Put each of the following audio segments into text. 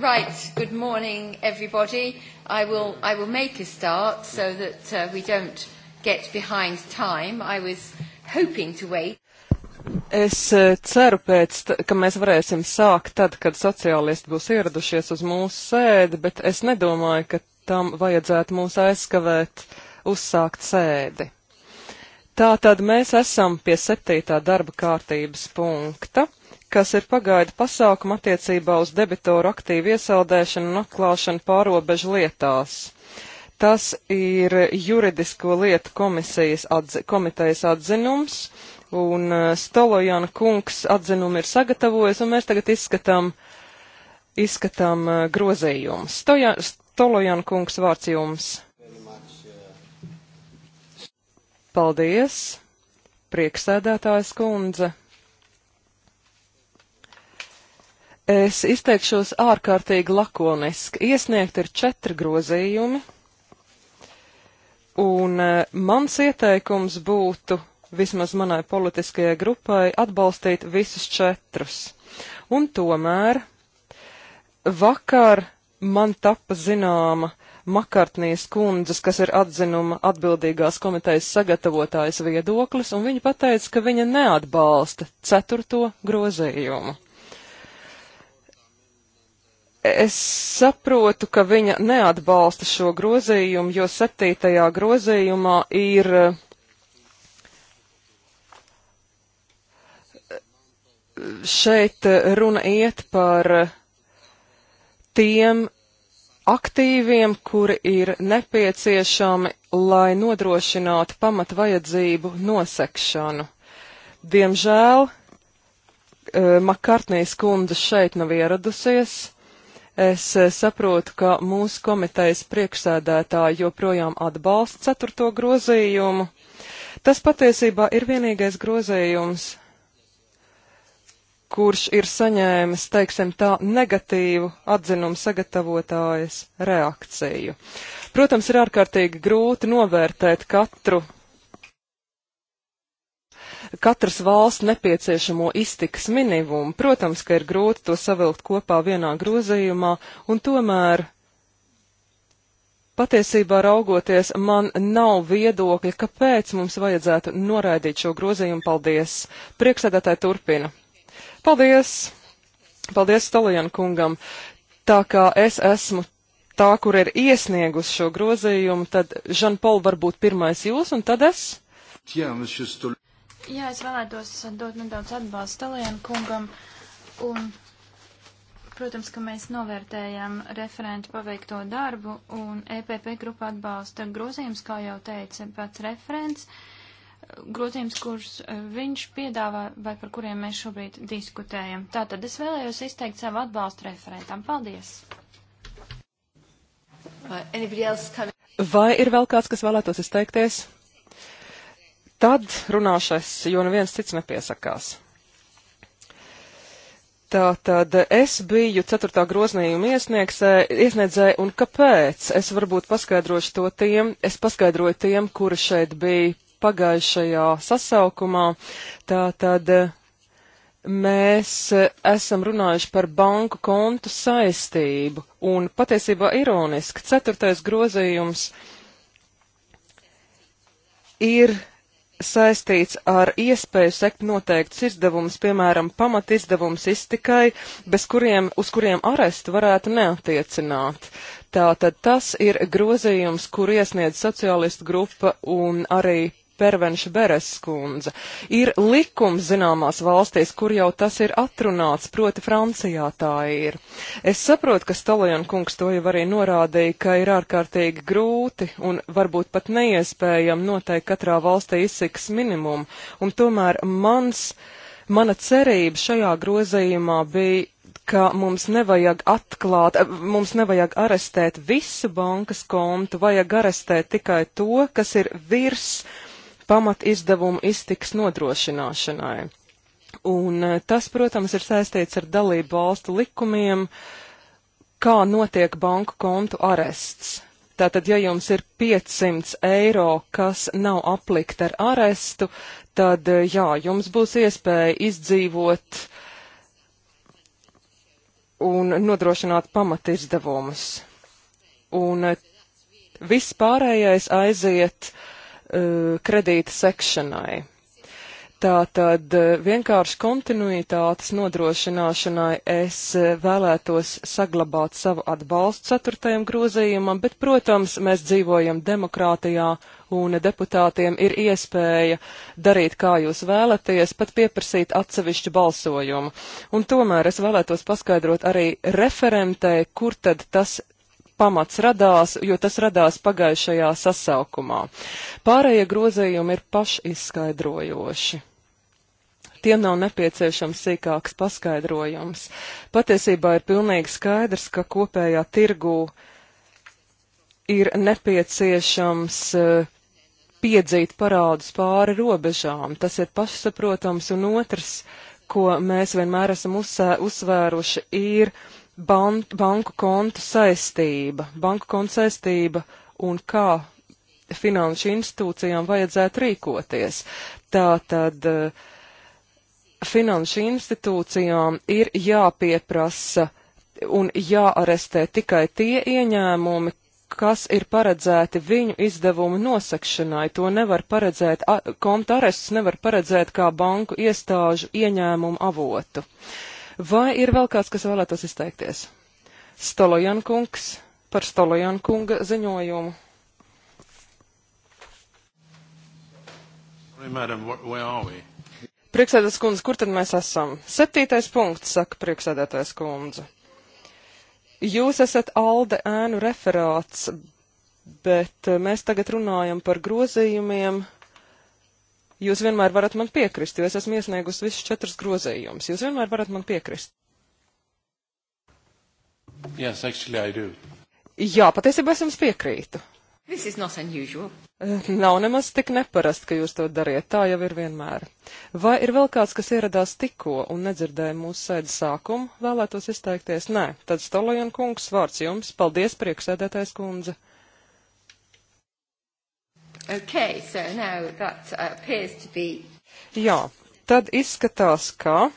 Right, good morning everybody. I will, I will make a start so that uh, we don't get behind time. I was hoping to wait. Es uh, ceru, pēc, ka mēs varēsim sākt tad, kad sociālisti būs ieradušies uz mūsu sēdi, bet es nedomāju, ka tam vajadzētu mūs aizskavēt uzsākt sēdi. Tātad mēs esam pie septītā darba kārtības punkta kas ir pagaida pasākuma attiecībā uz debitoru aktīvu iesaldēšanu un atklāšanu pārobežu lietās. Tas ir juridisko lietu komisijas atzi komitejas atzinums, un uh, Stolojana kungs atzinumu ir sagatavojis, un mēs tagad izskatām, izskatām uh, grozījumus. Stolojana kungs vārds jums. Paldies, prieksēdētājs kundze. Es izteikšos ārkārtīgi lakoniski. Iesniegt ir četri grozījumi, un e, mans ieteikums būtu vismaz manai politiskajai grupai atbalstīt visus četrus. Un tomēr vakar man tapa zināma Makartnijas kundzes, kas ir atzinuma atbildīgās komitejas sagatavotājas viedoklis, un viņa pateica, ka viņa neatbalsta ceturto grozījumu. Es saprotu, ka viņa neatbalsta šo grozījumu, jo septītajā grozījumā ir šeit runa iet par tiem aktīviem, kuri ir nepieciešami, lai nodrošinātu pamat vajadzību nosekšanu. Diemžēl eh, Makartnijas kundze šeit nav ieradusies. Es eh, saprotu, ka mūsu komitejas priekšsēdētāji joprojām atbalsta ceturto grozījumu. Tas patiesībā ir vienīgais grozījums, kurš ir saņēmis, teiksim tā, negatīvu atzinumu sagatavotājas reakciju. Protams, ir ārkārtīgi grūti novērtēt katru katras valsts nepieciešamo iztikas minimumu. Protams, ka ir grūti to savilkt kopā vienā grozījumā, un tomēr patiesībā raugoties, man nav viedokļa, kāpēc mums vajadzētu noraidīt šo grozījumu. Paldies! Priekšsēdētāji turpina. Paldies! Paldies Stalijan kungam! Tā kā es esmu tā, kur ir iesniegusi šo grozījumu, tad Žanpol varbūt pirmais jūs un tad es? Jā, Stol... Jā, es vēlētos dot nedaudz atbalstu Talienu kungam un protams, ka mēs novērtējam referentu paveikto darbu, un EPP grupa atbalsta grozījums, kā jau teica pats referents, grozījums, kurus viņš piedāvā vai par kuriem mēs šobrīd diskutējam. Tātad es vēlējos izteikt savu atbalstu referentam. Paldies! Vai ir vēl kāds, kas vēlētos izteikties? tad runāšais, jo neviens cits nepiesakās. Tā tad es biju ceturtā groznījuma iesniedzēja, un kāpēc? Es varbūt paskaidrošu to tiem, es paskaidroju tiem, kuri šeit bija pagājušajā sasaukumā. Tā tad mēs esam runājuši par banku kontu saistību, un patiesībā ironiski ceturtais grozījums ir saistīts ar iespēju sekt noteikts izdevums, piemēram, pamatizdevums iztikai, bez kuriem, uz kuriem arestu varētu neatiecināt. Tātad tas ir grozījums, kur iesniedz sociālistu grupa un arī Pervenša Bereskundze. Ir likums zināmās valstīs, kur jau tas ir atrunāts, proti Francijā tā ir. Es saprotu, ka Stalajan kungs to jau arī norādīja, ka ir ārkārtīgi grūti un varbūt pat neiespējami noteikt katrā valstī izsiks minimumu, un tomēr mans, mana cerība šajā grozījumā bija ka mums nevajag atklāt, mums nevajag arestēt visu bankas kontu, vajag arestēt tikai to, kas ir virs uh, pamat izdevumu iztiks nodrošināšanai. Un eh, tas, protams, ir saistīts ar dalību valstu likumiem, kā notiek banku kontu arests. Tātad, ja jums ir 500 eiro, kas nav aplikt ar arestu, tad eh, jā, jums būs iespēja izdzīvot un nodrošināt pamatizdevumus. Un eh, viss pārējais aiziet uh, Eh, kredīta sekšanai. Tātad eh, vienkārši kontinuitātes nodrošināšanai es eh, vēlētos saglabāt savu atbalstu ceturtajam grozījumam, bet, protams, mēs dzīvojam demokrātijā un deputātiem ir iespēja darīt, kā jūs vēlaties, pat pieprasīt atsevišķu balsojumu. Un tomēr es vēlētos paskaidrot arī referentei, kur tad tas pamats radās, jo tas radās pagājušajā sasaukumā. Pārējie grozījumi ir pašizskaidrojoši. Tiem nav nepieciešams sīkāks paskaidrojums. Patiesībā ir pilnīgi skaidrs, ka kopējā tirgū ir nepieciešams eh, piedzīt parādus pāri robežām. Tas ir pašsaprotams, un otrs, ko mēs vienmēr esam uzsvēruši, ir uh, ban banku konta saistība, banku konta saistība un kā finanšu institūcijām vajadzētu rīkoties. Tātad eh, finanšu institūcijām ir jāpieprasa un jāarestē tikai tie ieņēmumi, kas ir paredzēti viņu izdevumu nosakšanai. To nevar paredzēt, konta arestus nevar paredzēt kā banku iestāžu ieņēmumu avotu. Uh, Vai ir vēl kāds, kas vēlētos izteikties? Stolojankungs par Stolojankunga ziņojumu. Prieksēdētājs kundze, kur tad mēs esam? Septītais punkts, saka prieksēdētājs kundze. Jūs esat Alde ēnu referāts, bet eh, mēs tagad runājam par grozījumiem, Jūs vienmēr varat man piekrist, jo es esmu iesniegusi visus četrus grozījumus. Jūs vienmēr varat man piekrist. Yes, actually I do. Jā, patiesībā es jums piekrītu. This is not unusual. Eh, nav nemaz tik neparasti, ka jūs to dariet, tā jau ir vienmēr. Vai ir vēl kāds, kas ieradās tikko un nedzirdēja mūsu sēdes sākumu, vēlētos izteikties? Nē, tad Stolajan kungs, vārds jums, paldies priekšsēdētājs kundze. Okay, so now that uh, appears to be. Jā, tad izskatās, ka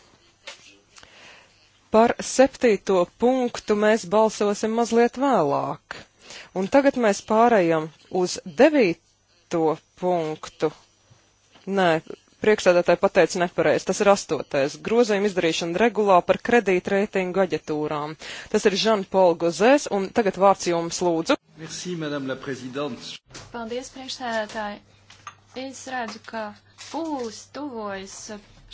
par septīto punktu mēs balsosim mazliet vēlāk. Un tagad mēs pārējām uz devīto punktu. Nē, priekšsēdētāji pateica nepareizi. Tas ir astotais. Grozījuma izdarīšana regulā par kredītreitingu aģentūrām. Tas ir Žan Paul Gozēs, un tagad vārds jums lūdzu. Merci, Madame la Présidente. Paldies, priekšsēdētāji. Es redzu, ka pūlis tuvojas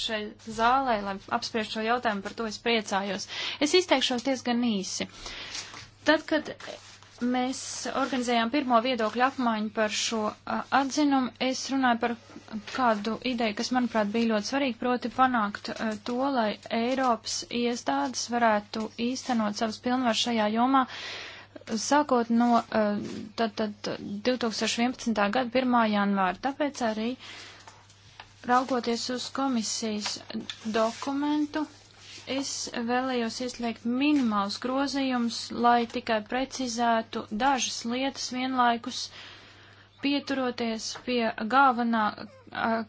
šai zālē, lai apspriež šo jautājumu, par to es priecājos. Es izteikšos diezgan īsi. Tad, kad mēs organizējām pirmo viedokļu apmaiņu par šo a, atzinumu. Es runāju par kādu ideju, kas, manuprāt, bija ļoti svarīga, proti panākt a, to, lai Eiropas iestādes varētu īstenot savas pilnvaru šajā jomā, sākot no eh, tad, tad 2011. gada 1. janvāra. Tāpēc arī raugoties uz komisijas dokumentu, es vēlējos ieslēgt minimāls grozījums, lai tikai precizētu dažas lietas vienlaikus pieturoties pie galvenā,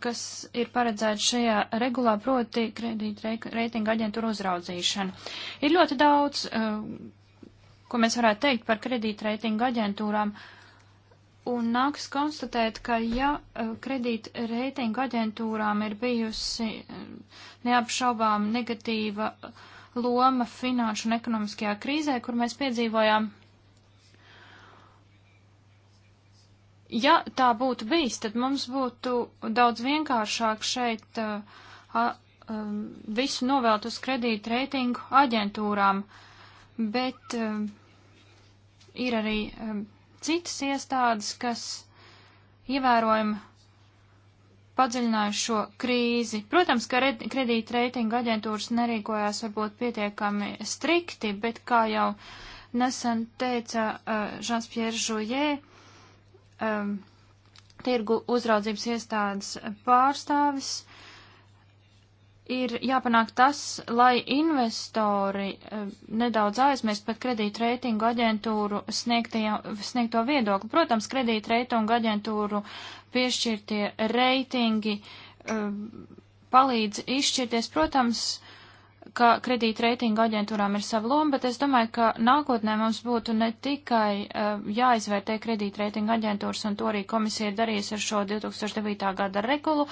kas ir paredzēta šajā regulā, proti kredīt reitinga aģentūra uzraudzīšana. Ir ļoti daudz uh, ko mēs varētu teikt par kredītreitingu aģentūrām. Un nāks konstatēt, ka ja eh, kredītreitingu aģentūrām ir bijusi eh, neapšaubām negatīva eh, loma finanšu un ekonomiskajā krīzē, kur mēs piedzīvojām. Ja tā būtu bijis, tad mums būtu daudz vienkāršāk šeit a, a, visu novelt uz kredītu reitingu aģentūrām, bet a, ir arī um, citas iestādes, kas ievērojami padziļinājuši šo krīzi. Protams, ka kredītreitinga aģentūras nerīkojās varbūt pietiekami strikti, bet kā jau nesen teica uh, Žans Pierre Jouyet, um, tirgu uzraudzības iestādes pārstāvis, ir jāpanāk tas, lai investori eh, nedaudz aizmirst pat kredītreitingu aģentūru sniegto viedokli. Protams, kredītreitingu aģentūru piešķirtie reitingi eh, palīdz izšķirties, protams, ka kredītreitinga aģentūrām ir sava loma, bet es domāju, ka nākotnē mums būtu ne tikai uh, jāizvērtē kredītreitinga aģentūras, un to arī komisija ir darījusi ar šo 2009. gada regulu,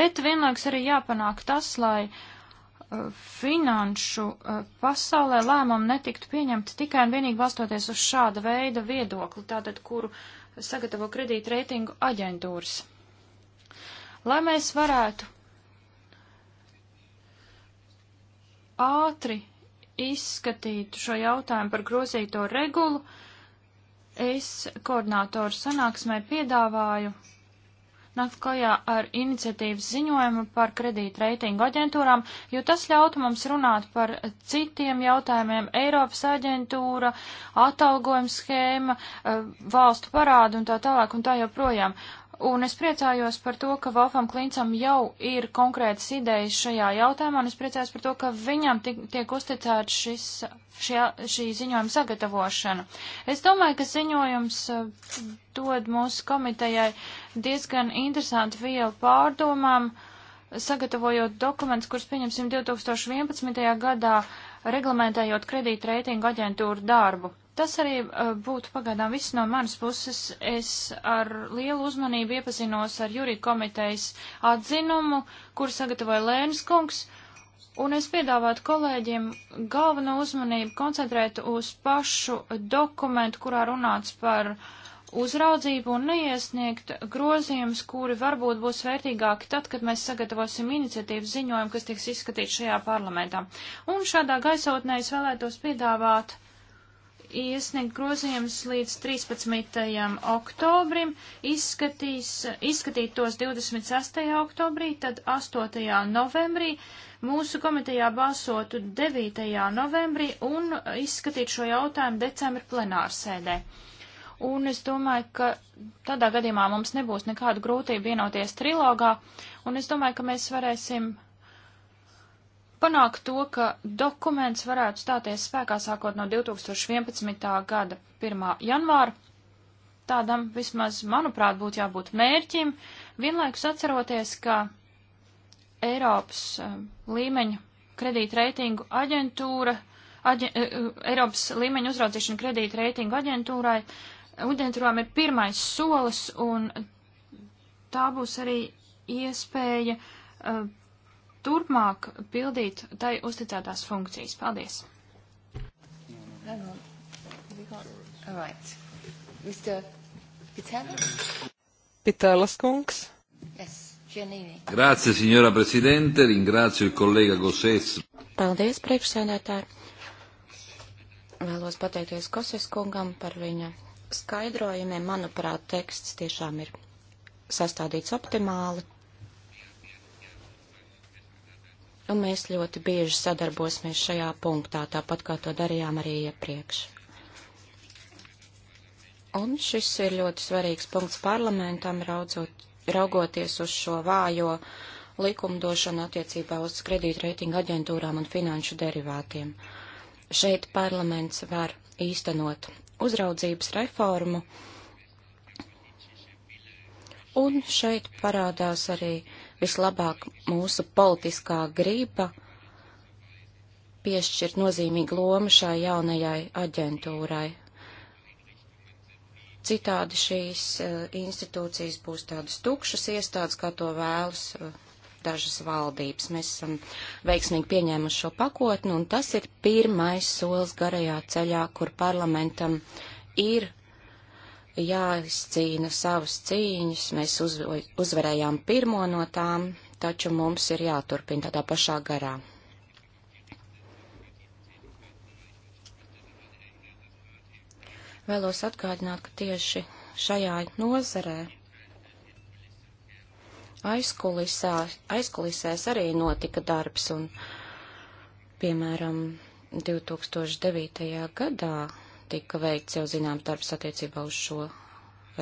bet vienlaiks arī jāpanāk tas, lai uh, finanšu uh, pasaulē lēmumu netiktu pieņemti tikai un vienīgi balstoties uz šāda veida viedokli, tātad kuru sagatavo kredītreitingu aģentūras. Lai mēs varētu ātri izskatītu šo jautājumu par grozīto regulu, es koordinātoru sanāksmē piedāvāju nākt klajā ar iniciatīvas ziņojumu par kredīta reitingu aģentūrām, jo tas ļautu mums runāt par citiem jautājumiem - Eiropas aģentūra, atalgojuma schēma, eh, valstu parādu un tā tālāk un tā joprojām. Un es priecājos par to, ka Volfam Klincam jau ir konkrētas idejas šajā jautājumā, un es priecājos par to, ka viņam tiek uzticēts šis, šie, šī ziņojuma sagatavošana. Es domāju, ka ziņojums eh, dod mūsu komitejai diezgan interesantu vielu pārdomām, sagatavojot dokumentus, kurus pieņemsim 2011. gadā, reglamentējot kredītreitingu aģentūru darbu. Tas arī eh, būtu pagaidām viss no manas puses. Es ar lielu uzmanību iepazinos ar jūrī komitejas atzinumu, kur sagatavoja Lēnis kungs, un es piedāvātu kolēģiem galveno uzmanību koncentrēt uz pašu dokumentu, kurā runāts par uzraudzību un neiesniegt grozījumus, kuri varbūt būs vērtīgāki tad, kad mēs sagatavosim iniciatīvas ziņojumu, kas tiks izskatīts šajā parlamentā. Un šādā gaisotnē es vēlētos piedāvāt iesniegt grozījums līdz 13. oktobrim, izskatīs, izskatīt tos 26. oktobrī, tad 8. novembrī, mūsu komitejā balsotu 9. novembrī un izskatīt šo jautājumu decembra plenārsēdē. Un es domāju, ka tādā gadījumā mums nebūs nekādu grūtību vienoties trilogā, un es domāju, ka mēs varēsim panākt to, ka dokuments varētu stāties spēkā sākot no 2011. gada 1. janvāra. Tādam vismaz, manuprāt, būtu jābūt mērķim, vienlaikus atceroties, ka Eiropas eh, līmeņa kredītreitingu aģentūra, aģe, eh, Eiropas līmeņa uzraudzīšana kredītreitingu aģentūrai, aģentūrām ir pirmais solis un tā būs arī iespēja uh, turpmāk pildīt tai uzticētās funkcijas. Paldies! Pitēlas kungs. Yes, Grazie, signora Presidente, ringrazio il collega Gosses. Paldies, priekšsēdētāji. Vēlos pateikties Gosses kungam par viņa skaidrojumiem. Manuprāt, teksts tiešām ir sastādīts optimāli. un mēs ļoti bieži sadarbosimies šajā punktā, tāpat kā to darījām arī iepriekš. Un šis ir ļoti svarīgs punkts parlamentam, raudzot, raugoties uz šo vājo likumdošanu attiecībā uz kredītreitingu aģentūrām un finanšu derivātiem. Šeit parlaments var īstenot uzraudzības reformu, un šeit parādās arī vislabāk mūsu politiskā grība piešķirt nozīmīgu lomu šai jaunajai aģentūrai. Citādi šīs e, institūcijas būs tādas tukšas iestādes, kā to vēlas e, dažas valdības. Mēs esam veiksmīgi pieņēmuši šo pakotni, un tas ir pirmais solis garajā ceļā, kur parlamentam ir jāizcīna savas cīņas. Mēs uz, uzvarējām pirmo no tām, taču mums ir jāturpina tādā pašā garā. Vēlos atgādināt, ka tieši šajā nozarē aizkulisā, aizkulisēs arī notika darbs, un, piemēram, 2009. gadā tika veikts jau zinām darbs attiecībā uz šo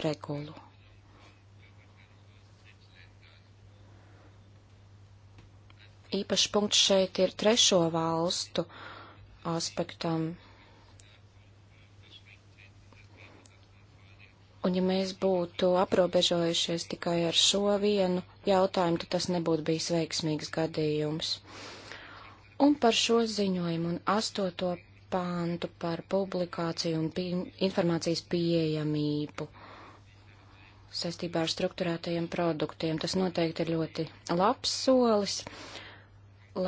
regulu. Īpašs punkts šeit ir trešo valstu aspektam. Un ja mēs būtu aprobežojušies tikai ar šo vienu jautājumu, tad tas nebūtu bijis veiksmīgs gadījums. Un par šo ziņojumu un astoto pāntu par publikāciju un informācijas pieejamību saistībā ar struktūrētajiem produktiem. Tas noteikti ir ļoti labs solis,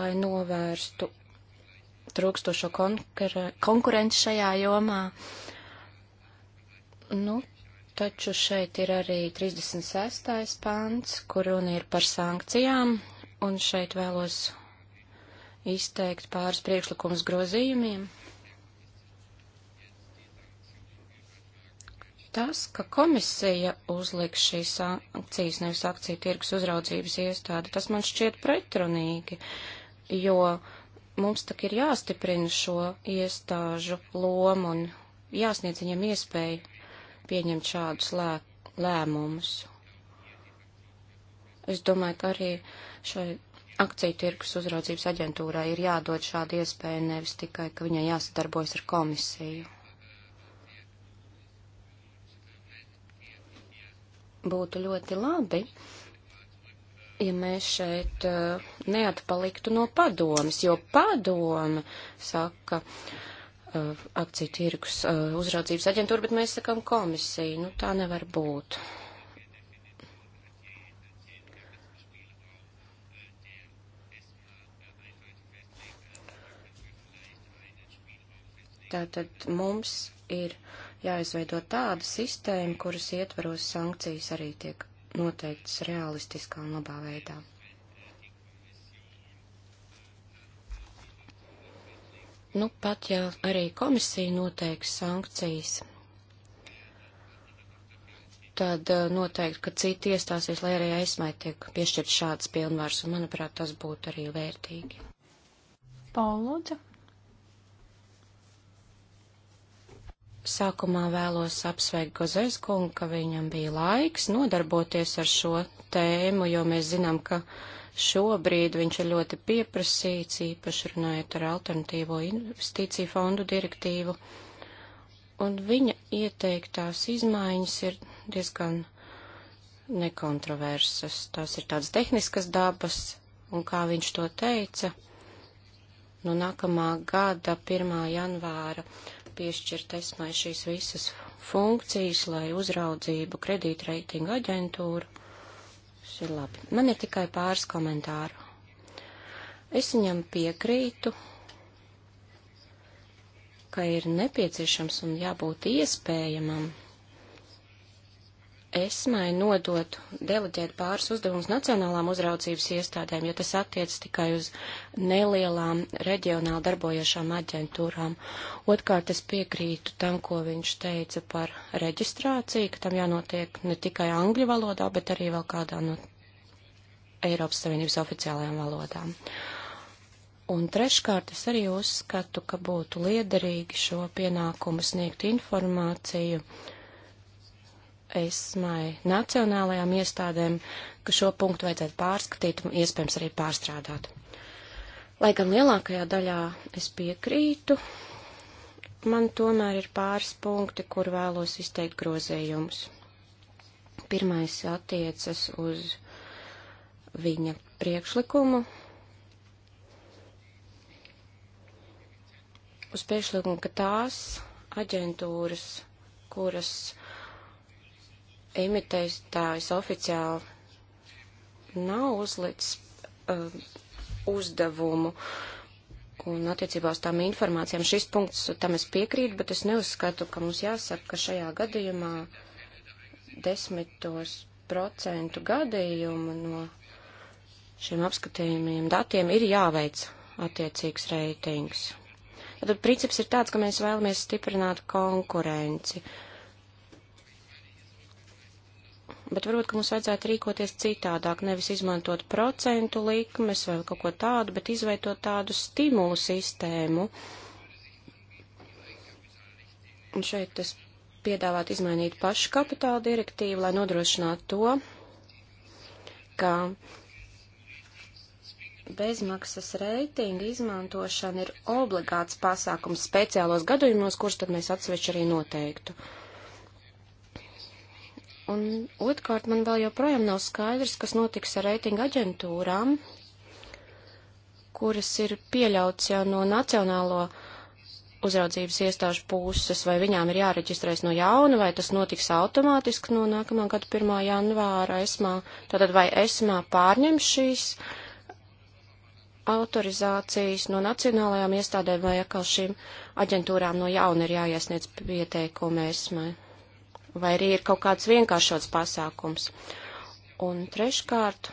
lai novērstu trūkstošo konkurenci šajā jomā. Nu, taču šeit ir arī 36. pants, kur runa ir par sankcijām, un šeit vēlos izteikt pāris priekšlikumus grozījumiem. tas, ka komisija uzliks šīs sankcijas, nevis akciju tirgus uzraudzības iestādi, tas man šķiet pretrunīgi, jo mums tak ir jāstiprina šo iestāžu lomu un jāsniedz viņiem iespēju pieņemt šādus lē, lēmumus. Es domāju, ka arī šai akciju tirgus uzraudzības aģentūrai ir jādod šāda iespēja, nevis tikai, ka viņai jāsadarbojas ar komisiju. būtu ļoti labi, ja mēs šeit uh, neatpaliktu no padomas, jo padoma saka uh, akciju tirgus uh, uzraudzības aģentūra, bet mēs sakam komisiju. Nu, tā nevar būt. Tātad mums ir uh, jāizveido tāda sistēma, kuras ietveros sankcijas arī tiek noteiktas realistiskā un labā veidā. Nu, pat ja arī komisija noteiks sankcijas, tad eh, noteikti, ka citi iestāsies, lai arī aizmai tiek piešķirt šādas pilnvaras, un, manuprāt, tas būtu arī vērtīgi. Paulūdzu. Sākumā vēlos apsveikt Gozais kungu, ka viņam bija laiks nodarboties ar šo tēmu, jo mēs zinām, ka šobrīd viņš ir ļoti pieprasīts, īpaši runājot ar alternatīvo investīciju fondu direktīvu. Un viņa ieteiktās izmaiņas ir diezgan nekontroversas. Tās ir tādas tehniskas dabas, un kā viņš to teica, no nu, nākamā gada 1. janvāra piešķirtas mai šīs visas funkcijas, lai uzraudzību kredītreitinga aģentūru. Tas ir labi. Man ir tikai pāris komentāru. Es viņam piekrītu, ka ir nepieciešams un jābūt iespējamam esmai nodot, deleģēt pāris uzdevumus nacionālām uzraudzības iestādēm, jo tas attiec tikai uz nelielām reģionāli darbojošām aģentūrām. Otkārt, es piekrītu tam, ko viņš teica par reģistrāciju, ka tam jānotiek ne tikai angļu valodā, bet arī vēl kādā no Eiropas Savienības oficiālajām valodām. Un treškārt, es arī uzskatu, ka būtu liederīgi šo pienākumu sniegt informāciju esmai nacionālajām iestādēm, ka šo punktu vajadzētu pārskatīt un iespējams arī pārstrādāt. Lai gan lielākajā daļā es piekrītu, man tomēr ir pāris punkti, kur vēlos izteikt grozējumus. Pirmais attiecas uz viņa priekšlikumu, uz priekšlikumu, ka tās aģentūras, kuras emitējs oficiāli nav uzlicis uh, uzdevumu. Un attiecībā uz tām informācijām šis punkts, tam es piekrītu, bet es neuzskatu, ka mums jāsaka, ka šajā gadījumā desmitos procentu gadījumu no šiem apskatījumiem datiem ir jāveic attiecīgs reitings. Tad princips ir tāds, ka mēs vēlamies stiprināt konkurenci. Uh, bet varbūt, ka mums vajadzētu rīkoties citādāk, nevis izmantot procentu likmes vai kaut ko tādu, bet izveidot tādu stimulu sistēmu. Un šeit es piedāvātu izmainīt pašu kapitāla direktīvu, lai nodrošinātu to, ka bezmaksas reitinga izmantošana ir obligāts pasākums speciālos gadījumos, kurus tad mēs atsevišķi arī noteiktu. Uh, Un otrkārt, man vēl joprojām nav skaidrs, kas notiks ar reitinga aģentūrām, kuras ir pieļauts jau no nacionālo uzraudzības iestāžu puses, vai viņām ir jāreģistrēs no jauna, vai tas notiks automātiski no nākamā gada 1. janvāra esmā. Tātad vai esmā pārņem šīs autorizācijas no nacionālajām iestādēm vai atkal šīm aģentūrām no jauna ir jāiesniedz pieteikumi esmai? vai arī ir kaut kāds vienkāršots pasākums. Un treškārt,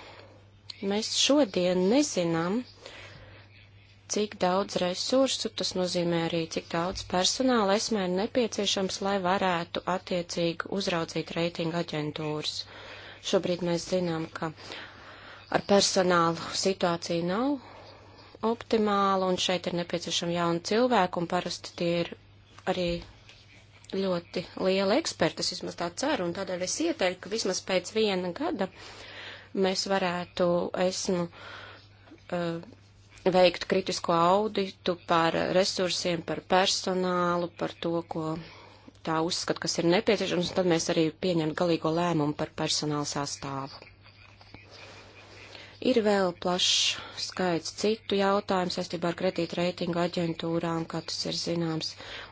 mēs šodien nezinām, cik daudz resursu, tas nozīmē arī, cik daudz personāla esmē ir nepieciešams, lai varētu attiecīgi uzraudzīt reitinga aģentūras. Šobrīd mēs zinām, ka ar personālu situācija nav optimāla, un šeit ir nepieciešama jauna cilvēka, un parasti tie ir arī ļoti liela eksperta, es vismaz tā ceru, un tādēļ es ieteiktu, ka vismaz pēc viena gada mēs varētu esmu uh, veikt kritisko auditu par resursiem, par personālu, par to, ko tā uzskata, kas ir nepieciešams, un tad mēs arī pieņemt galīgo lēmumu par personāla sastāvu. Ir vēl plašs skaits citu jautājumu saistībā ar kredītreitingu aģentūrām, kā tas ir zināms,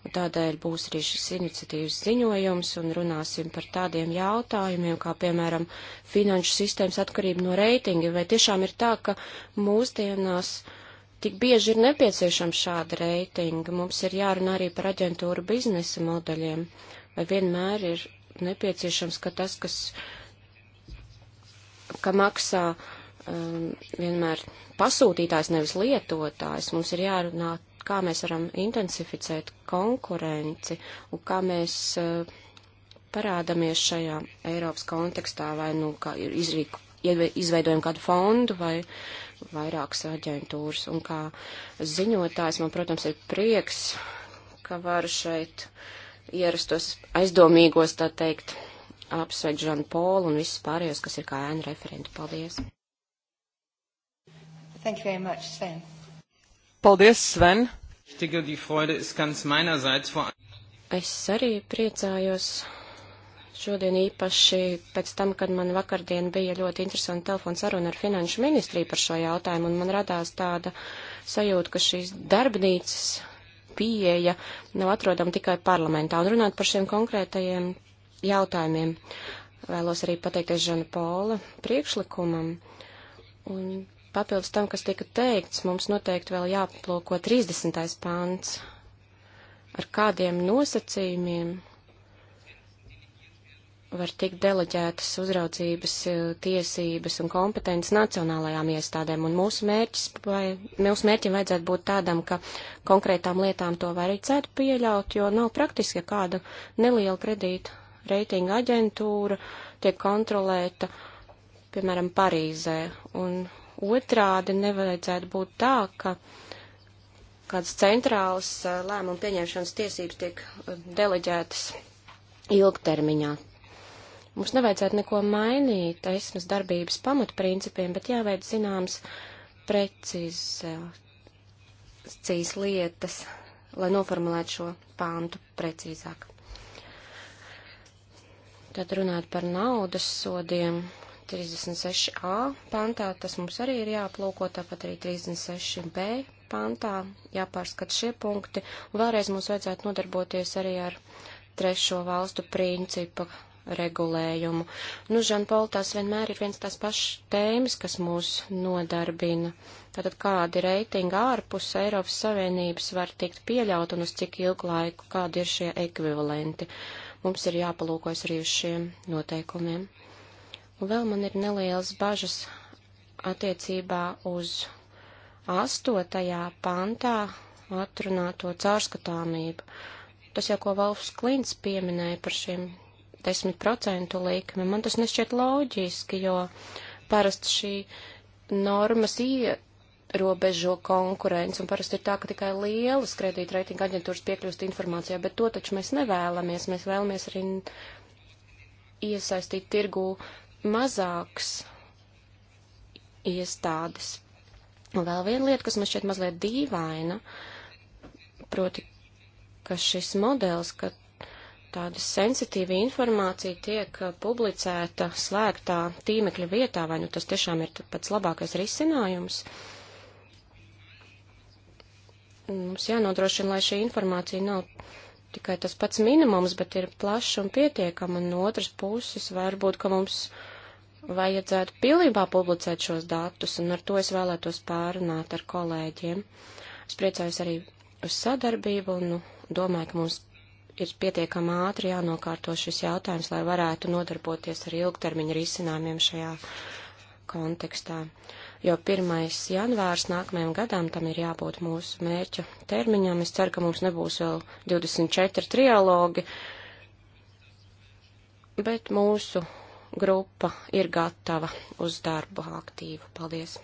un tādēļ būs arī šis iniciatīvas ziņojums, un runāsim par tādiem jautājumiem, kā piemēram finanšu sistēmas atkarība no reitinga, vai tiešām ir tā, ka mūsdienās tik bieži ir nepieciešama šāda reitinga. Mums ir jārunā arī par aģentūru biznesa modeļiem. Vai vienmēr ir nepieciešams, ka tas, kas ka maksā um, vienmēr pasūtītājs, nevis lietotājs. Mums ir jārunā, kā mēs varam intensificēt konkurenci un kā mēs uh, parādamies šajā Eiropas kontekstā, vai nu kā ir izrīku, izveidojam kādu fondu vai vairākas aģentūras. Un kā ziņotājs man, protams, ir prieks, ka varu šeit ierastos aizdomīgos, tā teikt, apsveikt Žanu Polu un visus pārējos, kas ir kā ēnu referenti. Paldies! Thank you very much, Sven. Paldies, Sven. Es arī priecājos šodien īpaši pēc tam, kad man vakardien bija ļoti interesanta telefona saruna ar finanšu ministriju par šo jautājumu, un man radās tāda sajūta, ka šīs darbnīcas pieeja nav atrodama tikai parlamentā. Un runāt par šiem konkrētajiem jautājumiem, vēlos arī pateikties Žana Paula priekšlikumam. Un papildus tam, kas tika teikts, mums noteikti vēl jāplūko 30. pāns, ar kādiem nosacījumiem var tikt deleģētas uzraudzības eh, tiesības un kompetences nacionālajām iestādēm, un mūsu, mērķis, vai, mūsu mērķim vajadzētu būt tādam, ka konkrētām lietām to vajadzētu pieļaut, jo nav praktiski, ka kāda neliela kredīta reitinga aģentūra tiek kontrolēta, piemēram, Parīzē, un Otrādi nevajadzētu būt tā, ka kādas centrālas eh, lēmumu pieņemšanas tiesības tiek eh, deleģētas ilgtermiņā. Mums nevajadzētu neko mainīt aizsmas darbības pamatprincipiem, bet jāveic zināms precīzas lietas, lai noformulētu šo pāntu precīzāk. Tad runāt par naudas sodiem 36a pantā, tas mums arī ir jāaplūko, tāpat arī 36b pantā, jāpārskat šie punkti, un vēlreiz mums vajadzētu nodarboties arī ar trešo valstu principu regulējumu. Nu, Žanpol, tās vienmēr ir viens tās pašas tēmas, kas mūs nodarbina. Tātad kādi reitingi ārpus Eiropas Savienības var tikt pieļaut un uz cik ilgu laiku, kādi ir šie ekvivalenti. Mums ir jāpalūkojas arī uz šiem noteikumiem. Un vēl man ir nelielas bažas attiecībā uz astotajā pantā atrunāto caurskatāmību. Tas jau, ko Valfs Klints pieminēja par šiem 10% likmi, man tas nešķiet loģiski, jo parasti šī normas ierobežo konkurenci, un parasti ir tā, ka tikai lielas kredītreitinga aģentūras piekļūst informācijā, bet to taču mēs nevēlamies. Mēs vēlamies arī iesaistīt tirgū mazāks iestādes. Un vēl viena lieta, kas man šķiet mazliet dīvaina, proti, ka šis modelis, ka tāda sensitīva informācija tiek uh, publicēta slēgtā tīmekļa vietā, vai nu tas tiešām ir pats labākais risinājums. Mums jānodrošina, lai šī informācija nav tikai tas pats minimums, bet ir plašs un pietiekama. No otras puses, varbūt, ka mums vajadzētu pilnībā publicēt šos datus, un ar to es vēlētos pārunāt ar kolēģiem. Es priecājos arī uz sadarbību, un nu, domāju, ka mums ir pietiekami ātri jānokārto šis jautājums, lai varētu nodarboties ar ilgtermiņa risinājumiem šajā kontekstā. Uh, jo 1. janvārs nākamajam gadam tam ir jābūt mūsu mērķa termiņam. Es ceru, ka mums nebūs vēl 24 trialogi, bet mūsu grupa ir gatava uz darbu aktīvu. Paldies!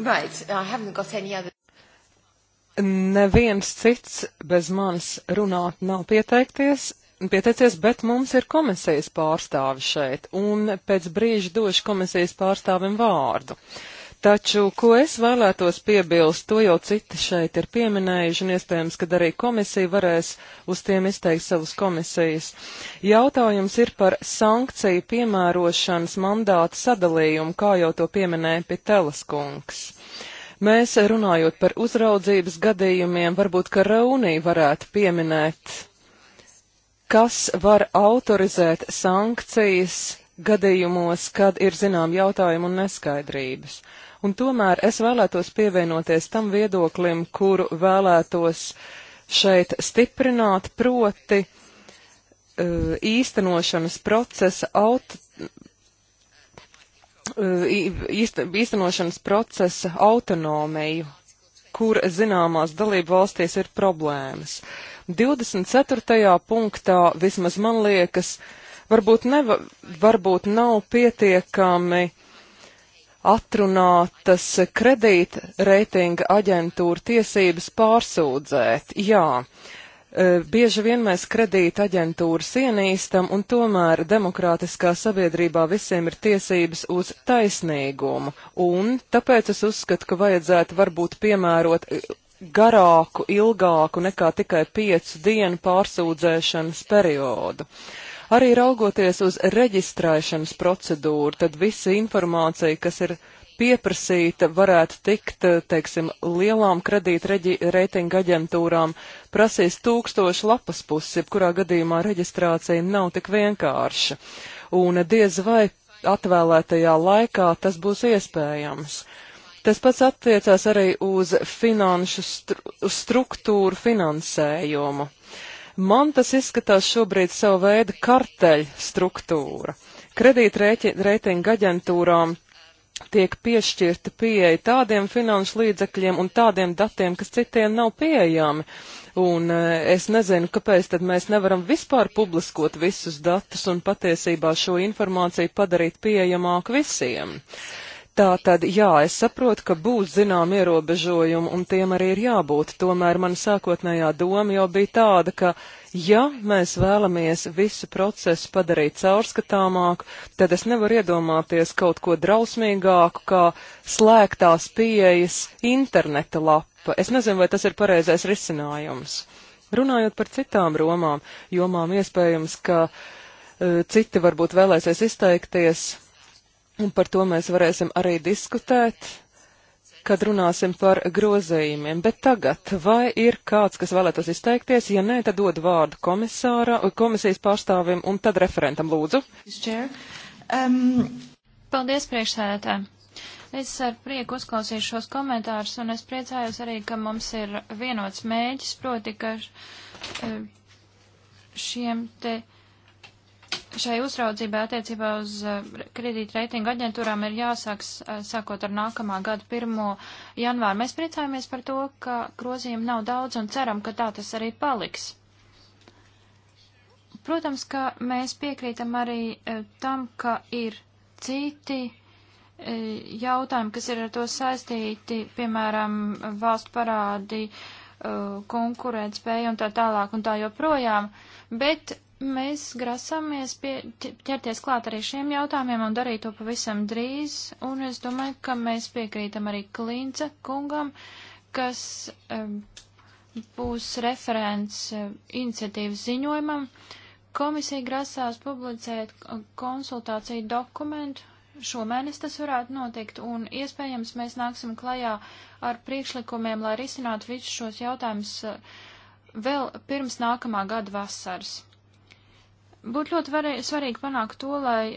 Right, I haven't got any other neviens cits bez manis runāt nav pieteikties pieteicies, bet mums ir komisijas pārstāvi šeit, un pēc brīža došu komisijas pārstāvim vārdu. Taču, ko es vēlētos piebilst, to jau citi šeit ir pieminējuši, un iespējams, ka arī komisija varēs uz tiem izteikt savus komisijas. Jautājums ir par sankciju piemērošanas mandātu sadalījumu, kā jau to pieminēja Pitelas kungs. Mēs runājot par uzraudzības gadījumiem, varbūt, ka Raunī varētu pieminēt kas var autorizēt sankcijas gadījumos, kad ir zinām jautājumi un neskaidrības. Un tomēr es vēlētos pievienoties tam viedoklim, kuru vēlētos šeit stiprināt, proti uh, īstenošanas procesa aut uh, īst, īstenošanas procesa autonomiju, kur zināmās dalību valstīs ir problēmas. 24. punktā vismaz man liekas, varbūt, neva, varbūt nav pietiekami atrunātas kredītreitinga aģentūra tiesības pārsūdzēt. Jā, e, bieži vien mēs kredīta aģentūras ienīstam, un tomēr demokrātiskā sabiedrībā visiem ir tiesības uz taisnīgumu, un tāpēc es uzskatu, ka vajadzētu varbūt piemērot garāku, ilgāku nekā tikai piecu dienu pārsūdzēšanas periodu. Arī raugoties uz reģistrēšanas procedūru, tad visa informācija, kas ir pieprasīta, varētu tikt, teiksim, lielām kredītreitinga aģentūrām, prasīs tūkstošu lapas puses, jebkurā gadījumā reģistrācija nav tik vienkārša. Un diez vai atvēlētajā laikā tas būs iespējams. Tas pats attiecās arī uz finanšu stru, uz struktūru finansējumu. Man tas izskatās šobrīd savu veidu karteļ struktūra. Kredītreitinga aģentūrām tiek piešķirta pieeja tādiem finanšu līdzekļiem un tādiem datiem, kas citiem nav pieejami. Un e, es nezinu, kāpēc tad mēs nevaram vispār publiskot visus datus un patiesībā šo informāciju padarīt pieejamāku visiem. Uh, Tā tad, jā, es saprotu, ka būs zinām ierobežojumi, un tiem arī ir jābūt. Tomēr man sākotnējā doma jau bija tāda, ka, ja mēs vēlamies visu procesu padarīt caurskatāmāku, tad es nevaru iedomāties kaut ko drausmīgāku, kā slēgtās pieejas interneta lapa. Es nezinu, vai tas ir pareizais risinājums. Runājot par citām romām, jomām iespējams, ka uh, citi varbūt vēlēsies izteikties un par to mēs varēsim arī diskutēt, kad runāsim par grozījumiem. Bet tagad, vai ir kāds, kas vēlētos izteikties? Ja nē, tad dod vārdu komisāra, komisijas pārstāvim un tad referentam lūdzu. Um, Paldies, priekšsēdētāji! Es ar prieku uzklausīju šos komentārus, un es priecājos arī, ka mums ir vienots mēģis, proti, ka eh, šiem te Šai uzraudzībai attiecībā uz eh, kredītreitingu aģentūrām ir jāsāks eh, sākot ar nākamā gada 1. janvāru. Mēs priecājamies par to, ka grozījumi nav daudz un ceram, ka tā tas arī paliks. Protams, ka mēs piekrītam arī eh, tam, ka ir citi jautājumi, kas ir ar to saistīti, piemēram, valstu parādi, konkurētspēja un tā tālāk un tā joprojām, bet mēs grasāmies pie, ķerties klāt arī šiem jautājumiem un darīt to pavisam drīz, un es domāju, ka mēs piekrītam arī Klīnca kungam, kas um, būs referents um, iniciatīvas ziņojumam. Komisija grasās publicēt eh, konsultāciju dokumentu, šomēnes tas varētu notikt, un iespējams mēs nāksim klajā ar priekšlikumiem, lai risinātu visus šos jautājumus eh, vēl pirms nākamā gada vasaras. Būtu ļoti varē, svarīgi panākt to, lai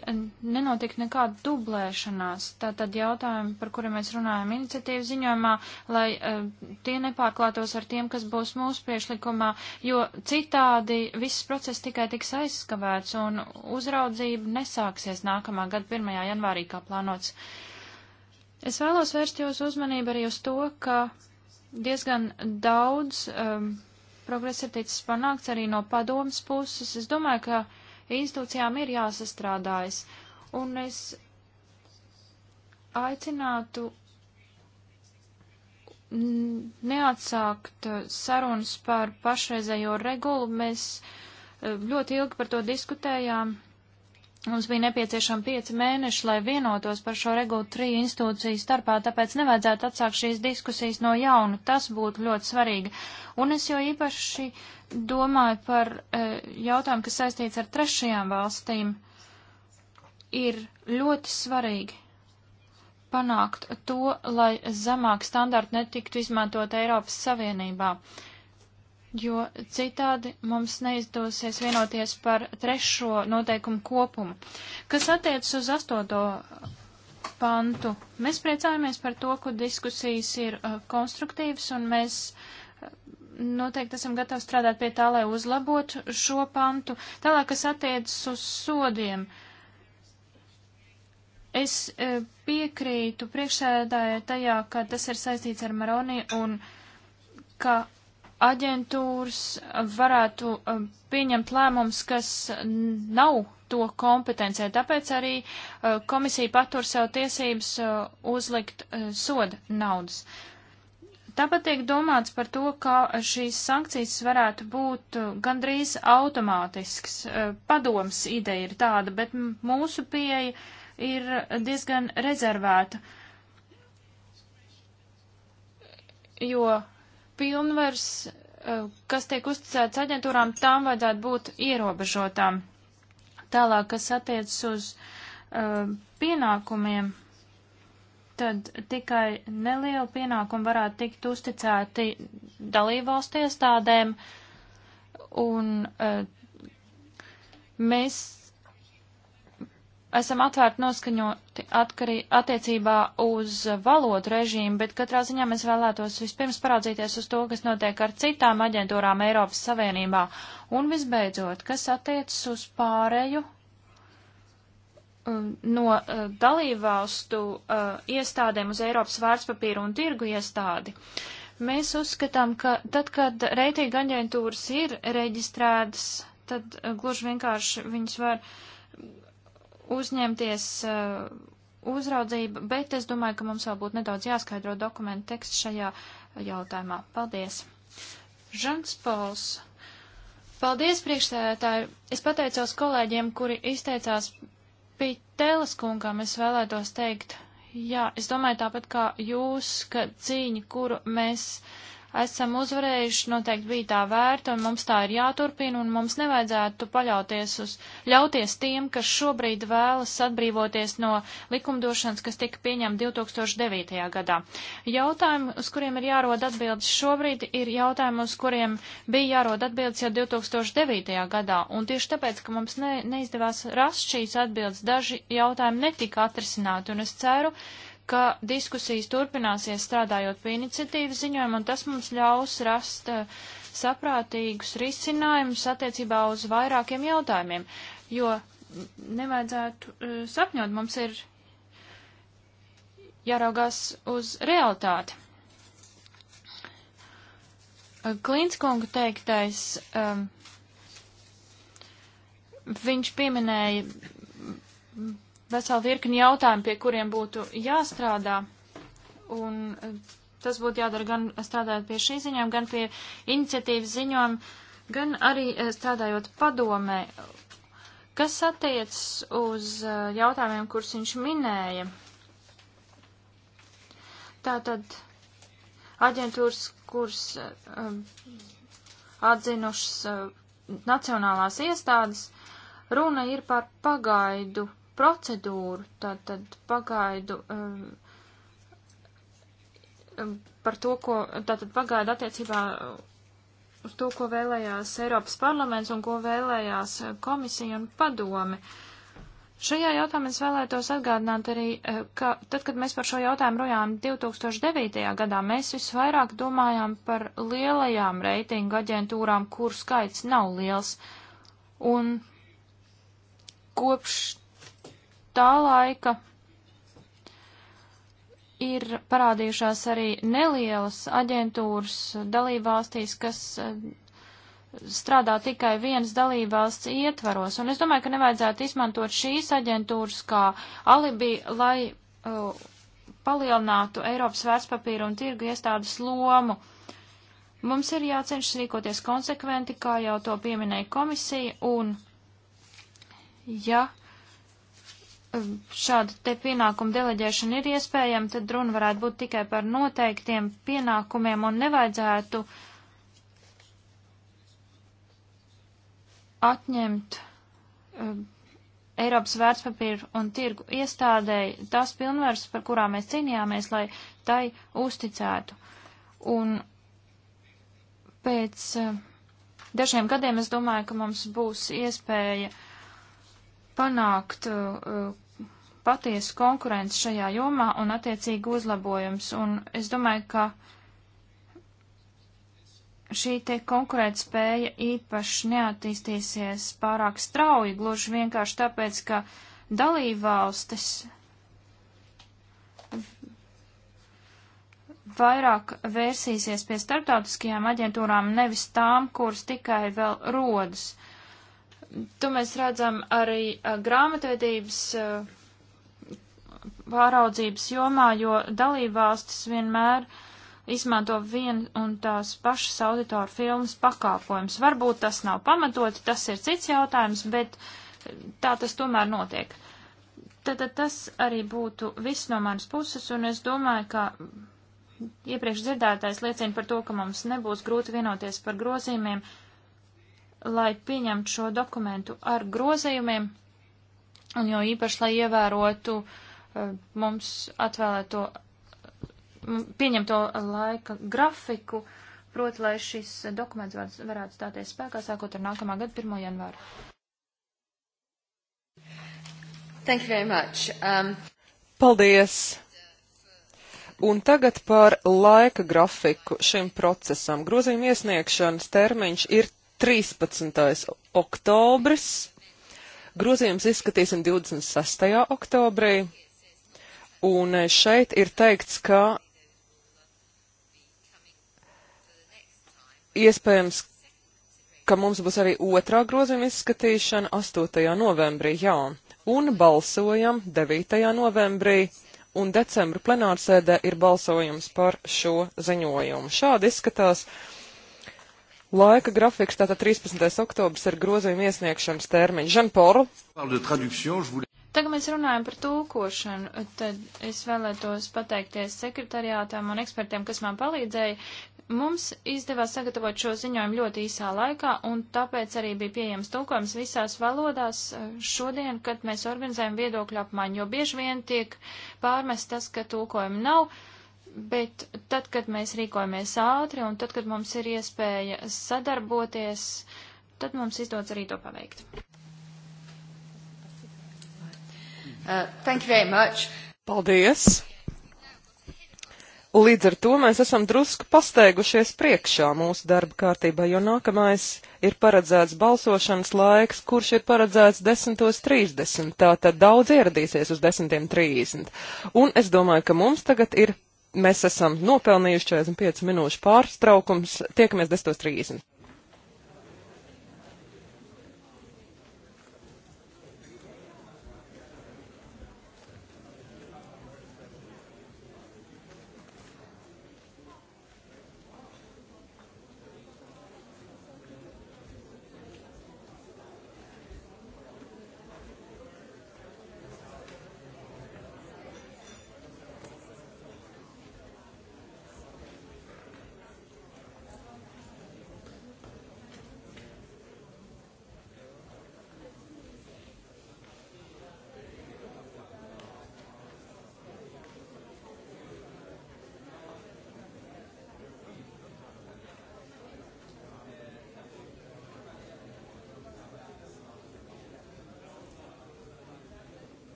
nenotiek nekāda dublēšanās. Tātad jautājumi, par kuriem mēs runājam iniciatīvas ziņojumā, lai uh, tie nepārklātos ar tiem, kas būs mūsu priešlikumā, jo citādi viss process tikai tiks aizskavēts un uzraudzība nesāksies nākamā gada 1. janvārī, kā plānots. Es vēlos vērst jūsu uzmanību arī uz to, ka diezgan daudz. Um, progress ir ticis panākts arī no padomas puses. Es domāju, ka institūcijām ir jāsastrādājas. Un es aicinātu neatsākt uh, sarunas par pašreizējo regulu. Mēs uh, ļoti ilgi par to diskutējām Mums bija nepieciešami pieci mēneši, lai vienotos par šo regulu triju institūciju starpā, tāpēc nevajadzētu atsākt šīs diskusijas no jauna. Tas būtu ļoti svarīgi. Un es jau īpaši domāju par e, jautājumu, kas saistīts ar trešajām valstīm. Ir ļoti svarīgi panākt to, lai zemāk standarti netiktu izmantot Eiropas Savienībā. E, jo citādi mums neizdosies vienoties par trešo noteikumu kopumu. Kas attiecas uz astoto pantu, mēs priecājamies par to, ka diskusijas ir uh, konstruktīvas un mēs uh, noteikti esam gatavi strādāt pie tā, lai uzlabotu šo pantu. Tālāk, kas attiecas uz sodiem. Es uh, piekrītu priekšsēdājai tajā, ka tas ir saistīts ar Maroni un ka aģentūras varētu um, pieņemt lēmums, kas nav to kompetencija. Tāpēc arī uh, komisija patur sev tiesības uh, uzlikt uh, soda naudas. Tāpat tiek domāts par to, ka šīs sankcijas varētu būt gandrīz automātisks. Padoms ideja ir tāda, bet mūsu pieeja ir diezgan rezervēta, jo pilnvars, eh, kas tiek uzticēts aģentūrām, tām vajadzētu būt ierobežotām. Tālāk, kas attiecas uz uh, pienākumiem, tad tikai neliela pienākuma varētu tikt uzticēti dalībvalstu iestādēm, un uh, mēs esam atvērti noskaņoti atkarī, attiecībā uz valodu režīmu, bet katrā ziņā mēs vēlētos vispirms paraudzīties uz to, kas notiek ar citām aģentūrām Eiropas Savienībā. Un visbeidzot, kas attiecas uz pārēju um, no uh, dalībvalstu uh, iestādēm uz Eiropas vērtspapīru un tirgu iestādi. Mēs uzskatām, ka tad, kad reitinga aģentūras ir reģistrētas, tad uh, gluži vienkārši viņas var uh, uzņemties uh, uzraudzību, bet es domāju, ka mums vēl būtu nedaudz jāskaidro dokumentu teksts šajā jautājumā. Paldies! Žants Pols. Paldies, priekšsēdētāji! Es pateicos kolēģiem, kuri izteicās Pitēlas kungam. Es vēlētos teikt, jā, es domāju tāpat kā jūs, ka cīņa, kuru mēs esam uzvarējuši, noteikti bija tā vērta, un mums tā ir jāturpina, un mums nevajadzētu paļauties uz, ļauties tiem, kas šobrīd vēlas atbrīvoties no likumdošanas, kas tika pieņemta 2009. gadā. Jautājumi, uz kuriem ir jārod atbildes šobrīd, ir jautājumi, uz kuriem bija jārod atbildes jau 2009. gadā, un tieši tāpēc, ka mums ne, neizdevās rast šīs atbildes, daži jautājumi netika atrisināti, un es ceru, ka diskusijas turpināsies strādājot pie iniciatīvas ziņojuma, un tas mums ļaus rast uh, saprātīgus risinājumus attiecībā uz vairākiem jautājumiem, jo nevajadzētu uh, sapņot, mums ir jāraugās uz realitāti. Eh, Klīnskunga teiktais, um, viņš pieminēja vesela virkni jautājumu, pie kuriem būtu jāstrādā. Un e, tas būtu jādara gan strādājot pie šī ziņojuma, gan pie iniciatīvas ziņojuma, gan arī e, strādājot padomē. Kas attiec uz e, jautājumiem, kurus viņš minēja? Tātad aģentūras, kuras atzinušas nacionālās iestādes, runa ir par pagaidu procedūru, tātad pagaidu um, par to, ko, tātad pagaidu attiecībā uz to, ko vēlējās Eiropas parlaments un ko vēlējās komisija un padome. Šajā jautājumā es vēlētos atgādināt arī, eh, ka tad, kad mēs par šo jautājumu rojām 2009. gadā, mēs visvairāk domājām par lielajām reitingu aģentūrām, kur skaits nav liels. Un kopš tā laika ir parādījušās arī nelielas aģentūras dalībvalstīs, kas eh, strādā tikai viens dalībvalsts ietvaros. Un es domāju, ka nevajadzētu izmantot šīs aģentūras kā alibi, lai uh, palielinātu Eiropas vērtspapīru un tirgu iestādes lomu. Mums ir jācenšas rīkoties konsekventi, kā jau to pieminēja komisija, un ja šāda te pienākuma deleģēšana ir iespējama, tad runa varētu būt tikai par noteiktiem pienākumiem un nevajadzētu atņemt uh, Eiropas vērtspapīru un tirgu iestādēji tās pilnvaras, par kurām mēs cīnījāmies, lai tai uzticētu. Un pēc uh, dažiem gadiem es domāju, ka mums būs iespēja panākt uh, uh patiesu konkurenci šajā jomā un attiecīgi uzlabojums. Un es domāju, ka šī te konkurētspēja īpaši neattīstīsies pārāk strauji, gluži vienkārši tāpēc, ka dalībvalstis vairāk vērsīsies pie starptautiskajām aģentūrām, nevis tām, kuras tikai vēl rodas. To mēs redzam arī grāmatvedības. Uh, pāraudzības jomā, jo dalībvalstis vienmēr izmanto vien un tās pašas auditoru filmas pakāpojums. Varbūt tas nav pamatoti, tas ir cits jautājums, bet tā tas tomēr notiek. Tātad tas arī būtu viss no manas puses, un es domāju, ka iepriekš dzirdētais liecina par to, ka mums nebūs grūti vienoties par grozījumiem, lai pieņemtu šo dokumentu ar grozījumiem, un jo īpaši, lai ievērotu uh, Eh, mums atvēlēto, pieņemto laika grafiku, proti, lai šis dokuments var, varētu stāties spēkā sākot ar nākamā gada 1. janvāru. Thank you very much. Um... Paldies! Un tagad par laika grafiku šim procesam. Grozījuma iesniegšanas termiņš ir 13. oktobris. Grozījums izskatīsim 26. oktobrī. Un eh, šeit ir teikts, ka iespējams, ka mums būs arī otrā grozījuma izskatīšana 8. novembrī, jā, un balsojam 9. novembrī, un decembra plenārsēdē ir balsojums par šo ziņojumu. Šādi izskatās laika grafiks, tātad 13. oktobrs ir grozījuma iesniegšanas termiņš. Žanporu. Tagad mēs runājam par tūkošanu, tad es vēlētos pateikties sekretariātām un ekspertiem, kas man palīdzēja. Mums izdevās sagatavot šo ziņojumu ļoti īsā laikā, un tāpēc arī bija pieejams tulkojums visās valodās eh, šodien, kad mēs organizējam viedokļu apmaiņu, jo bieži vien tiek pārmest tas, ka tulkojumu nav, bet tad, kad mēs rīkojamies ātri un tad, kad mums ir iespēja sadarboties, tad mums izdodas arī to paveikt. Uh, thank you very much. Paldies! Līdz ar to mēs esam drusku pasteigušies priekšā mūsu darba kārtībā, jo nākamais ir paredzēts balsošanas laiks, kurš ir paredzēts 10.30. Tātad daudz ieradīsies uz 10.30. Un es domāju, ka mums tagad ir, mēs esam nopelnījuši 45 minūšu pārstraukums, tiekamies 10.30.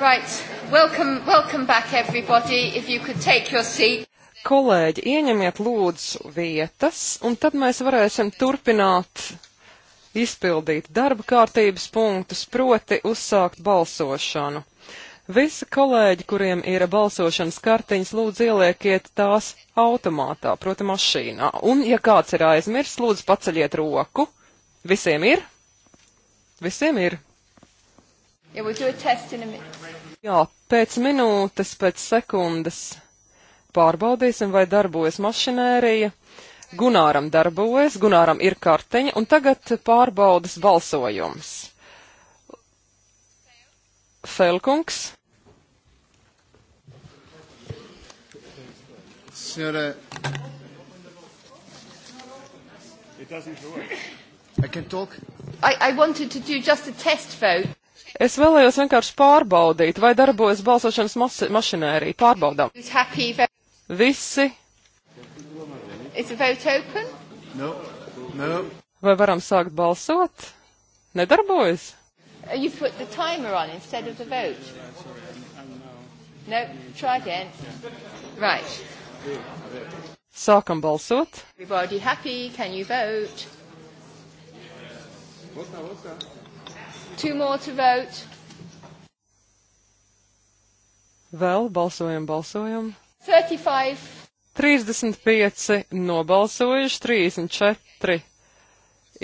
Right. Welcome, welcome back everybody. If you could take your seat. Kolēģi, ieņemiet lūdzu vietas, un tad mēs varēsim turpināt izpildīt darba kārtības punktus, proti uzsākt balsošanu. Visi kolēģi, kuriem ir balsošanas kartiņas, lūdzu ieliekiet tās automātā, proti mašīnā. Un, ja kāds ir aizmirs, lūdzu paceļiet roku. Visiem ir? Visiem ir. Yeah, we'll do a test in a minute. Jā, pēc minūtes, pēc sekundes pārbaudīsim, vai darbojas mašinērija. Gunāram darbojas, Gunāram ir karteņa, un tagad pārbaudas balsojums. Felkungs. Signore. It doesn't work. I can talk. I, I wanted to do just a test vote. Es vēlējos vienkārši pārbaudīt, vai darbojas balsošanas mašinērija. Pārbaudām. Visi. No. No. Vai varam sākt balsot? Nedarbojas? Uh, you put the timer on instead of the vote. No, try again. Right. Sākam balsot. Everybody happy? Can you vote? What's that? What's that? Two more to vote. Vēl balsojam, balsojam. 35. 35 nobalsojuši, 34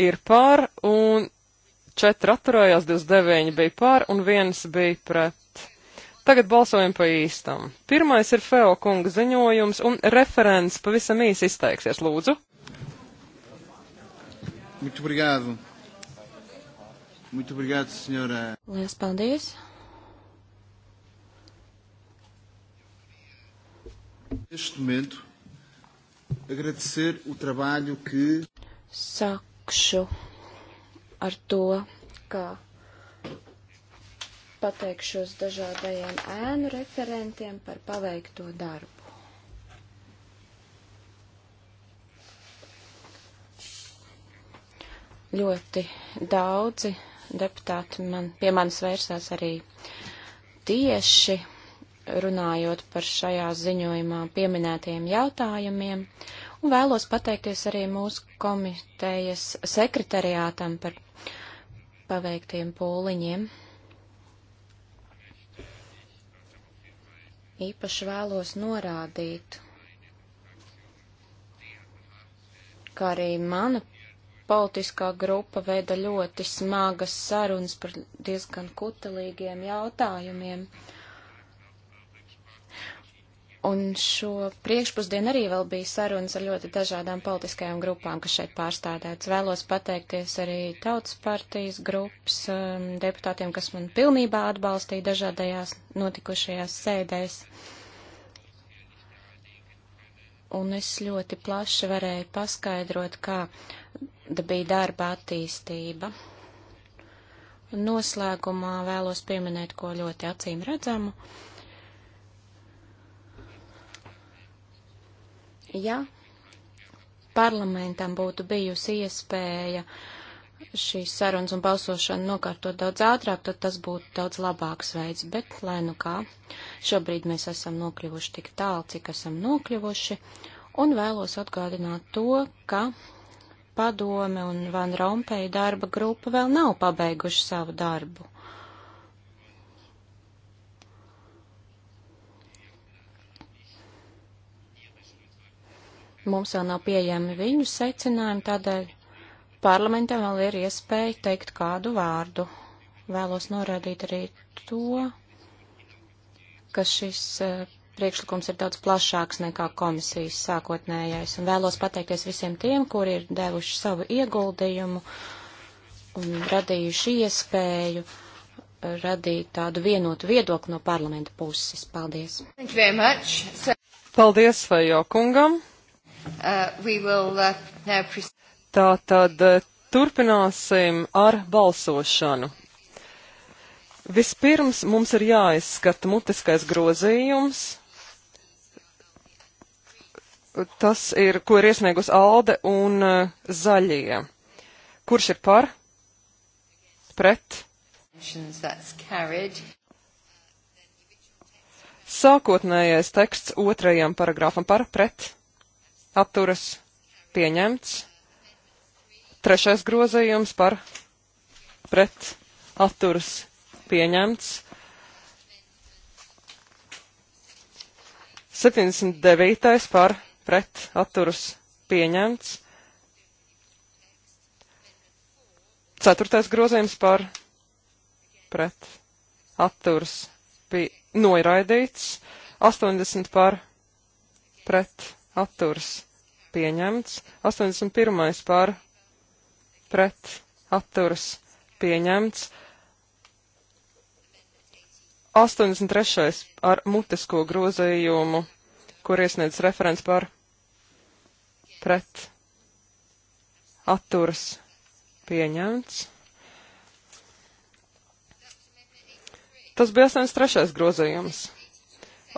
ir pār un 4 atturējās, 29 bija pār un 1 bija pret. Tagad balsojam pa īstam. Pirmais ir Feo kunga ziņojums un referents pavisam īsi izteiksies, lūdzu. Muito obrigado. Muito obrigado, senhora. Lielas paldies. Neste momento, agradecer o trabalho que. Sākšu ar to, ka pateikšos dažādajiem ēnu referentiem par paveikto darbu. Ļoti daudzi deputāti man, pie manis vērsās arī tieši runājot par šajā ziņojumā pieminētajiem jautājumiem, un vēlos pateikties arī mūsu komitejas sekretariātam par paveiktiem pūliņiem. Īpaši vēlos norādīt, ka arī mana politiskā grupa veida ļoti smagas sarunas par diezgan kutelīgiem jautājumiem. Un šo priekšpusdienu arī vēl bija sarunas ar ļoti dažādām politiskajām grupām, kas šeit pārstādēts. Vēlos pateikties arī Tautas partijas grupas um, deputātiem, kas man pilnībā atbalstīja dažādajās notikušajās sēdēs. Uh, un es ļoti plaši varēju paskaidrot, kāda bija darba attīstība. Noslēgumā vēlos pieminēt, ko ļoti acīm redzamu. Ja parlamentam būtu bijusi iespēja uh, šīs sarunas un balsošanu nokārtot daudz ātrāk, tad tas būtu daudz labāks veids, bet lai nu kā, šobrīd mēs esam nokļuvuši tik tālu, cik esam nokļuvuši, un vēlos atgādināt to, ka padome un Van Rompeja darba grupa vēl nav pabeiguši savu darbu. Mums vēl nav pieejami viņu secinājumi, tādēļ parlamentam vēl ir iespēja teikt kādu vārdu. Vēlos norādīt arī to, ka šis eh, priekšlikums ir daudz plašāks nekā komisijas sākotnējais, un vēlos pateikties visiem tiem, kuri ir devuši savu ieguldījumu un radījuši iespēju eh, radīt tādu vienotu viedokli no parlamenta puses. Paldies! So... Paldies Fajo kungam! Uh, will, uh, Tā tad eh, turpināsim ar balsošanu. Vispirms mums ir jāizskata mutiskais grozījums. Tas ir, ko ir iesniegus Alde un eh, zaļie. Kurš ir par? Pret? Sākotnējais teksts otrajam paragrāfam par pret atturas pieņemts. Trešais grozījums par pret atturas pieņemts. 79. par pret atturas pieņemts. Ceturtais grozījums par pret atturas pie, noiraidīts. 80 par pret atturas pieņemts. 81. par pret pret atturas pieņemts. 83. ar mutisko grozījumu, kur iesniedz referents par pret atturas pieņemts. Tas bija 83. grozījums.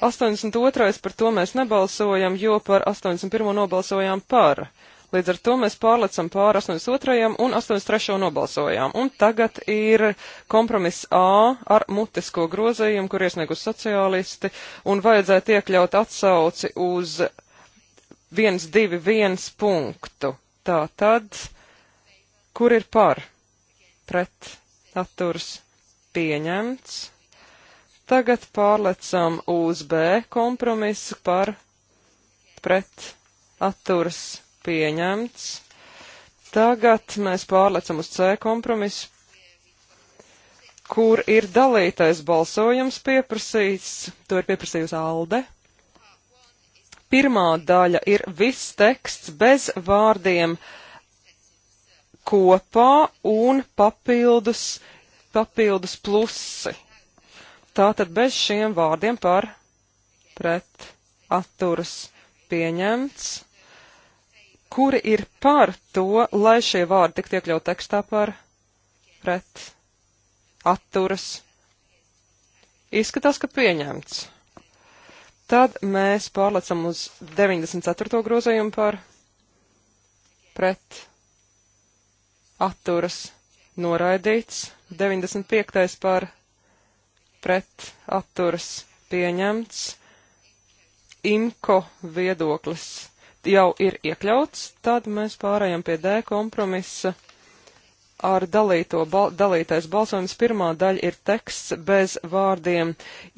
82. par to mēs nebalsojam, jo par 81. nobalsojām par. Līdz ar to mēs pārlecam pāri 82. un 83. nobalsojām. Un tagad ir kompromiss A ar mutisko grozījumu, kur iesniegus sociālisti, un vajadzētu iekļaut atsauci uz 121 punktu. Tā tad, kur ir par? Pret atturs pieņemts. Tagad pārlecam uz B kompromisu par pret atturs pieņemts pieņemts. Tagad mēs pārlecam uz C kompromisu, kur ir dalītais balsojums pieprasīts. To ir pieprasījusi Alde. Pirmā daļa ir viss teksts bez vārdiem kopā un papildus, papildus plusi. Tātad bez šiem vārdiem par pret atturas pieņemts kuri ir par to, lai šie vārdi tiktu iekļaut tekstā par pret atturas. Izskatās, ka pieņemts. Tad mēs pārlecam uz 94. grozījumu par pret atturas noraidīts, 95. par pret atturas pieņemts, imko viedoklis jau ir iekļauts, tad mēs pārējām pie D kompromisa ar dalīto, bal, dalītais balsojums. Pirmā daļa ir teksts bez vārdiem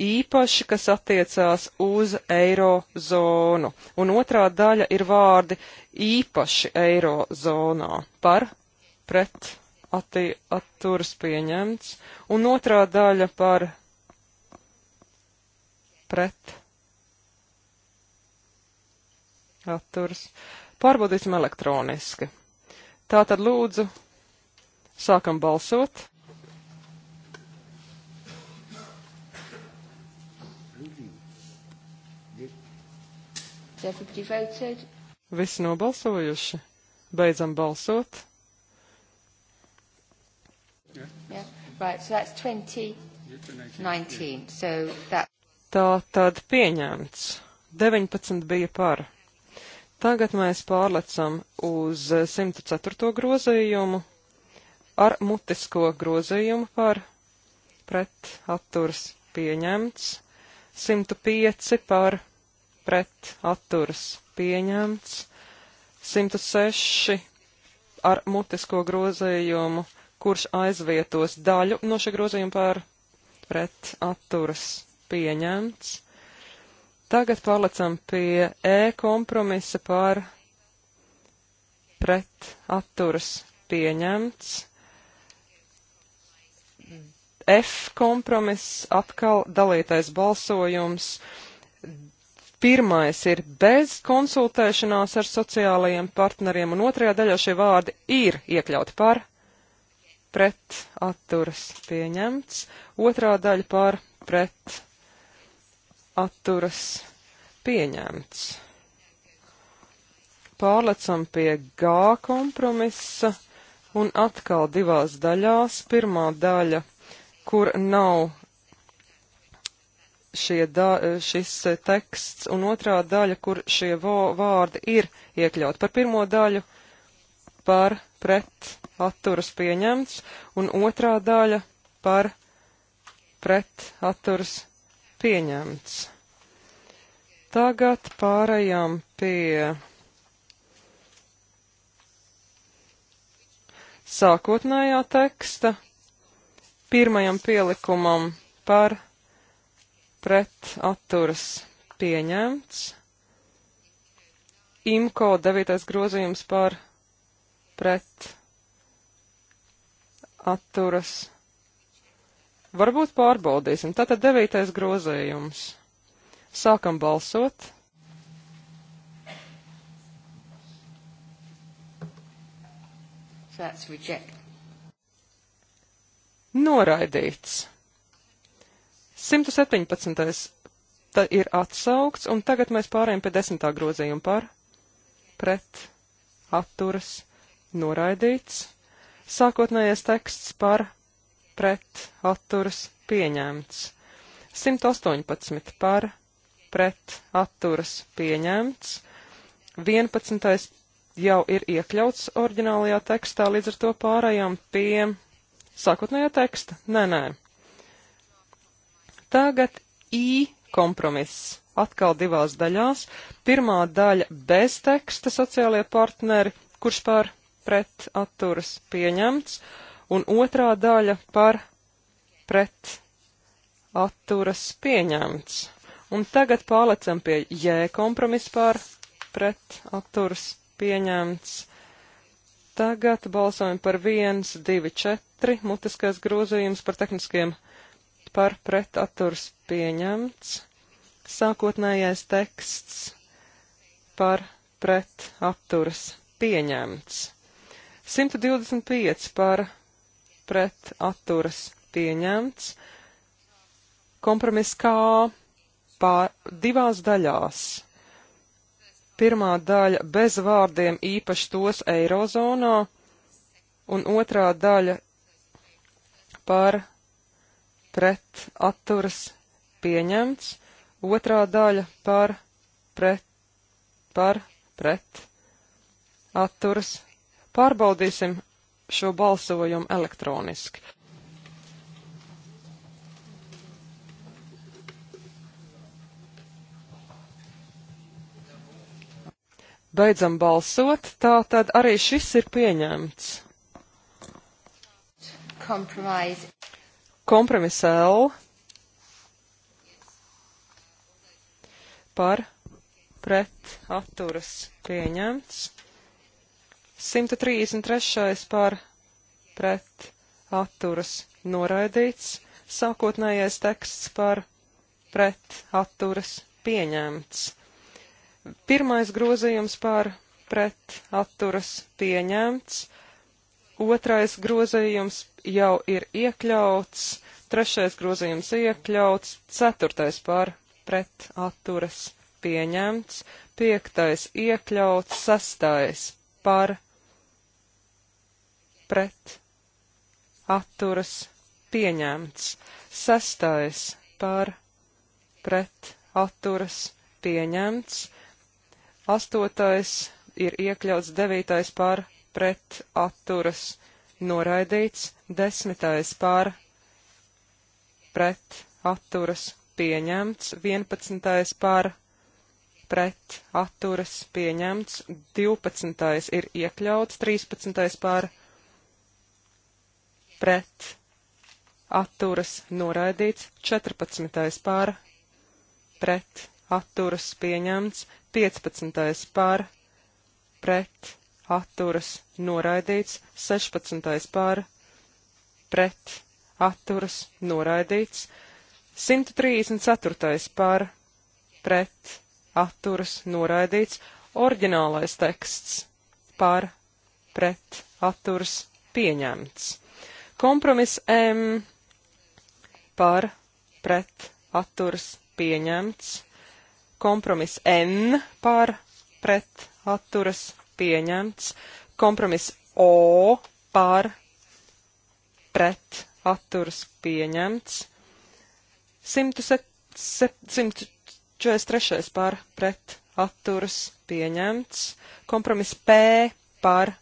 īpaši, kas attiecās uz eirozonu, un otrā daļa ir vārdi īpaši eirozonā par pret atti, atturas pieņemts, un otrā daļa par pret atturs. Pārbaudīsim elektroniski. Tātad lūdzu, sākam balsot. Visi nobalsojuši. Beidzam balsot. Yeah. Yeah. Right, so that's 20, 19. So that... Tā tad pieņemts. 19 bija par. Tagad mēs pārlecam uz 104. grozījumu ar mutisko grozījumu par pret atturs pieņemts, 105 par pret atturs pieņemts, 106 ar mutisko grozījumu, kurš aizvietos daļu no šī grozījuma par pret atturas pieņemts, Tagad palicam pie E kompromisa par pret atturas pieņemts. F kompromiss atkal dalītais balsojums. Pirmais ir bez konsultēšanās ar sociālajiem partneriem, un otrajā daļā šie vārdi ir iekļauti par pret atturas pieņemts, otrā daļa par pret atturas pieņemts. Pārlecam pie G kompromisa un atkal divās daļās. Pirmā daļa, kur nav šie da, šis teksts, un otrā daļa, kur šie vārdi ir iekļaut. Par pirmo daļu par pret atturas pieņemts, un otrā daļa par pret atturas Pieņemts. Tagad pārējām pie sākotnējā teksta, pirmajam pielikumam par pret atturas pieņemts, IMCO 9. grozījums par pret atturas Varbūt pārbaudīsim. Tātad devītais grozējums. Sākam balsot. Noraidīts. 117. Ta ir atsaukts, un tagad mēs pārējām pie desmitā grozījuma par, pret, atturas, noraidīts. Sākotnējais teksts par, pret, atturas, pieņemts. 118 par, pret, atturas, pieņemts. 11. jau ir iekļauts oriģinālajā tekstā, līdz ar to pārējām pie sākotnējā teksta. Nē, nē. Tagad I kompromiss. Atkal divās daļās. Pirmā daļa bez teksta sociālajie partneri, kurš pār pret atturas pieņemts. Uh, un otrā daļa par pret atturas pieņemts. Un tagad pārlecam pie J kompromisa par pret atturas pieņemts. Tagad balsojam par 1, 2, 4 mutiskais grozījums par tehniskiem par pret atturs pieņemts. Sākotnējais teksts par pret atturs pieņemts. 125 par pret atturas pieņemts. Kompromiss kā pār divās daļās. Pirmā daļa bez vārdiem īpaši tos eirozonā, un otrā daļa par pret atturas pieņemts, otrā daļa par pret, par pret atturas. Pārbaudīsim šo balsojumu elektroniski. Beidzam balsot, tā tad arī šis ir pieņemts. Kompromis. Kompromis L. Par, pret, atturas pieņemts. 133. par pret atturas noraidīts, sākotnējais teksts par pret atturas pieņemts. Pirmais grozījums par pret atturas pieņemts, otrais grozījums jau ir iekļauts, trešais grozījums iekļauts, ceturtais par pret atturas pieņemts, piektais iekļauts, sastais par pret, atturas, pieņemts. Sestais par, pret, atturas, pieņemts. Astotais ir iekļauts devītais par, pret, atturas, noraidīts. Desmitais par, pret, atturas, pieņemts. Vienpadsmitais par, pret, atturas, pieņemts. Divpadsmitais ir iekļauts, trīspadsmitais par, pret pret atturas noraidīts, 14. pār pret atturas pieņemts, 15. pār pret atturas noraidīts, 16. pār pret atturas noraidīts, 134. pār pret atturas noraidīts, oriģinālais teksts pār pret atturas pieņemts. Kompromiss M par pret atturs pieņemts. Kompromiss N par pret atturas pieņemts. Kompromiss O par pret atturas pieņemts. 143. par pret atturas pieņemts. Kompromiss P par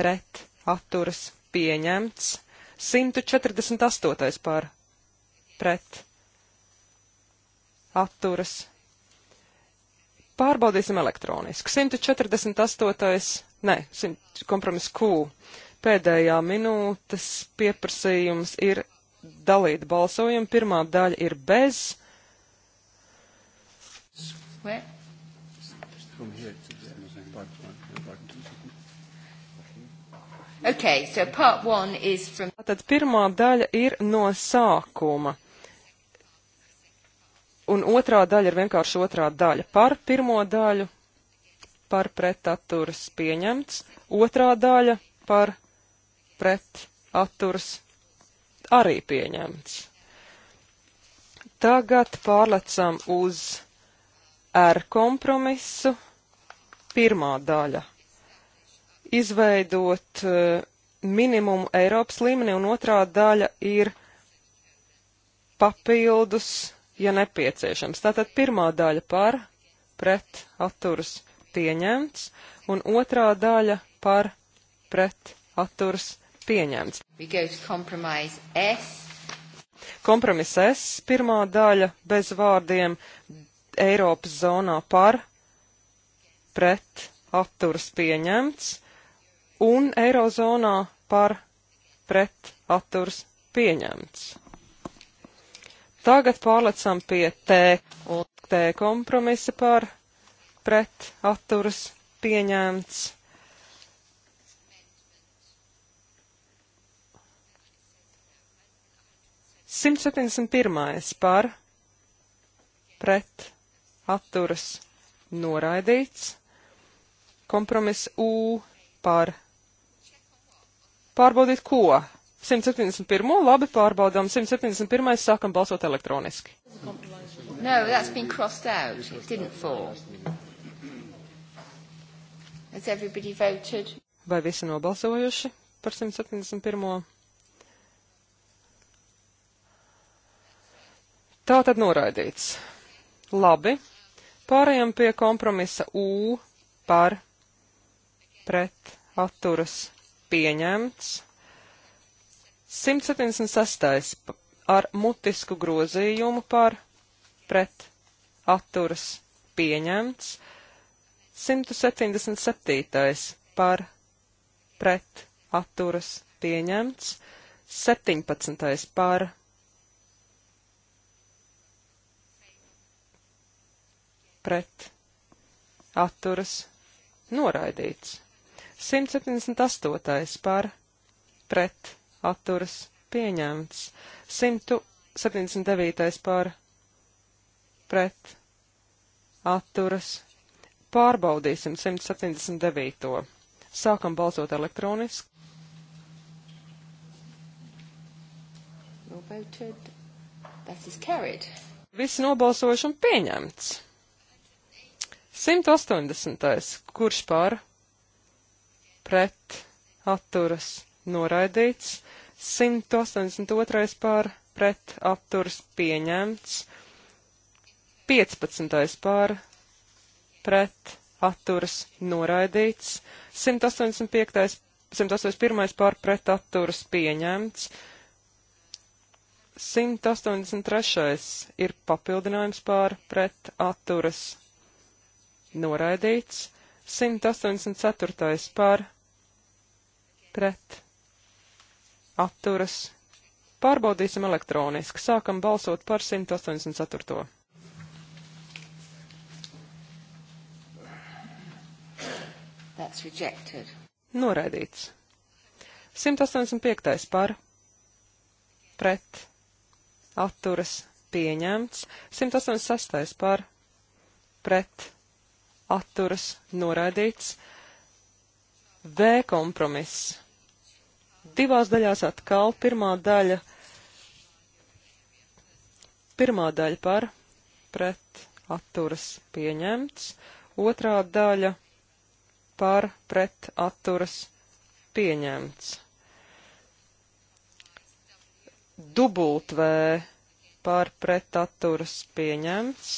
pret atturas pieņemts. 148. par pret atturas. Pārbaudīsim elektroniski. 148. Nē, kompromiss Q. Pēdējā minūtes pieprasījums ir dalīt balsojumu. Pirmā daļa ir bez. Where? From here to there. Part one, part two. Okay, so part one is from... Tad pirmā daļa ir no sākuma. Un otrā daļa ir vienkārši otrā daļa. Par pirmo daļu, par pretaturas pieņemts. Otrā daļa par pretaturas arī pieņemts. Tagad pārlecam uz R kompromisu. Pirmā daļa izveidot eh, minimumu Eiropas līmenī, un otrā daļa ir papildus, ja nepieciešams. Tātad pirmā daļa par, pret, atturas pieņemts, un otrā daļa par, pret, atturas pieņemts. Kompromiss S, pirmā daļa bez vārdiem Eiropas zonā par, pret, atturas pieņemts, un Eirozonā par pret atturs pieņemts. Tagad pārlecam pie T un T kompromisa par pret atturs pieņemts. Simt septiņdesmit pirmais par pret atturas noraidīts. Kompromiss U par pret Pārbaudīt ko? 171. labi pārbaudām, 171. sākam balsot elektroniski. No, that's been crossed out. It didn't fall. Has everybody voted? Vai visi nobalsojuši par 171. Tā tad noraidīts. Labi. Pārējām pie kompromisa U par pret atturas pieņemts. 176. ar mutisku grozījumu par pret atturas pieņemts. 177. par pret atturas pieņemts. 17. par pret atturas noraidīts. 178. par pret atturas pieņemts. 179. par pret atturas. Pārbaudīsim 179. Sākam balsot elektroniski. Voted. That is carried. Visi nobalsojuši un pieņemts. 180. Kurš par? pret atturas noraidīts, 182. pār pret atturas pieņemts, 15. pār pret atturas noraidīts, 185. 181. pār pret atturas pieņemts, 183. ir papildinājums pār pret atturas noraidīts, 184. pār pret atturas. Pārbaudīsim elektroniski. Sākam balsot par 184. That's rejected. Noraidīts. 185. par pret atturas pieņemts. 186. par pret atturas noraidīts. V kompromiss divās daļās atkal. Pirmā daļa, pirmā daļa par pret atturas pieņemts, otrā daļa par pret atturas pieņemts. Dubultvē par pret atturas pieņemts.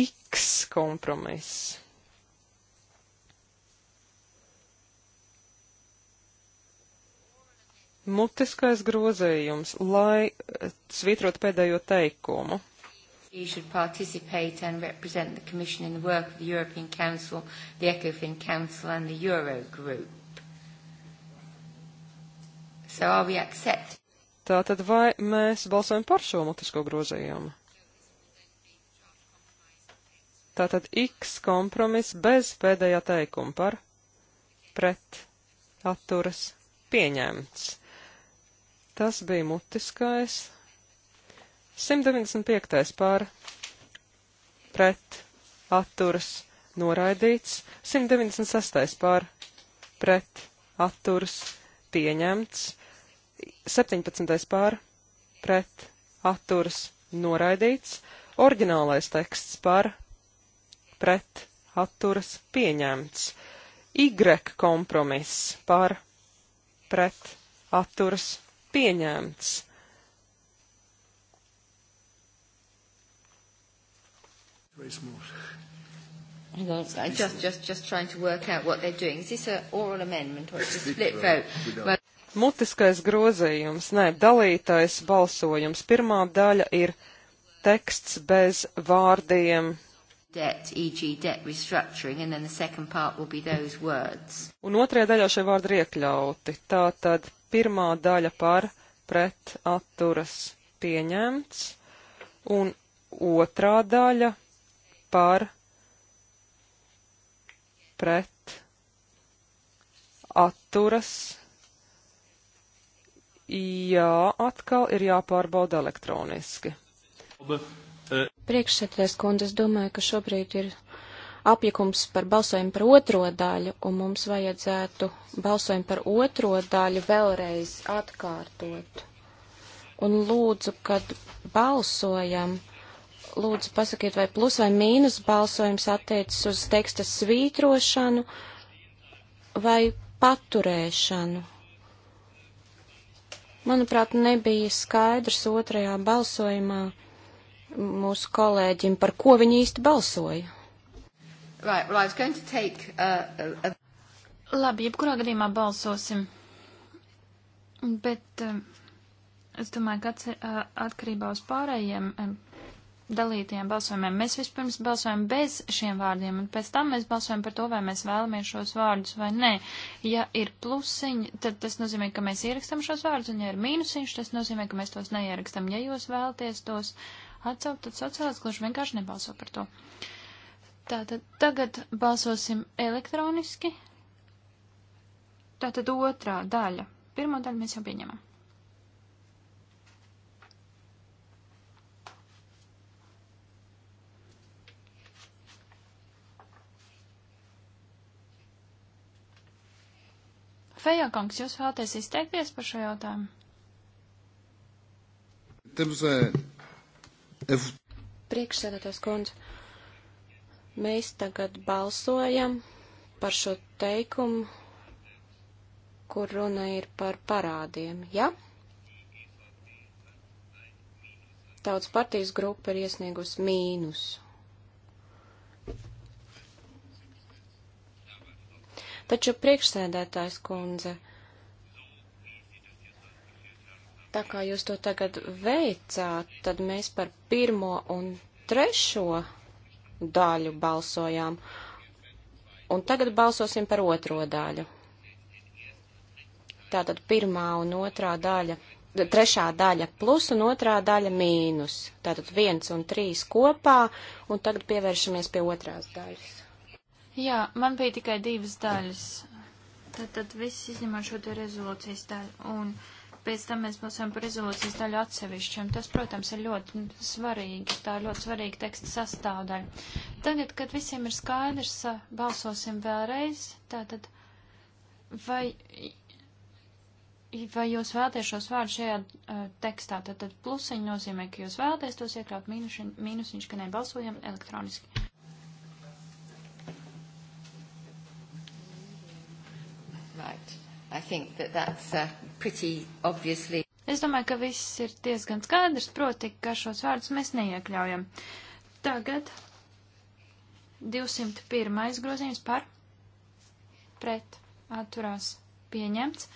X kompromiss mutiskais grozējums, lai eh, svītrot pēdējo teikumu. EU should participate and represent the Commission in the work of the European Council, the ECOFIN Council and the Eurogroup. So are we accepting? Tātad vai mēs balsojam par šo mutisko grozījumu? Tātad X kompromis bez pēdējā teikuma par pret atturas pieņemts. Tas bija mutiskais. 195. pār pret atturas noraidīts. 196. pār pret atturas pieņemts. 17. pār pret atturas noraidīts. Orģinālais teksts par pret atturas pieņemts. Y kompromiss par pret atturas pieņemts. Just, just, just trying to work out what they're doing. Is this an oral amendment or is it a split vote? Well, mutiskais grozījums, nē, dalītais balsojums. Pirmā daļa ir teksts bez vārdiem. Debt, e.g. debt restructuring, and then the second part will be those words. Un otrajā daļā šie vārdi ir iekļauti. Tātad pirmā daļa par pret atturas pieņemts, un otrā daļa par pret atturas. Jā, atkal ir jāpārbauda elektroniski. Priekšsēdētājs kundze, es domāju, ka šobrīd ir apjukums par balsojumu par otro daļu, un mums vajadzētu balsojumu par otro daļu vēlreiz atkārtot. Un lūdzu, kad balsojam, lūdzu pasakiet, vai plus vai mīnus balsojums attiecas uz teksta svītrošanu vai paturēšanu. Manuprāt, nebija skaidrs otrajā balsojumā mūsu kolēģim, par ko viņi īsti balsoja. Right, well, I was going to take, uh, a... Labi, jebkurā gadījumā balsosim. Bet uh, es domāju, ka uh, atkarībā uz pārējiem um, dalītajiem balsojumiem mēs vispirms balsojam bez šiem vārdiem, un pēc tam mēs balsojam par to, vai mēs vēlamies šos vārdus vai nē. Ja ir plusiņi, tad tas nozīmē, ka mēs ierakstam šos vārdus, un ja ir mīnusiņš, tas nozīmē, ka mēs tos neierakstam. Ja jūs vēlaties tos atsaukt, tad sociālists gluži vienkārši nebalso par to. Uh, Tātad tagad balsosim elektroniski. Tātad otrā daļa. Pirmā daļa mēs jau pieņemam. Fejokungs, jūs vēlaties izteikties par šo jautājumu? Eh, Priekšsēdētājs kundze. Mēs tagad balsojam par šo teikumu, kur runa ir par parādiem, ja? Tautas partijas grupa ir iesniegusi mīnusu. Taču priekšsēdētājs kundze, tā kā jūs to tagad veicāt, tad mēs par pirmo un trešo daļu balsojām. Un tagad balsosim par otro daļu. Tātad pirmā un otrā daļa, trešā daļa plus un otrā daļa mīnus. Tātad viens un trīs kopā, un tagad pievēršamies pie otrās daļas. Jā, man bija tikai divas daļas. Tātad viss izņemot šo te rezolūcijas daļu. Un pēc tam mēs balsojam par rezolūcijas daļu atsevišķi, un tas, protams, ir ļoti svarīgi, tā ir ļoti svarīga teksta sastāvdaļa. Tagad, kad visiem ir skaidrs, balsosim vēlreiz, tātad, vai, vai jūs vēlaties šos vārdus šajā uh, tekstā, tātad plusiņi nozīmē, ka jūs vēlaties tos iekļaut mīnusiņš, mīnusiņš ka nebalsojam elektroniski. Right. I think that that's uh, pretty obviously. Es domāju, ka viss ir diezgan skaidrs, proti, ka šos vārdus mēs neiekļaujam. Tagad 201. grozījums par pret atturās pieņemts.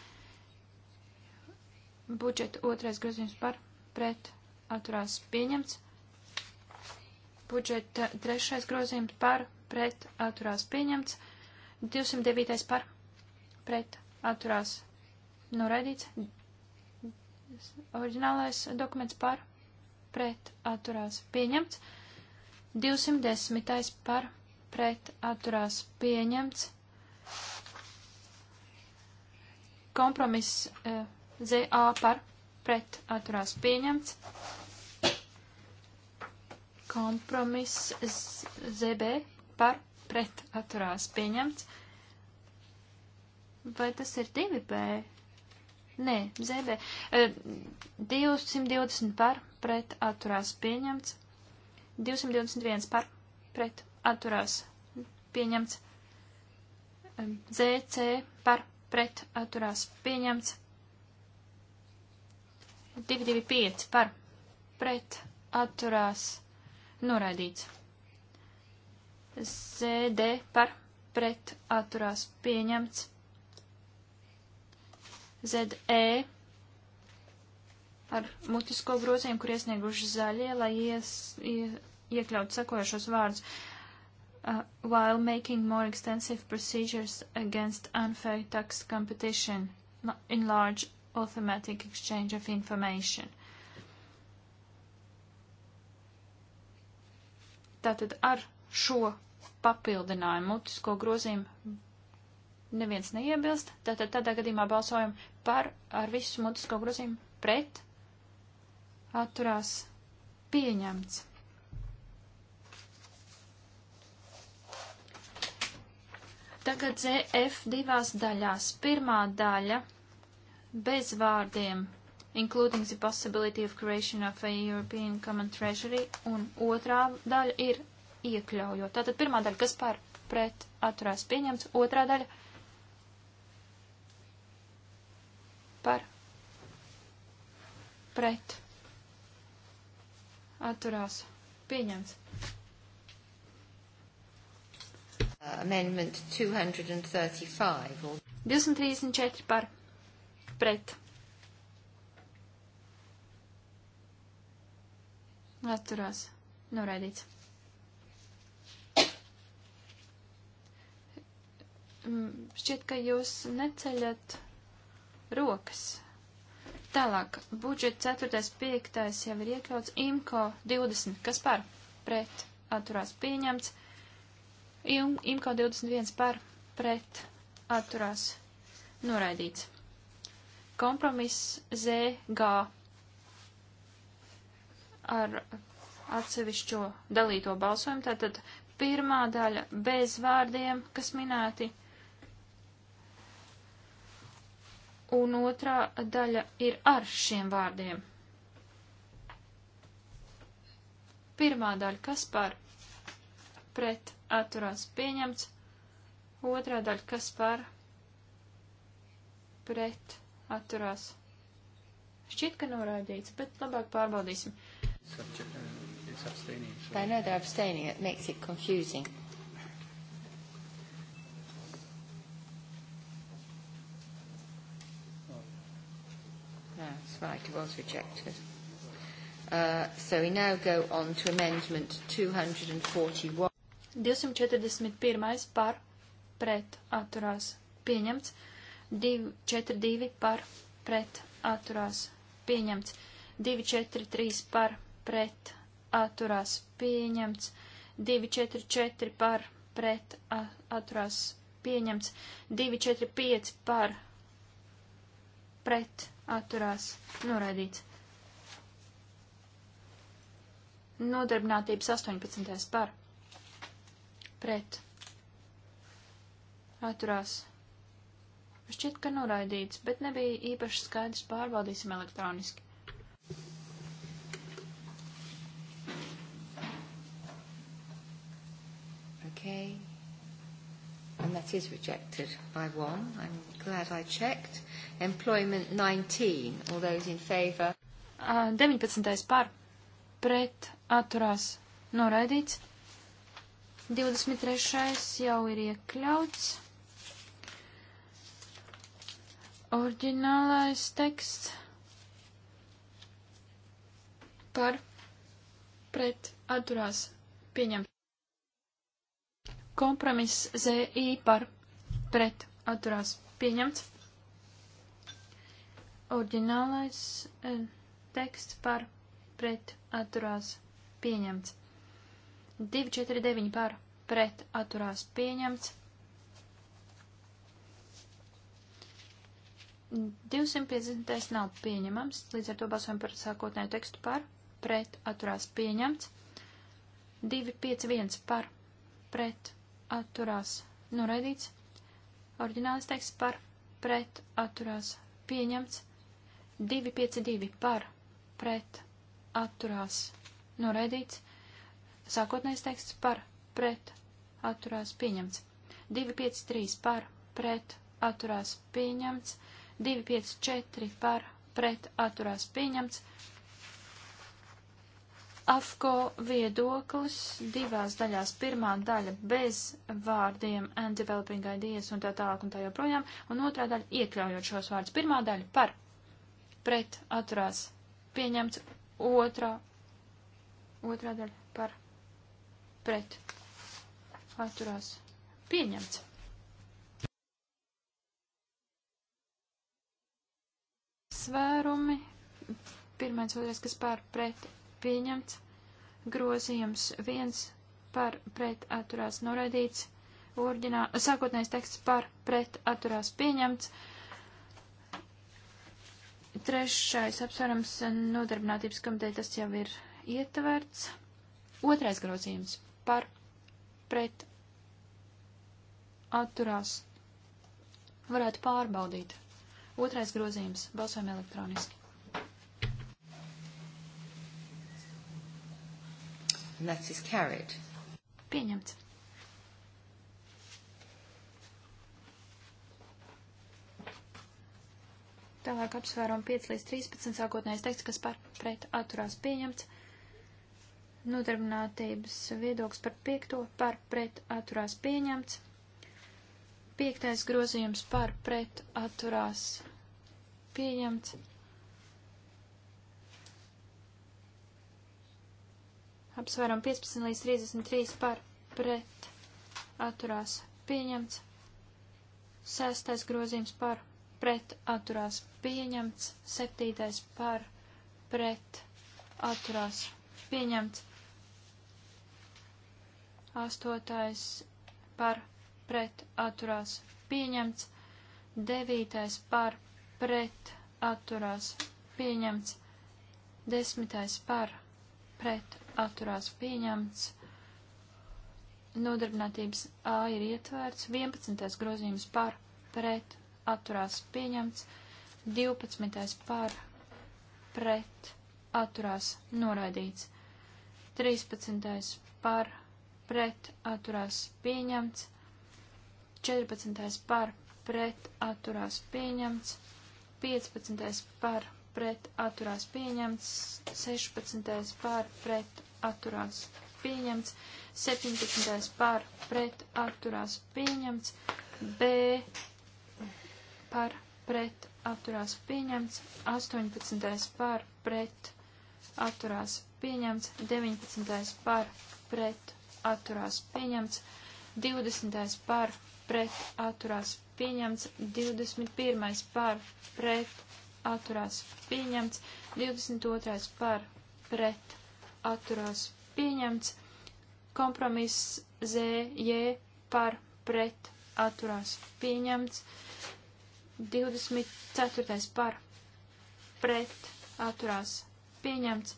Budžeta otrais grozījums par pret atturās pieņemts. Budžeta trešais grozījums par pret atturās pieņemts. 209. par pret atturās noraidīts. Oriģinālais dokuments par pret atturās pieņemts. 210. par pret atturās pieņemts. Kompromiss eh, ZA par pret atturās pieņemts. Kompromiss ZB par pret atturās pieņemts. Vai tas ir 2B? Nē, ZB. 220 par pret atturās pieņemts. 221 par pret atturās pieņemts. ZC par pret atturās pieņemts. 225 par pret atturās noraidīts. ZD par pret atturās pieņemts. ZE ar mutisko grozījumu, kur iesnieguši zaļie, lai ies, ie, iekļaut sakojušos vārdus. Uh, while making more extensive procedures against unfair tax competition, in large automatic exchange of information. Tātad ar šo papildinājumu mutisko grozījumu Neviens neiebilst, tātad tādā gadījumā balsojam par ar visu mutisko grozījumu pret atturās pieņemts. Tagad ZF divās daļās. Pirmā daļa bez vārdiem including the possibility of creation of a European Common Treasury, un otrā daļa ir iekļaujot. Tātad pirmā daļa, kas par pret atturās pieņemts, otrā daļa par pret atturās pieņemts. Amendment 235. 234 par pret. Atturās. Noraidīts. Mm, šķiet, ka jūs neceļat rokas. Tālāk, budžeta 4. 5. jau ir iekļauts IMCO 20, kas par pret atturās pieņemts. IMCO 21 par pret atturās noraidīts. Kompromiss ZG ar atsevišķo dalīto balsojumu, tātad pirmā daļa bez vārdiem, kas minēti un otrā daļa ir ar šiem vārdiem. Pirmā daļa, kas par pret atturās pieņemts, otrā daļa, kas par pret atturās. Šķiet, ka norādīts, bet labāk pārbaudīsim. Subject, uh, it's abstaining. So. I know they're abstaining. It makes it confusing. right, it was rejected. Uh, so we now go on to amendment 241. 241 par pret atturās pieņemts, 242 par pret atturās pieņemts, 243 par pret atturās pieņemts, 244 par pret atturās pieņemts, 245 par pret atturās noraidīts. Nodarbinātības 18. par pret atturās. Šķiet, ka noraidīts, bet nebija īpaši skaidrs pārbaudīsim elektroniski. Okay and that is rejected by one. I'm glad I checked. Employment 19. All those in favour? Uh, 19. par. Pret atturās noraidīts. 23. jau ir iekļauts. Orģinālais teksts par pret atturās pieņemt. Kompromiss ZI par pret atturās pieņemts. Orģinālais e, eh, teksts par pret atturās pieņemts. 249 par pret atturās pieņemts. 250. nav pieņemams, līdz ar to balsojam par sākotnēju tekstu par, pret atturās pieņemts. 251 par, pret atturās noraidīts. Orģinālis teksts par pret atturās pieņemts. 252 par pret atturās noraidīts. Sākotnējais teksts par pret atturās pieņemts. 253 par pret atturās pieņemts. 254 par pret atturās pieņemts. AFCO viedoklis divās daļās. Pirmā daļa bez vārdiem and developing ideas un tā tālāk un tā joprojām, un otrā daļa iekļaujot šos vārdus. Pirmā daļa par pret atturās pieņemts, otrā, otrā daļa par pret atturās pieņemts. Svērumi, pirmais, otrais, kas pār pret pieņemts, grozījums 1 par pret atturās noraidīts, orģinā, sākotnējais teksts par pret atturās pieņemts, trešais apsvērums nodarbinātības komiteja tas jau ir ietverts, otrais grozījums par pret atturās varētu pārbaudīt. Otrais grozījums. Balsojam elektroniski. And that is carried. Pieņemts. Tālāk apsvērumu 5 līdz 13 sākotnējais teksts, kas par pret atturās pieņemts. Nodarbinātības viedoklis par 5 par pret atturās pieņemts. 5. grozījums par pret atturās pieņemts. Apsvērumu 15 līdz 33 par pret atturās pieņemts. Sestais grozījums par pret atturās pieņemts. Septītais par pret atturās pieņemts. Astotais par pret atturās pieņemts. Devītais par pret atturās pieņemts. Desmitais par pret atturās pieņemts. Nodarbinātības A ir ietverts. 11. grozījums par pret atturās pieņemts. 12. par pret atturās noraidīts. 13. par pret atturās pieņemts. 14. par pret atturās pieņemts. 15. par pret atturās pieņemts, 16. par pret atturās pieņemts, 17. par pret atturās pieņemts, B par pret atturās pieņemts, 18. par pret atturās pieņemts, 19. par pret atturās pieņemts, 20. par pret atturās pieņemts, 21. par pret atturās pieņemts, 22. par pret atturās pieņemts. Kompromiss ZJ par pret atturās pieņemts. 24. par pret atturās pieņemts.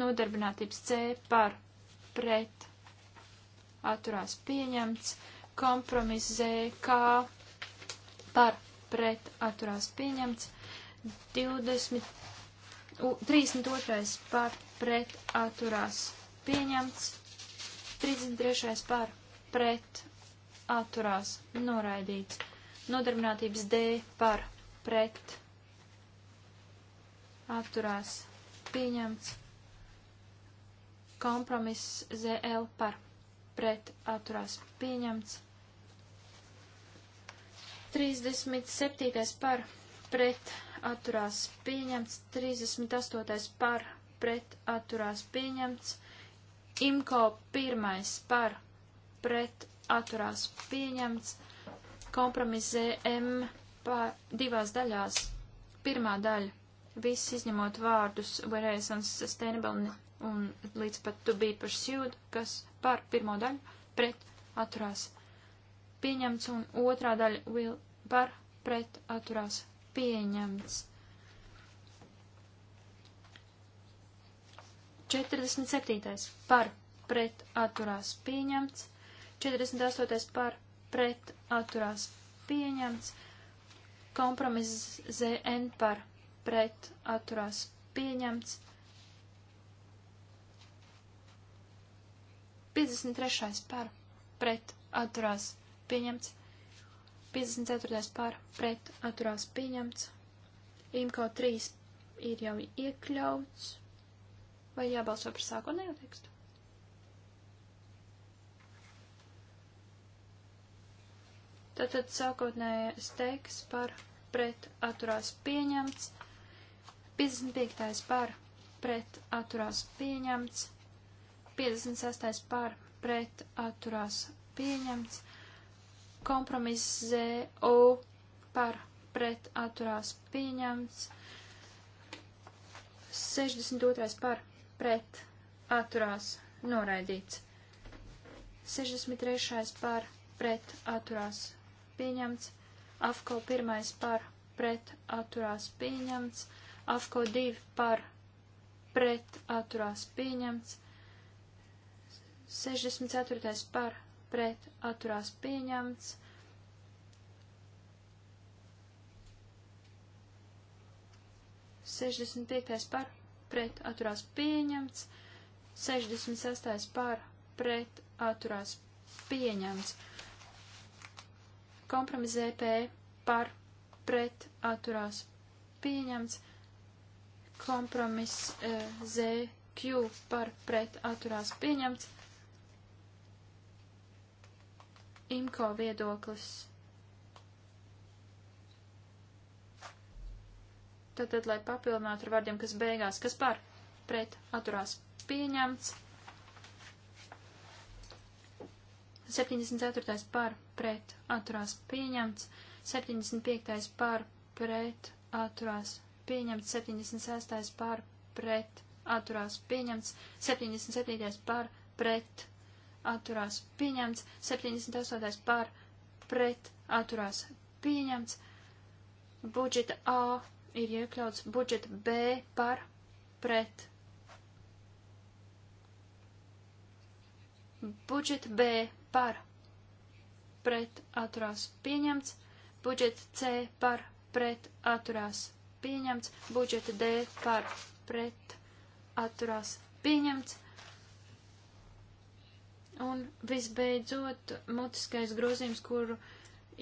Nodarbinātības C par pret atturās pieņemts. Kompromiss ZK par pret atturās pieņemts. 20 U, 32. par pret atturās pieņemts. 33. par pret atturās noraidīts. Nodarbinātības D par pret atturās pieņemts. Kompromiss ZL par pret atturās pieņemts. 37. par pret atturās pieņemts, 38. par pret atturās pieņemts, imko 1. par pret atturās pieņemts, kompromiss ZM par divās daļās. Pirmā daļa, viss izņemot vārdus whereas and sustainable un līdz pat to be pursued, kas par pirmo daļu pret atturās pieņemts un otrā daļa will par pret atturās pieņemts. 47. par pret atturās pieņemts. 48. par pret atturās pieņemts. Kompromiss ZN par pret atturās pieņemts. 53. par pret atturās pieņemts. 54. pār pret atturās pieņemts. Imko 3 ir jau iekļauts. Vai jābalso par sākotnējo tekstu? Tātad sākotnējais teksts par pret atturās pieņemts, 55. par pret atturās pieņemts, 56. par pret atturās pieņemts, Kompromiss ZU par pret atturās pieņemts. 62. par pret atturās noraidīts. 63. par pret atturās pieņemts. AFCO 1. par pret atturās pieņemts. AFCO 2. par pret atturās pieņemts. 64. par pret atturās pieņemts. Sešdesmit piektais par pret atturās pieņemts. Sešdesmit sastais par pret atturās pieņemts. Kompromis ZP e par pret atturās pieņemts. Kompromis eh, ZQ par pret atturās pieņemts. IMCO viedoklis. Tātad, lai papildinātu ar vārdiem, kas beigās, kas par pret atturās pieņemts. 74. par pret atturās pieņemts. 75. par pret atturās pieņemts. 76. par pret atturās pieņemts. 77. par pret atturās pieņemts, 78. par pret atturās pieņemts, budžeta A ir iekļauts budžeta B par pret. Budžeta B par pret atturās pieņemts, budžeta C par pret atturās pieņemts, budžeta D par pret atturās pieņemts Un visbeidzot, mutiskais grozījums, kuru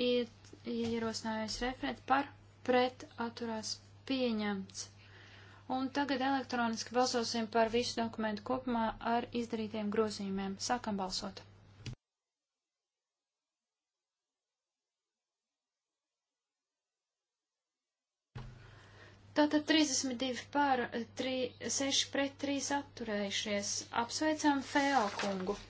ierosinājusi referēt par pret atturās pieņemts. Un tagad elektroniski balsosim par visu dokumentu kopumā ar izdarītiem grozījumiem. Sākam balsot. Tātad 32 pār, 3, 6 pret 3 atturējušies. Apsveicam Fēlkungu. kungu.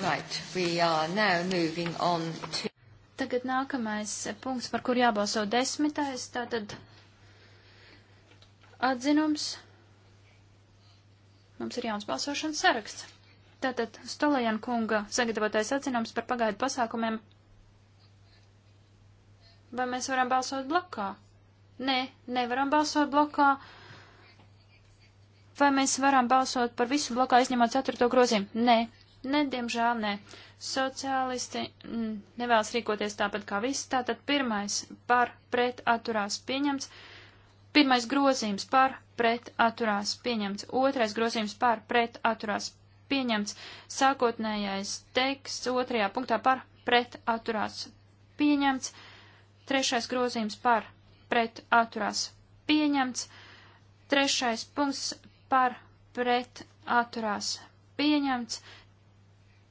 Right, we are now moving on to... Tagad nākamais punkts, par kur jābalso desmitais, tātad atzinums. Mums ir jauns balsošanas saraksts. Tātad Stolajan kunga sagatavotais atzinums par pagaidu pasākumiem. Vai mēs varam balsot blokā? Nē, nevaram balsot blokā. Vai mēs varam balsot par visu blokā izņemot ceturto grozījumu? Nē, Nē, diemžēl nē. Sociālisti mm, nevēlas rīkoties tāpat kā visi. Tātad pirmais par pret atturās pieņemts. Pirmais grozījums par pret atturās pieņemts. Otrais grozījums par pret atturās pieņemts. Sākotnējais teksts otrajā punktā par pret atturās pieņemts. Trešais grozījums par pret atturās pieņemts. Trešais punkts par pret atturās pieņemts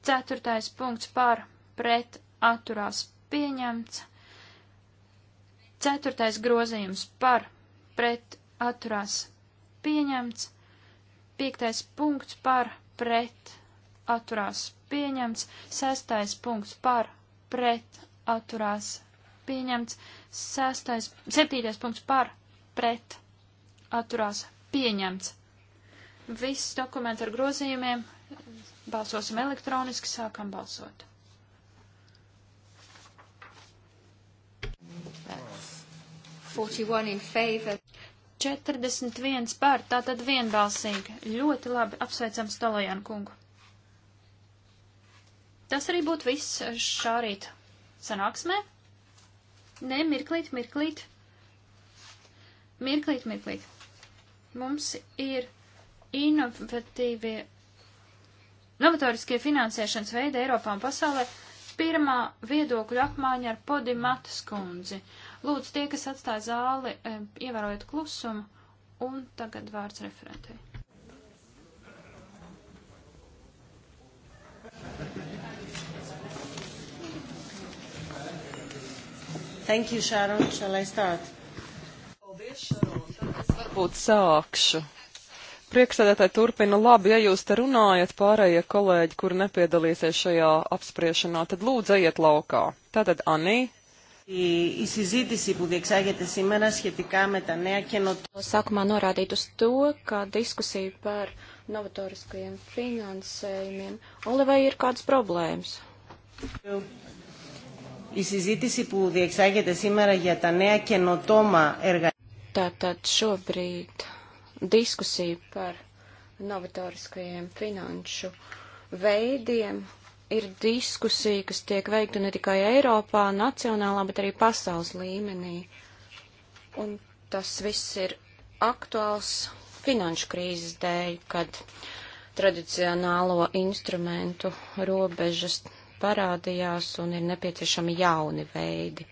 Ceturtais punkts par pret atturās pieņemts. Ceturtais grozījums par pret atturās pieņemts. Piektais punkts par pret atturās pieņemts. Sestais punkts par pret atturās pieņemts. Sestais, septītais punkts par pret atturās pieņemts. Viss dokuments ar grozījumiem Balsosim elektroniski, sākam balsot. That's 41 in favor. 41 pār, tātad vienbalsīgi. Ļoti labi apsveicam Stalajan kungu. Tas arī būtu viss šā rīta sanāksmē. Nē, mirklīt, mirklīt. Mirklīt, mirklīt. Mums ir inovatīvie novatoriskie finansēšanas veidi Eiropā un pasaulē. Pirmā viedokļu apmaiņa ar Podimatas kundzi. Lūdzu, tie, kas atstāja zāli, eh, ievērojiet klusumu, un tagad vārds referentei. Thank you, Sharon. Shall I start? Paldies, Sharon. Tad es varbūt sākšu. Priekšsēdētāji turpina labi, ja jūs te runājat pārējie kolēģi, kuri nepiedalīsies šajā apspriešanā, tad lūdzu ejiet laukā. Tātad Anī, Η συζήτηση που διεξάγεται σήμερα σχετικά με τα νέα καινοτόμα. Sākumā norādīt uz to, ka diskusija par novatoriskajiem finansējumiem Olivai ir kādas problēmas. Η συζήτηση που διεξάγεται σήμερα για τα νέα καινοτόμα εργαλεία. Tātad šobrīd diskusija par novatoriskajiem finanšu veidiem ir diskusija, kas tiek veikta ne tikai Eiropā, nacionālā, bet arī pasaules līmenī. Un tas viss ir aktuāls finanšu krīzes dēļ, kad tradicionālo instrumentu robežas parādījās un ir nepieciešami jauni veidi.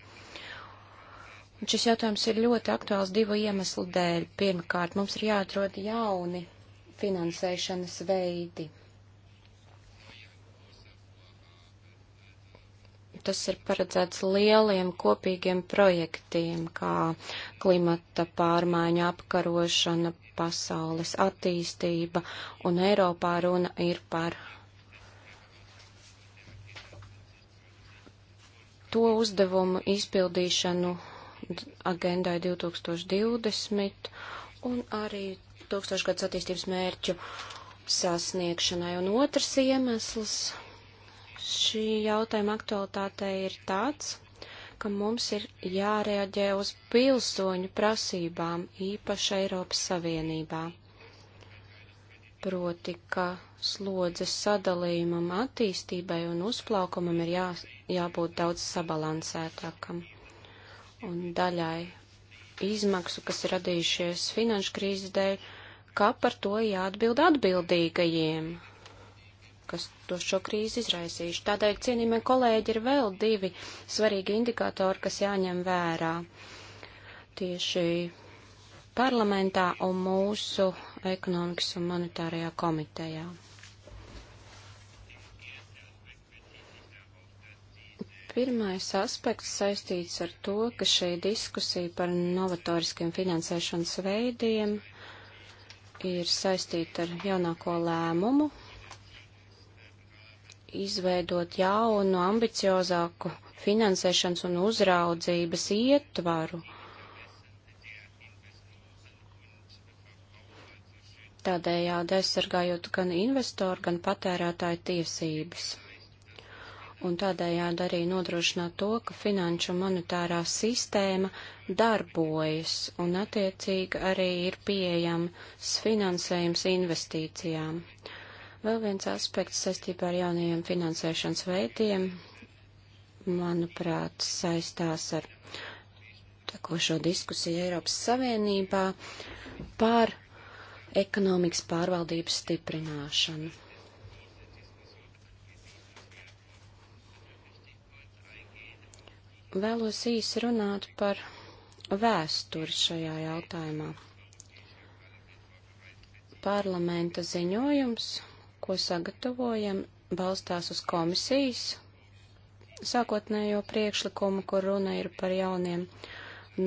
Un šis jautājums ir ļoti aktuāls divu iemeslu dēļ. Pirmkārt, mums ir jāatrod jauni finansēšanas veidi. tas ir paredzēts lieliem kopīgiem projektiem, kā klimata pārmaiņa apkarošana, pasaules attīstība, un Eiropā runa ir par to uzdevumu izpildīšanu agendai 2020 un arī tūkstošgads attīstības mērķu sasniegšanai. Un otrs iemesls šī jautājuma aktualitātei ir tāds, ka mums ir jārēģē uz pilsoņu prasībām, īpaši Eiropas Savienībā. Proti, ka slodzes sadalījumam, attīstībai un uzplaukumam ir jā, jābūt daudz sabalansētākam un daļai izmaksu, kas ir radījušies finanšu krīzes dēļ, kā par to jāatbild atbildīgajiem, kas to šo krīzi izraisījuši. Tādēļ, cienījamie kolēģi, ir vēl divi svarīgi indikātori, kas jāņem vērā tieši parlamentā un mūsu ekonomikas un monetārajā komitejā. Pirmais aspekts saistīts ar to, ka šī diskusija par novatoriskiem finansēšanas veidiem ir saistīta ar jaunāko lēmumu izveidot jaunu, ambiciozāku finansēšanas un uzraudzības ietvaru. Tādējādi aizsargājot gan investoru, gan patērētāju tiesības un tādējādi arī nodrošināt to, ka finanšu monetārā sistēma darbojas un attiecīgi arī ir pieejams finansējums investīcijām. Vēl viens aspekts saistībā ar jaunajiem finansēšanas veidiem, manuprāt, saistās ar tekošo diskusiju Eiropas Savienībā par ekonomikas pārvaldības stiprināšanu. Vēlos īsi runāt par vēsturi šajā jautājumā. Parlamenta ziņojums, ko sagatavojam, balstās uz komisijas sākotnējo priekšlikumu, kur runa ir par jauniem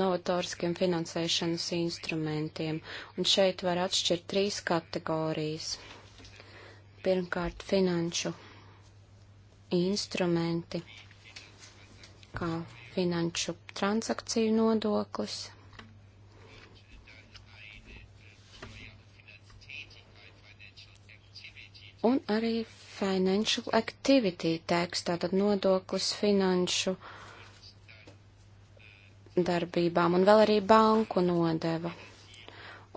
novatoriskiem finansēšanas instrumentiem. Un šeit var atšķirt trīs kategorijas. Pirmkārt, finanšu instrumenti, kā finanšu transakciju nodoklis. Un arī financial activity tax, tātad nodoklis finanšu darbībām un vēl arī banku nodeva.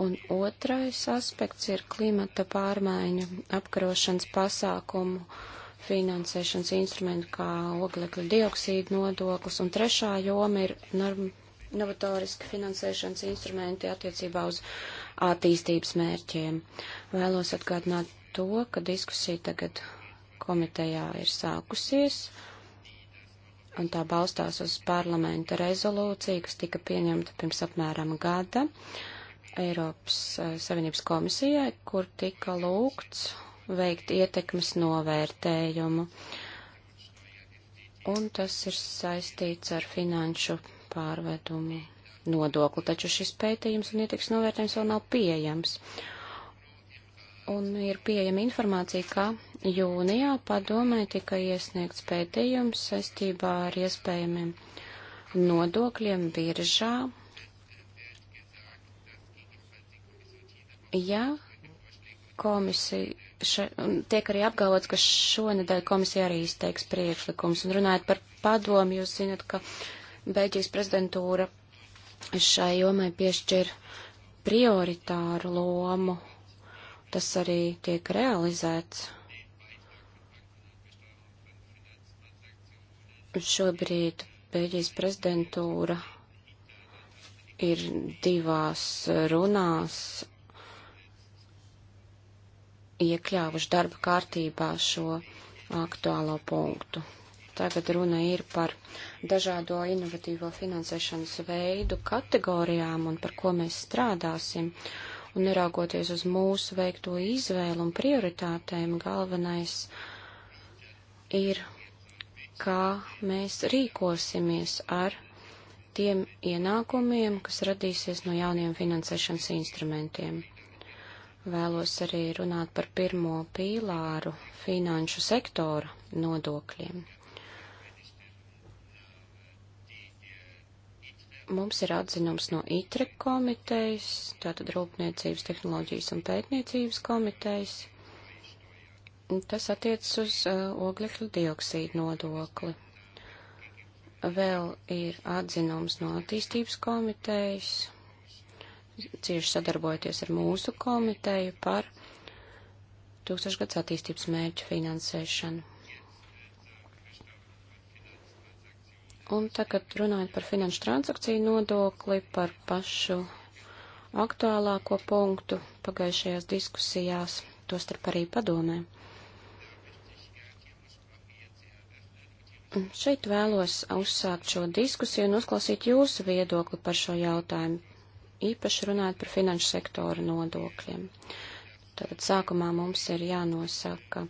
Un otrais aspekts ir klimata pārmaiņu apkarošanas pasākumu uh, finansēšanas instrumentu, kā oglekļa dioksīda nodoklis, un trešā joma ir novatoriski finansēšanas instrumenti attiecībā uz attīstības mērķiem. Vēlos atgādināt to, ka diskusija tagad komitejā ir sākusies, un tā balstās uz parlamenta rezolūciju, kas tika pieņemta pirms apmēram gada Eiropas eh, Savienības komisijai, kur tika lūgts veikt ietekmes novērtējumu. Un tas ir saistīts ar finanšu pārvedumu nodokli, taču šis pētījums un ietekmes novērtējums vēl nav pieejams. Un ir pieejama informācija, ka jūnijā padomē tika iesniegts pētījums saistībā ar iespējamiem nodokļiem biržā. Ja komisija še, tiek arī apgalvots, ka šonadēļ komisija arī izteiks priekšlikums. Un runājot par padomu, jūs zinat, ka Beļģijas prezidentūra šai jomai piešķir prioritāru lomu. Tas arī tiek realizēts. Šobrīd Beļģijas prezidentūra ir divās runās iekļāvuši darba kārtībā šo aktuālo punktu. Tagad runa ir par dažādo inovatīvo finansēšanas veidu kategorijām un par ko mēs strādāsim. Un neraugoties uz mūsu veikto izvēlu un prioritātēm, galvenais ir, kā mēs rīkosimies ar tiem ienākumiem, kas radīsies no jauniem finansēšanas instrumentiem. Vēlos arī runāt par pirmo pīlāru finanšu sektora nodokļiem. Mums ir atzinums no ITRE komitejas, tātad Rūpniecības, Tehnoloģijas un Pētniecības komitejas. Tas attiecas uz uh, oglekļu dioksīdu nodokli. Vēl ir atzinums no attīstības komitejas, cieši sadarbojoties ar mūsu komiteju par tūkstošgads attīstības mērķu finansēšanu. Un tagad runājot par finanšu transakciju nodokli, par pašu aktuālāko punktu pagājušajās diskusijās, tostarp arī padomē. Un šeit vēlos uzsākt šo diskusiju un uzklausīt jūsu viedokli par šo jautājumu īpaši runājot par finanšu sektoru nodokļiem. Tātad sākumā mums ir jānosaka,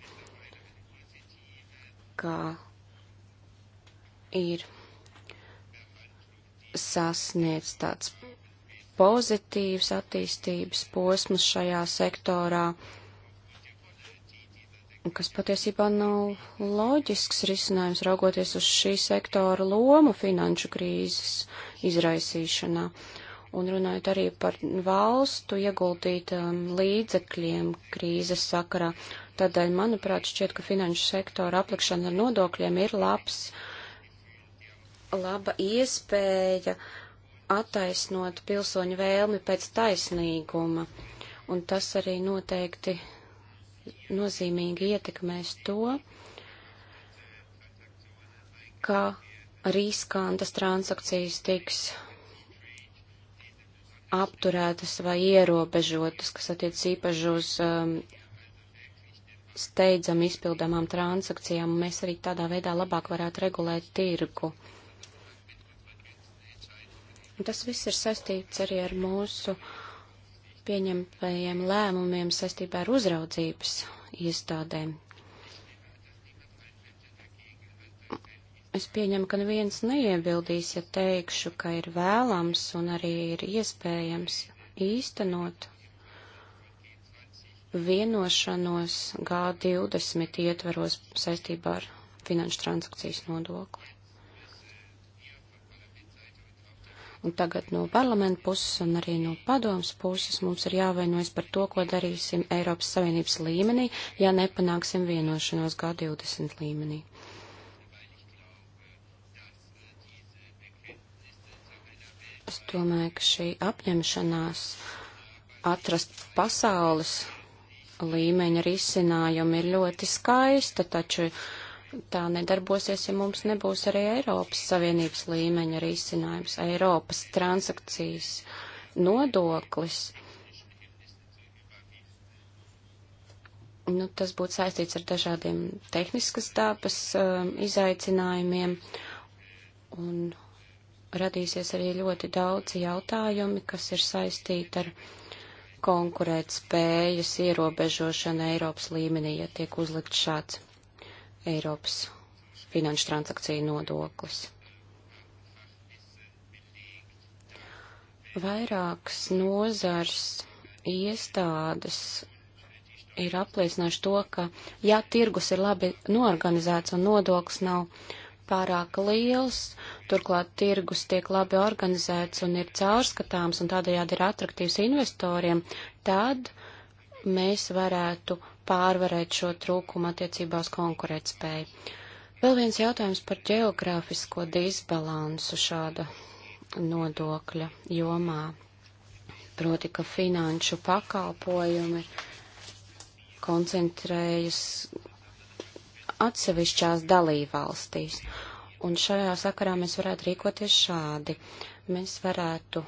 kā ir sasniegts tāds pozitīvs attīstības posms šajā sektorā, kas patiesībā nav loģisks risinājums raugoties uz šī sektora lomu finanšu krīzes izraisīšanā. Uh, un runājot arī par valstu ieguldītām līdzekļiem krīzes sakarā. Tādēļ, manuprāt, šķiet, ka finanšu sektora aplikšana ar nodokļiem ir labs, laba iespēja attaisnot pilsoņu vēlmi pēc taisnīguma. Un tas arī noteikti nozīmīgi ietekmēs to, ka riskantas transakcijas tiks apturētas vai ierobežotas, kas attiec īpaši uz um, steidzam izpildamām transakcijām, un mēs arī tādā veidā labāk varētu regulēt tirgu. Un tas viss ir saistīts arī ar mūsu pieņemtajiem lēmumiem saistībā ar uzraudzības iestādēm, Es pieņemu, ka neviens neiebildīs, ja teikšu, ka ir vēlams un arī ir iespējams īstenot vienošanos G20 ietveros saistībā ar finanšu transakcijas nodokli. Un tagad no parlamenta puses un arī no padomas puses mums ir jāvainojas par to, ko darīsim Eiropas Savienības līmenī, ja nepanāksim vienošanos G20 līmenī. Es domāju, ka šī apņemšanās atrast pasaules līmeņa risinājumi ir ļoti skaista, taču tā nedarbosies, ja mums nebūs arī Eiropas Savienības līmeņa risinājums, Eiropas transakcijas nodoklis. Nu, tas būtu saistīts ar dažādiem tehniskas tāpas um, izaicinājumiem un radīsies arī ļoti daudz jautājumi, kas ir saistīti ar konkurēt spējas ierobežošanu Eiropas līmenī, ja tiek uzlikt šāds Eiropas finanšu transakciju nodoklis. Vairākas nozars iestādes ir apliecinājuši to, ka ja tirgus ir labi norganizēts un nodoklis nav pārāk liels, turklāt tirgus tiek labi organizēts un ir caurskatāms un tādējādi ir atraktīvs investoriem, tad mēs varētu pārvarēt šo trūkumu attiecībās konkurētspēju. Vēl viens jautājums par geogrāfisko disbalansu šāda nodokļa jomā. Proti, ka finanšu pakalpojumi koncentrējas atsevišķās dalībvalstīs. Un šajā sakarā mēs varētu rīkoties šādi. Mēs varētu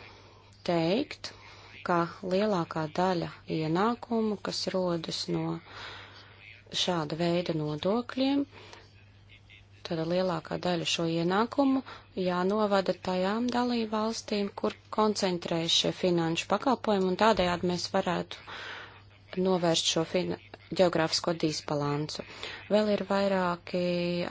teikt, ka lielākā daļa ienākumu, kas rodas no šāda veida nodokļiem, tad lielākā daļa šo ienākumu jānovada tajām dalībvalstīm, kur koncentrējas šie finanšu pakalpojumi, un tādējādi mēs varētu novērst šo fin geogrāfisko disbalansu. Vēl ir vairāki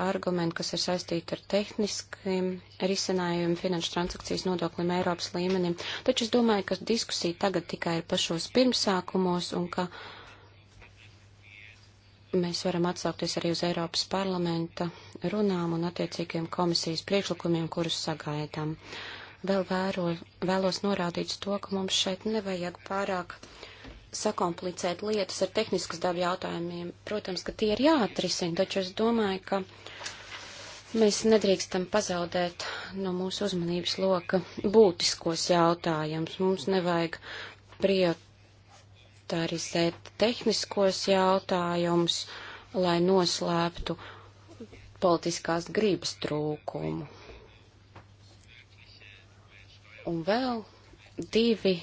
argumenti, kas ir saistīti ar tehniskiem risinājumiem finanšu transakcijas nodoklim Eiropas līmenim, taču es domāju, ka diskusija tagad tikai ir pašos pirmsākumos un ka mēs varam atsaukties arī uz Eiropas parlamenta runām un attiecīgiem komisijas priekšlikumiem, kurus sagaidām. Vēl vēro, vēlos norādīt to, ka mums šeit nevajag pārāk uh, sakomplicēt lietas ar tehniskas dabu jautājumiem. Protams, ka tie ir jāatrisina, taču es domāju, ka mēs nedrīkstam pazaudēt no mūsu uzmanības loka būtiskos jautājumus. Mums nevajag prioritarizēt tehniskos jautājumus, lai noslēptu politiskās gribas trūkumu. Un vēl divi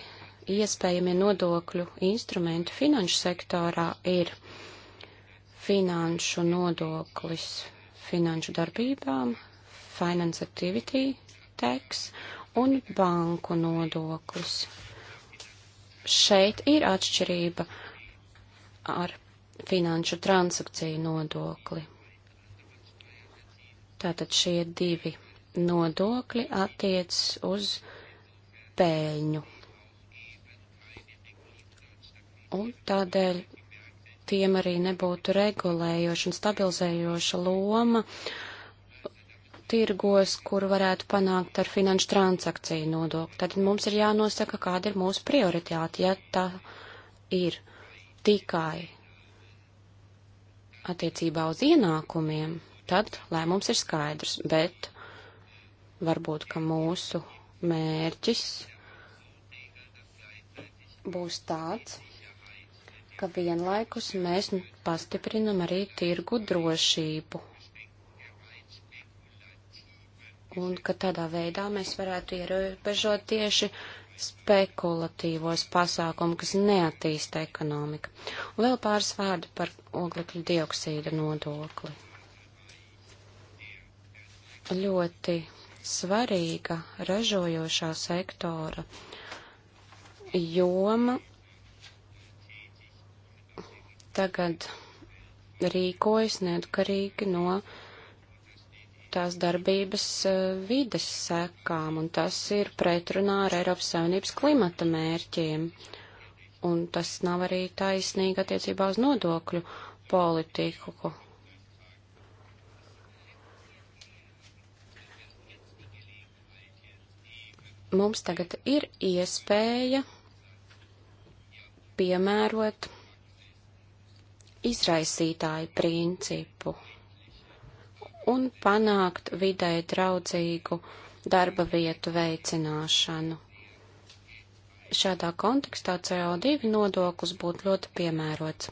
iespējamie nodokļu instrumenti finanšu sektorā ir finanšu nodoklis finanšu darbībām, finance activity tax un banku nodoklis. Šeit ir atšķirība ar finanšu transakciju nodokli. Tātad šie divi nodokļi attiec uz pēļņu un tādēļ tiem arī nebūtu regulējoša un stabilizējoša loma tirgos, kur varētu panākt ar finanšu transakciju nodokli. Tad mums ir jānosaka, kāda ir mūsu prioritāte, ja tā ir tikai attiecībā uz ienākumiem, tad lēmums ir skaidrs, bet varbūt, ka mūsu mērķis būs tāds, ka vienlaikus mēs pastiprinam arī tirgu drošību. Un ka tādā veidā mēs varētu ierobežot tieši spekulatīvos pasākumu, kas neattīsta ekonomiku. Un vēl pāris vārdi par oglekļu dioksīda nodokli. Ļoti svarīga ražojošā sektora joma tagad rīkojas neatkarīgi no tās darbības eh, vides sekām, un tas ir pretrunā ar Eiropas Savienības klimata mērķiem. Un tas nav arī taisnīgi attiecībā uz nodokļu politiku. Mums tagad ir iespēja piemērot izraisītāju principu un panākt vidē draudzīgu darba vietu veicināšanu. Šādā kontekstā CO2 nodoklis būtu ļoti piemērots.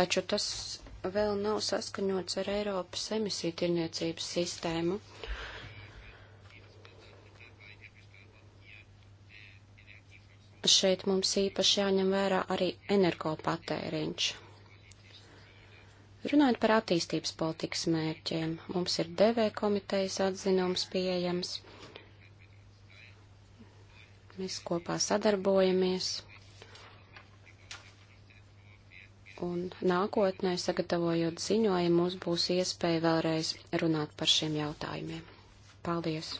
Taču tas vēl nav saskaņots ar Eiropas emisiju tirniecības sistēmu. Uh, šeit mums īpaši jāņem vērā arī energopatēriņš. Runājot par attīstības politikas mērķiem, mums ir DV komitejas atzinums pieejams. Mēs kopā sadarbojamies. Un nākotnē, sagatavojot ziņojumu, mums būs iespēja vēlreiz runāt par šiem jautājumiem. Paldies!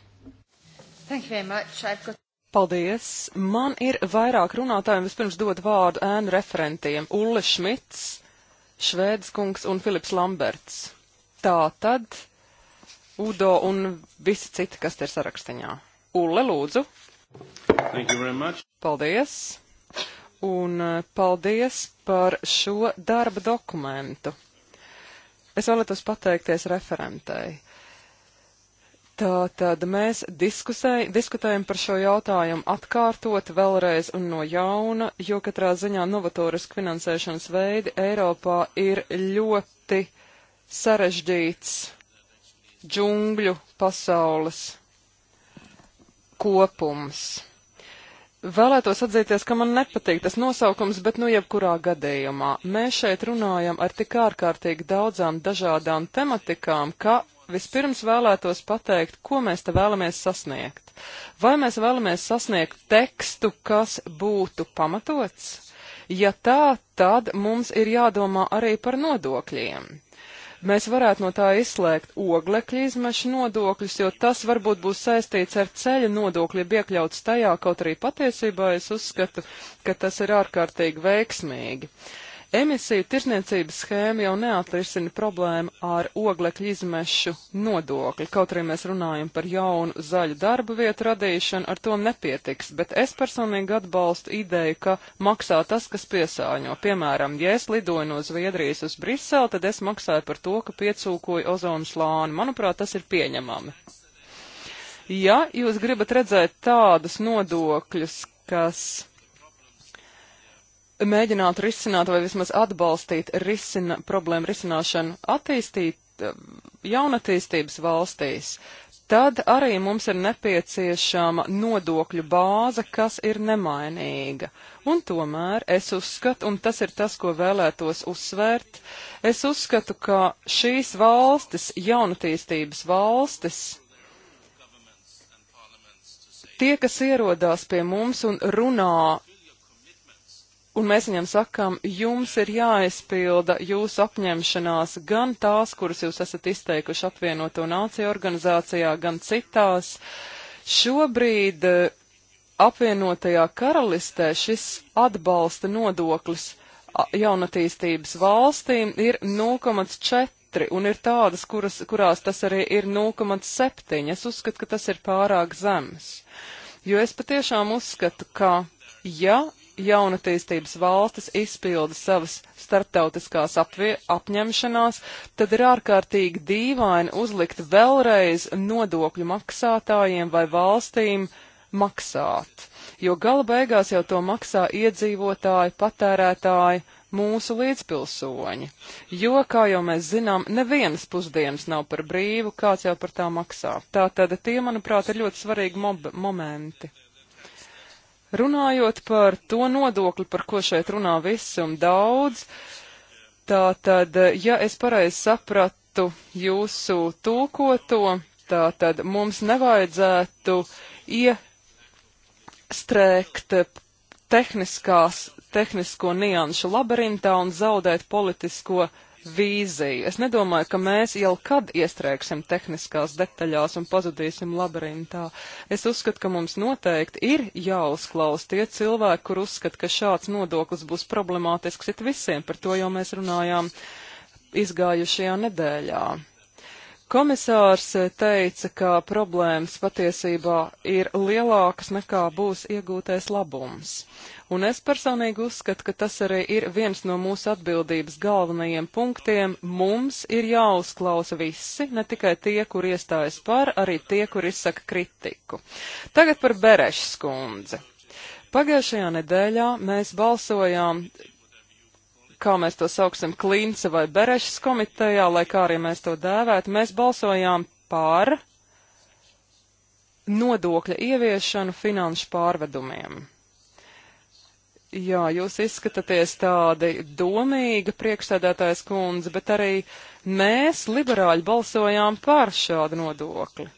Thank you very much. I've got... Paldies! Man ir vairāk runātājiem, vispirms dod vārdu ēnu referentiem - Ulle Šmits, Švēdes kungs un Filips Lamberts. Tā tad Udo un visi citi, kas te ir sarakstiņā. Ulle, lūdzu! Paldies! Un eh, paldies par šo darba dokumentu. Es vēlētos pateikties referentei. Tātad mēs diskutējam par šo jautājumu atkārtot vēlreiz un no jauna, jo katrā ziņā novatorisku finansēšanas veidi Eiropā ir ļoti sarežģīts džungļu pasaules kopums. Vēlētos atzīties, ka man nepatīk tas nosaukums, bet nu jebkurā gadījumā mēs šeit runājam ar tik ārkārtīgi daudzām dažādām tematikām, ka vispirms vēlētos pateikt, ko mēs te vēlamies sasniegt. Vai mēs vēlamies sasniegt tekstu, kas būtu pamatots? Ja tā, tad mums ir jādomā arī par nodokļiem mēs varētu no tā izslēgt oglekļa izmešu nodokļus, jo tas varbūt būs saistīts ar ceļa nodokļu, ja iekļauts tajā, kaut arī patiesībā es uzskatu, ka tas ir ārkārtīgi veiksmīgi. Uh, Emisiju tirzniecības schēma jau neatrisina problēmu ar oglekļu izmešu nodokli. Kaut arī mēs runājam par jaunu zaļu darba vietu radīšanu, ar to nepietiks, bet es personīgi atbalstu ideju, ka maksā tas, kas piesāņo. Piemēram, ja es lidoju no Zviedrijas uz Briseli, tad es maksāju par to, ka piecūkoju ozonu slāni. Manuprāt, tas ir pieņemami. Ja jūs gribat redzēt tādus nodokļus, kas mēģināt risināt vai vismaz atbalstīt risina, problēmu risināšanu attīstīt eh, jaunatīstības valstīs, tad arī mums ir nepieciešama nodokļu bāze, kas ir nemainīga. Un tomēr es uzskatu, un tas ir tas, ko vēlētos uzsvērt, es uzskatu, ka šīs valstis, jaunatīstības valstis, tie, kas ierodās pie mums un runā un mēs viņam sakam, jums ir jāizpilda jūsu apņemšanās gan tās, kuras jūs esat izteikuši apvienoto nāciju organizācijā, gan citās. Šobrīd eh, apvienotajā karalistē šis atbalsta nodoklis jaunatīstības valstīm ir 0,4 un ir tādas, kuras, kurās tas arī ir 0,7. Es uzskatu, ka tas ir pārāk zems. Jo es patiešām uzskatu, ka ja jaunatīstības valstis izpilda savas starptautiskās apņemšanās, tad ir ārkārtīgi dīvaini uzlikt vēlreiz nodokļu maksātājiem vai valstīm maksāt, jo gala beigās jau to maksā iedzīvotāji, patērētāji, mūsu līdzpilsoņi. Jo, kā jau mēs zinām, nevienas pusdienas nav par brīvu, kāds jau par tā maksā. Tā tad tie, manuprāt, ir ļoti svarīgi momenti. Runājot par to nodokli, par ko šeit runā viss un daudz, tā tad, ja es pareizi sapratu jūsu tūkoto, tā tad mums nevajadzētu iestrēgt tehniskās, tehnisko nianšu labirintā un zaudēt politisko vīziju. Es nedomāju, ka mēs jau kad iestrēgsim tehniskās detaļās un pazudīsim labirintā. Es uzskatu, ka mums noteikti ir jāuzklaus tie cilvēki, kur uzskata, ka šāds nodoklis būs problemātisks it visiem. Par to jau mēs runājām izgājušajā nedēļā. Komisārs eh, teica, ka problēmas patiesībā ir lielākas nekā būs iegūtais labums. Un es personīgi uzskatu, ka tas arī ir viens no mūsu atbildības galvenajiem punktiem. Mums ir jāuzklausa visi, ne tikai tie, kur iestājas par, arī tie, kur izsaka kritiku. Tagad par Berešas kundzi. Pagājušajā nedēļā mēs balsojām kā mēs to sauksim, Klīnce vai Berešas komitejā, lai kā arī mēs to dēvētu, mēs balsojām par nodokļa ieviešanu finanšu pārvedumiem. Jā, jūs izskatāties tādi domīga priekšsēdētājs kundze, bet arī mēs, liberāļi, balsojām par šādu nodokli.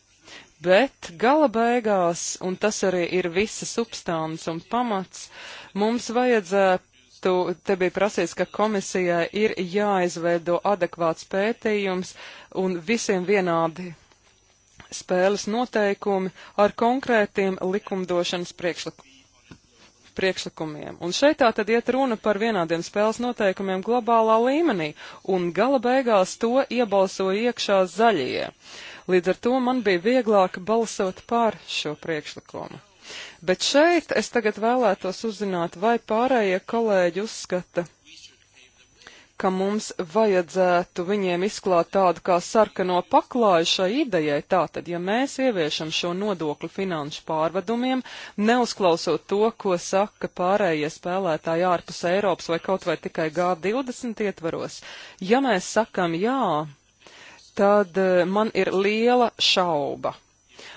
Bet gala beigās, un tas arī ir visa substance un pamats, mums vajadzētu tekstu, te bija prasīts, ka komisijai ir jāizveido adekvāts pētījums un visiem vienādi spēles noteikumi ar konkrētiem likumdošanas priekšlikumiem priekšlikumiem. Un šeit tā tad iet runa par vienādiem spēles noteikumiem globālā līmenī, un gala beigās to iebalsoja iekšā zaļie. Līdz ar to man bija vieglāk balsot par šo priekšlikumu. Bet šeit es tagad vēlētos uzzināt, vai pārējie kolēģi uzskata, ka mums vajadzētu viņiem izklāt tādu kā sarkano paklāju šai idejai. Tātad, ja mēs ieviešam šo nodokli finanšu pārvedumiem, neuzklausot to, ko saka pārējie spēlētāji ārpus Eiropas vai kaut vai tikai G20 ietvaros, ja mēs sakam jā, tad eh, man ir liela šauba.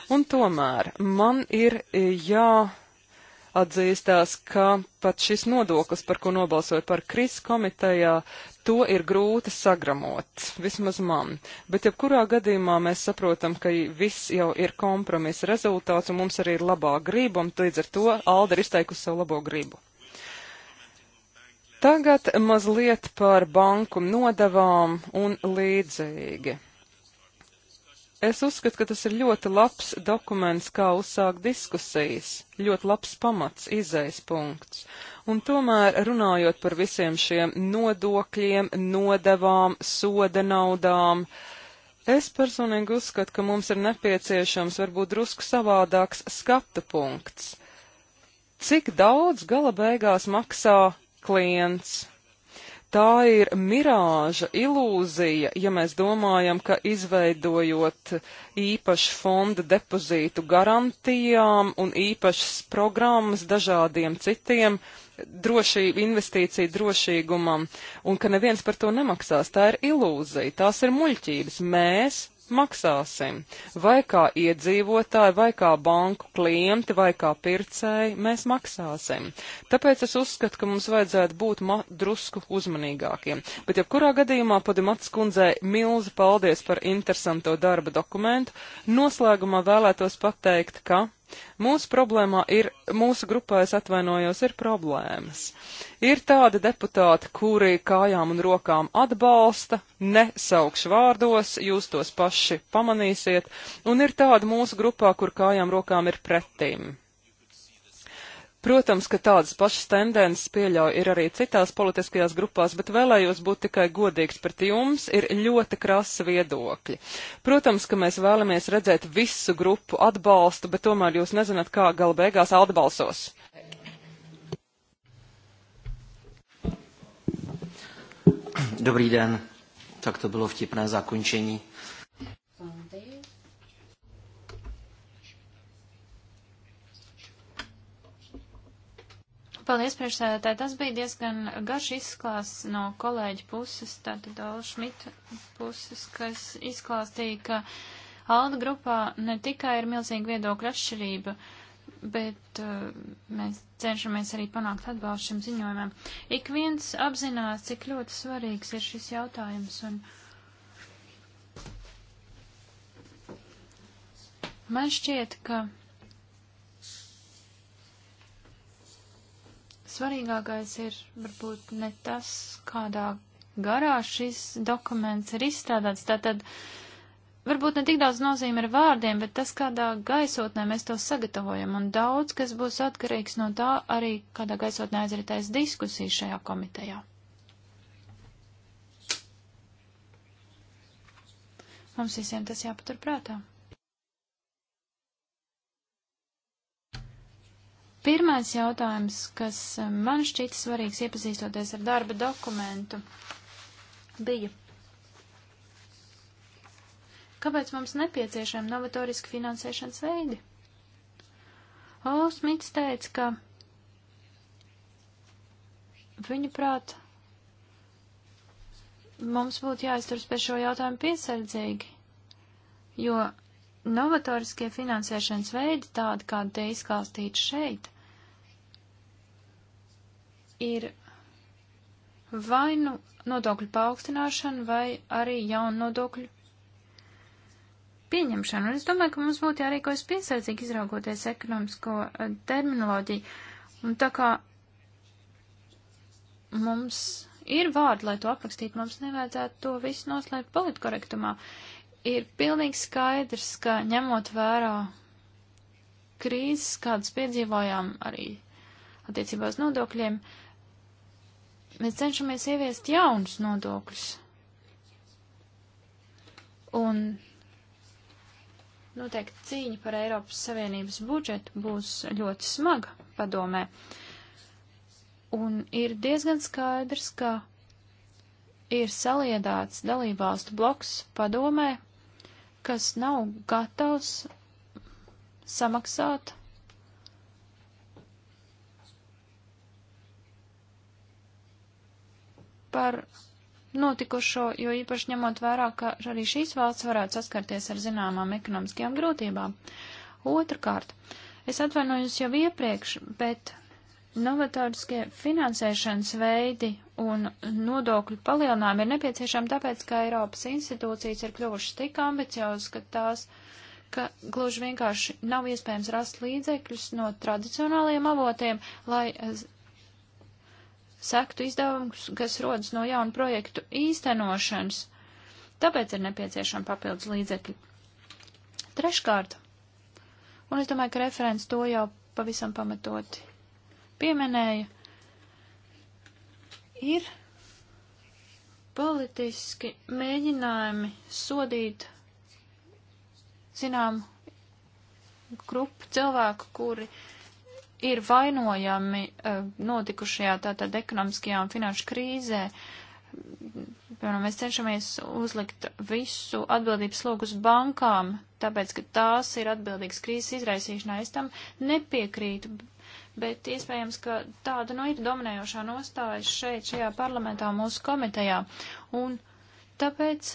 Un tomēr man ir e, jāatzīstās, ka pat šis nodoklis, par ko nobalsoja par Kris komitejā, to ir grūti sagramot, vismaz man. Bet jebkurā gadījumā mēs saprotam, ka viss jau ir kompromisa rezultāts, un mums arī ir labā grība, un līdz ar to Alda ir izteikusi savu labo gribu. Tagad mazliet par banku nodavām un līdzīgi. Es uzskatu, ka tas ir ļoti labs dokuments, kā uzsākt diskusijas, ļoti labs pamats, izējas punkts. Un tomēr runājot par visiem šiem nodokļiem, nodevām, soda naudām, es personīgi uzskatu, ka mums ir nepieciešams varbūt drusku savādāks skatu punkts. Cik daudz gala beigās maksā klients? Tā ir mirāža, ilūzija, ja mēs domājam, ka izveidojot īpašu fonda depozītu garantijām un īpašas programmas dažādiem citiem drošību, investīciju drošīgumam, un ka neviens par to nemaksās. Tā ir ilūzija, tās ir muļķības. Mēs maksāsim. Vai kā iedzīvotāji, vai kā banku klienti, vai kā pircēji, mēs maksāsim. Tāpēc es uzskatu, ka mums vajadzētu būt drusku uzmanīgākiem. Bet jebkurā ja gadījumā Padimats kundzei milzi paldies par interesanto darba dokumentu. Noslēgumā vēlētos pateikt, ka Mūsu problēmā ir, mūsu grupā es atvainojos, ir problēmas. Ir tādi deputāti, kuri kājām un rokām atbalsta, nesaukšu vārdos, jūs tos paši pamanīsiet, un ir tādi mūsu grupā, kur kājām rokām ir pretim. Protams, ka tādas pašas tendences pieļauj ir arī citās politiskajās grupās, bet vēlējos būt tikai godīgs pret jums, ir ļoti krasa viedokļi. Protams, ka mēs vēlamies redzēt visu grupu atbalstu, bet tomēr jūs nezināt, kā gala beigās atbalsos. Dobrý den, tak to bylo vtipné zakončení. Paldies, priekšsēdētāji. Tas bija diezgan garš izklāsts no kolēģa puses, tātad Ola Šmita puses, kas izklāstīja, ka Alda grupā ne tikai ir milzīga viedokļa atšķirība, bet uh, mēs cenšamies arī panākt atbalstu šim ziņojumam. Ik viens apzinās, cik ļoti svarīgs ir šis jautājums. Un man šķiet, ka svarīgākais ir varbūt ne tas, kādā garā šis dokuments ir izstrādāts. Tātad varbūt ne tik daudz nozīme ir vārdiem, bet tas, kādā gaisotnē mēs to sagatavojam. Un daudz, kas būs atkarīgs no tā, arī kādā gaisotnē aizritēs diskusijas šajā komitejā. Mums visiem tas jāpatur prātā. Pirmais jautājums, kas eh, man šķita svarīgs iepazīstoties ar darba dokumentu, bija. Kāpēc mums nepieciešami novatoriski finansēšanas veidi? Olsmits teica, ka viņa prāt mums būtu jāizturas pie šo jautājumu piesardzīgi, jo novatoriskie finansēšanas veidi tādi, kādi te izklāstīti šeit, ir vai nu nodokļu paaugstināšana, vai arī jaunu nodokļu pieņemšanu. Un es domāju, ka mums būtu jārīkojas piesardzīgi izraugoties ekonomisko eh, terminoloģiju. Un tā kā mums ir vārdi, lai to aprakstītu, mums nevajadzētu to visu noslēgt politkorektumā. Ir pilnīgi skaidrs, ka ņemot vērā krīzes, kādas piedzīvojām arī attiecībā uz nodokļiem, uh, mēs cenšamies ieviest jaunus nodokļus. Un noteikti cīņa par Eiropas Savienības budžetu būs ļoti smaga padomē. Un ir diezgan skaidrs, ka ir saliedāts dalībvalstu bloks padomē, kas nav gatavs samaksāt par notikušo, jo īpaši ņemot vērā, ka arī šīs valsts varētu saskarties ar zināmām ekonomiskajām grūtībām. Otrakārt, es atvainojos jau iepriekš, bet novatoriskie finansēšanas veidi un nodokļu palielinājumi ir nepieciešami tāpēc, ka Eiropas institūcijas ir kļuvušas tik ambiciozas, ka tās, ka gluži vienkārši nav iespējams rast līdzekļus no tradicionālajiem avotiem, lai sektu izdevumus, kas rodas no jaunu projektu īstenošanas. Tāpēc ir nepieciešama papildus līdzekļi. Treškārt, un es domāju, ka referents to jau pavisam pamatoti pieminēja, ir politiski mēģinājumi sodīt, zinām, grupu cilvēku, kuri uh, ir vainojami eh, notikušajā tātad ekonomiskajā un finanšu krīzē. Piemēram, mēs cenšamies uzlikt visu atbildības slogu uz bankām, tāpēc, ka tās ir atbildīgas krīzes izraisīšanā. Es tam nepiekrītu, bet iespējams, ka tāda nu ir dominējošā nostāja šeit, šajā parlamentā, mūsu komitejā. Un tāpēc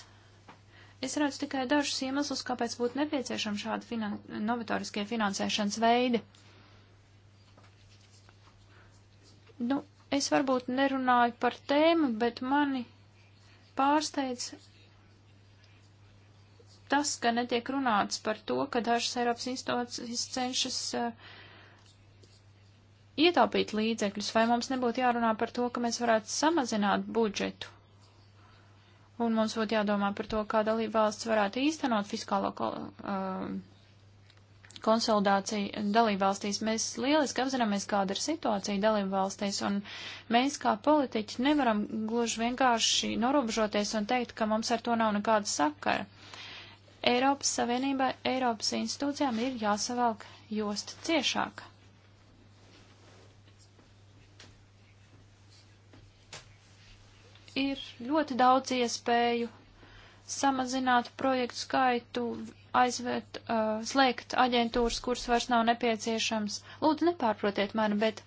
es redzu tikai dažus iemeslus, kāpēc būtu nepieciešama šāda finan novatoriskie finansēšanas veidi. Uh, Nu, es varbūt nerunāju par tēmu, bet mani pārsteidz tas, ka netiek runāts par to, ka dažas Eiropas institūcijas cenšas uh, ietaupīt līdzekļus, vai mums nebūtu jārunā par to, ka mēs varētu samazināt budžetu. Un mums būtu jādomā par to, kā dalība valsts varētu īstenot fiskālo uh, konsolidāciju dalībvalstīs. Mēs lieliski apzināmies, kāda ir situācija dalībvalstīs, un mēs kā politiķi nevaram gluži vienkārši norobžoties un teikt, ka mums ar to nav nekāda sakara. Eiropas Savienībai, Eiropas institūcijām ir jāsavalk josta ciešāk. Ir ļoti daudz iespēju samazināt projektu skaitu, aizvērt, uh, slēgt aģentūras, kuras vairs nav nepieciešams. Lūdzu, nepārprotiet mani, bet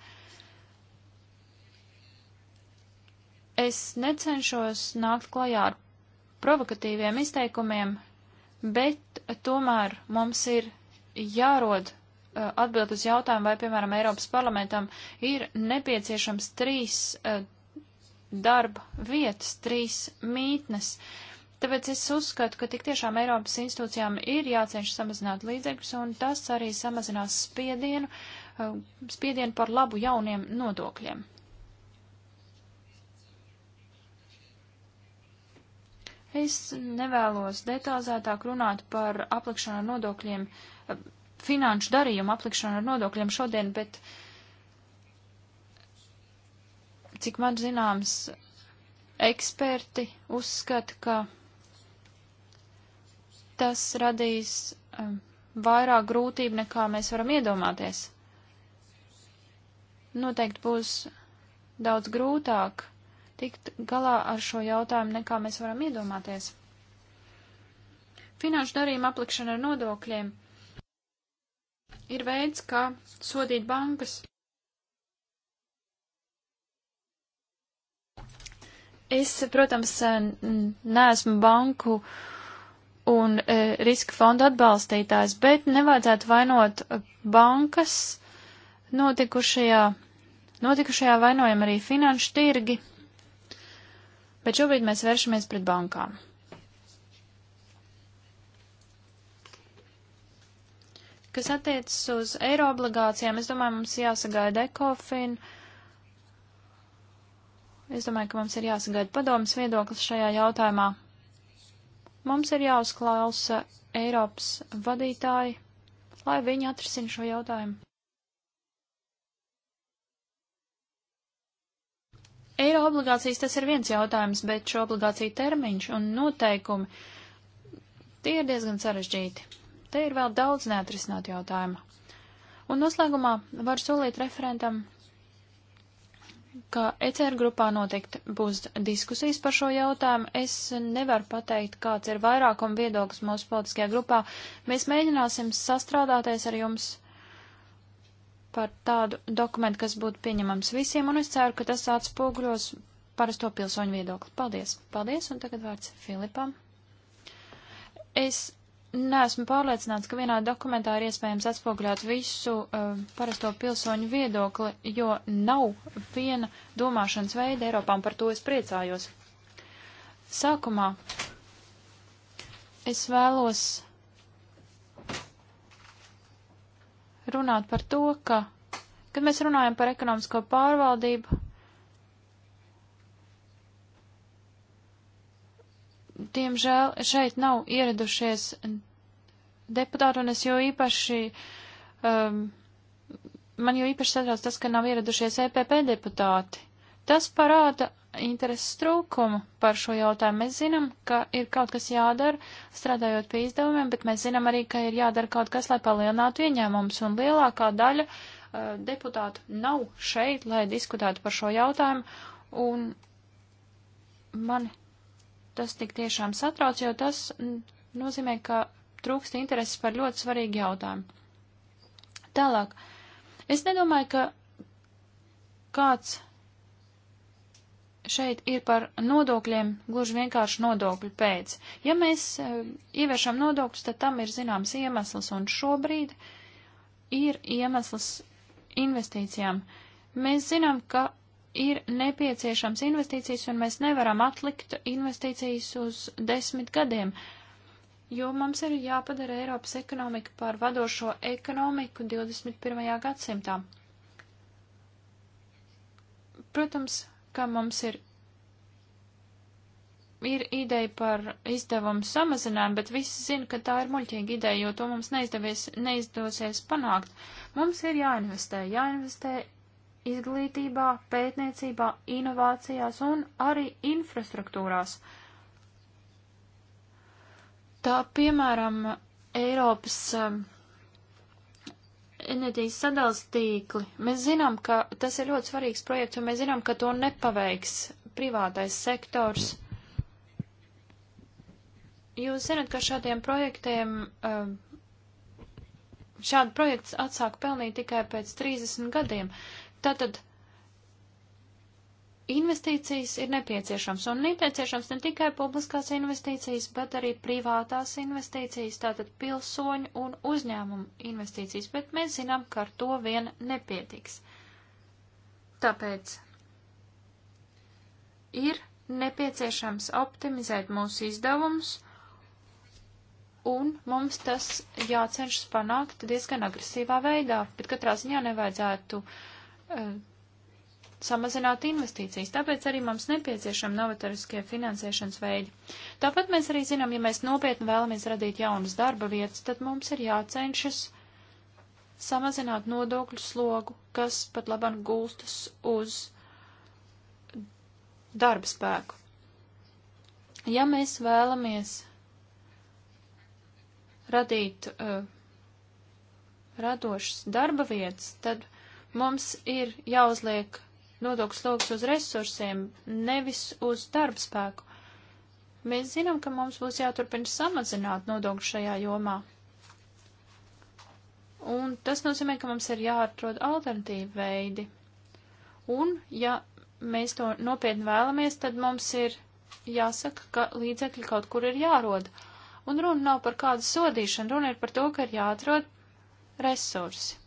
es necenšos nākt klajā ar provokatīviem izteikumiem, bet tomēr mums ir jārod uh, atbild uz jautājumu, vai, piemēram, Eiropas parlamentam ir nepieciešams trīs uh, darba vietas, trīs mītnes. Uh, Tāpēc es uzskatu, ka tik tiešām Eiropas institūcijām ir jācenšas samazināt līdzekļus, un tas arī samazinās spiedienu, um, spiedienu par labu jauniem nodokļiem. Es nevēlos detalizētāk runāt par aplikšanu ar nodokļiem, um, finanšu darījumu aplikšanu ar nodokļiem šodien, bet, cik man zināms, eksperti uzskata, ka tas radīs um, vairāk grūtību, nekā mēs varam iedomāties. Noteikti būs daudz grūtāk tikt galā ar šo jautājumu, nekā mēs varam iedomāties. Finanšu darījuma aplikšana ar nodokļiem ir veids, kā sodīt bankas. Es, protams, neesmu banku uh, un e, riska fonda atbalstītājs, bet nevajadzētu vainot bankas notikušajā, notikušajā vainojam arī finanšu tirgi, bet šobrīd mēs vēršamies pret bankām. Kas attiecas uz eiro obligācijām, es domāju, mums jāsagaida ekofin. Es domāju, ka mums ir jāsagaida padomas viedoklis šajā jautājumā. Mums ir jāuzklausa Eiropas vadītāji, lai viņi atrisina šo jautājumu. Eiro obligācijas tas ir viens jautājums, bet šo obligāciju termiņš un noteikumi tie ir diezgan sarežģīti. Te ir vēl daudz neatrisināt jautājumu. Un noslēgumā var solīt referentam, ka ECR grupā noteikti būs diskusijas par šo jautājumu. Es nevaru pateikt, kāds ir vairākuma viedoklis mūsu politiskajā grupā. Mēs mēģināsim sastrādāties ar jums par tādu dokumentu, kas būtu pieņemams visiem, un es ceru, ka tas atspoguļos parasto pilsoņu viedokli. Paldies! Paldies, un tagad vārds Filipam. Es neesmu pārliecināts, ka vienā dokumentā ir iespējams atspoguļot visu uh, parasto pilsoņu viedokli, jo nav viena domāšanas veida Eiropā, un par to es priecājos. Sākumā es vēlos runāt par to, ka, kad mēs runājam par ekonomisko pārvaldību, diemžēl šeit nav ieradušies deputāti, un es jau īpaši, um, man jau īpaši satrauc tas, ka nav ieradušies EPP deputāti. Tas parāda intereses trūkumu par šo jautājumu. Mēs zinām, ka ir kaut kas jādara, strādājot pie izdevumiem, bet mēs zinām arī, ka ir jādara kaut kas, lai palielinātu ieņēmumus, un lielākā daļa uh, deputātu nav šeit, lai diskutētu par šo jautājumu, un mani tas tik tiešām satrauc, jo tas nozīmē, ka trūkst intereses par ļoti svarīgu jautājumu. Tālāk, es nedomāju, ka kāds šeit ir par nodokļiem gluži vienkārši nodokļu pēc. Ja mēs e, ieviešam nodokļus, tad tam ir zināms iemesls, un šobrīd ir iemesls investīcijām. Mēs zinām, ka ir nepieciešams investīcijas, un mēs nevaram atlikt investīcijas uz desmit gadiem, jo mums ir jāpadara Eiropas ekonomika par vadošo ekonomiku 21. gadsimtā. Protams, ka mums ir ir ideja par izdevumu samazinājumu, bet visi zina, ka tā ir muļķīga ideja, jo to mums neizdevies, neizdosies panākt. Mums ir jāinvestē, jāinvestē izglītībā, pētniecībā, inovācijās un arī infrastruktūrās. Tā piemēram, Eiropas um, enerģijas sadals tīkli. Mēs zinām, ka tas ir ļoti svarīgs projekts, un mēs zinām, ka to nepaveiks privātais sektors. Jūs zināt, ka šādiem projektiem um, šādu projektu atsāk pelnīt tikai pēc 30 gadiem. Uh, Tātad investīcijas ir nepieciešams, un nepieciešams ne tikai publiskās investīcijas, bet arī privātās investīcijas, tātad pilsoņu un uzņēmumu investīcijas, bet mēs zinām, ka ar to vien nepietiks. Tāpēc ir nepieciešams optimizēt mūsu izdevumus, un mums tas jācenšas panākt diezgan agresīvā veidā, bet katrā ziņā nevajadzētu uh, Eh, samazināt investīcijas, tāpēc arī mums nepieciešami novatoriskie finansēšanas veidi. Tāpat mēs arī zinām, ja mēs nopietni vēlamies radīt jaunas darba vietas, tad mums ir jācenšas samazināt nodokļu slogu, kas pat labam gulstas uz darba spēku. Ja mēs vēlamies radīt uh, radošas darba vietas, tad Mums ir jāuzliek nodokļu sloks uz resursiem, nevis uz darbspēku. Mēs zinām, ka mums būs jāturpina samazināt nodokļu šajā jomā. Un tas nozīmē, ka mums ir jāatrod alternatīvi veidi. Un, ja mēs to nopietni vēlamies, tad mums ir jāsaka, ka līdzekļi kaut kur ir jārod. Un runa nav par kādu sodīšanu, runa ir par to, ka ir jāatrod resursi.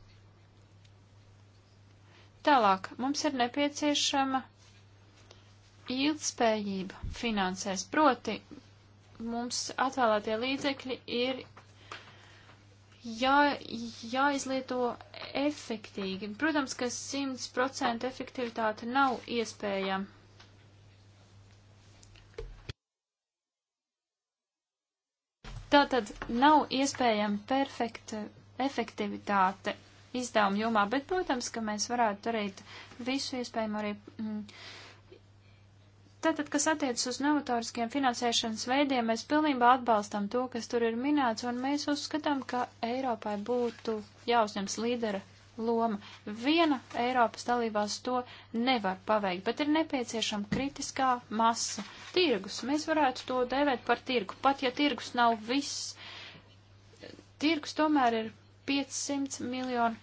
Tālāk mums ir nepieciešama ilgspējība finansēs, proti mums atvēlētie līdzekļi ir jā, jāizlieto efektīgi. Protams, ka 100% efektivitāte nav iespējama. Tātad nav iespējama perfekta efektivitāte izdevumu jomā, bet, protams, ka mēs varētu darīt visu iespējamo arī. Mm, Tātad, kas attiecas uz novatoriskiem finansēšanas veidiem, mēs pilnībā atbalstam to, kas tur ir minēts, un mēs uzskatām, ka Eiropai būtu jāuzņems līdera loma. Viena Eiropas dalībās to nevar paveikt, bet ir nepieciešama kritiskā masa. Tirgus, mēs varētu to dēvēt par tirgu, pat ja tirgus nav viss. Tirgus tomēr ir 500 miljonu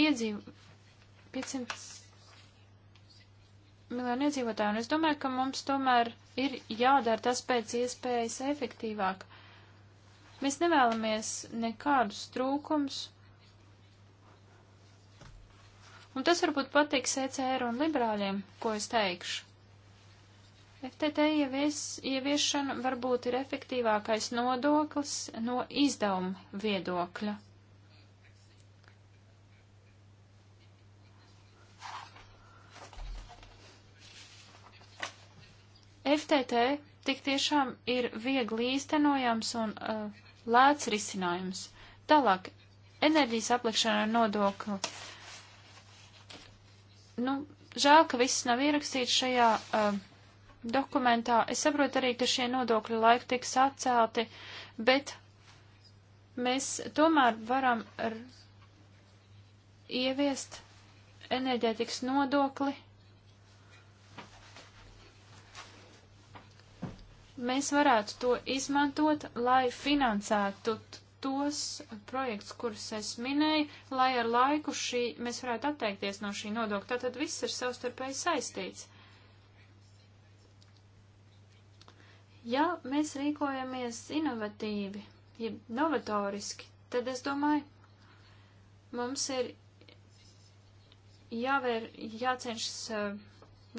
iedzīv... 500 miljonu iedzīvotāju, un es domāju, ka mums tomēr ir jādara tas pēc iespējas efektīvāk. Mēs nevēlamies nekādus trūkums, un tas varbūt patiks ECR un liberāļiem, ko es teikšu. FTT ievies, ieviešana varbūt ir efektīvākais nodoklis no izdevuma viedokļa. FTT tik tiešām ir viegli īstenojams un uh, lēts risinājums. Tālāk, enerģijas aplikšana ar nodokli. Nu, žēl, ka viss nav ierakstīts šajā uh, dokumentā. Es saprotu arī, ka šie nodokļu laiki tiks atcelti, bet mēs tomēr varam ieviest enerģētikas nodokli mēs varētu to izmantot, lai finansētu tos projekts, kurus es minēju, lai ar laiku šī, mēs varētu atteikties no šī nodokļa. Tātad viss ir savstarpēji saistīts. Ja mēs rīkojamies inovatīvi, ja novatoriski, tad es domāju, mums ir jāvēr, jācenšas eh,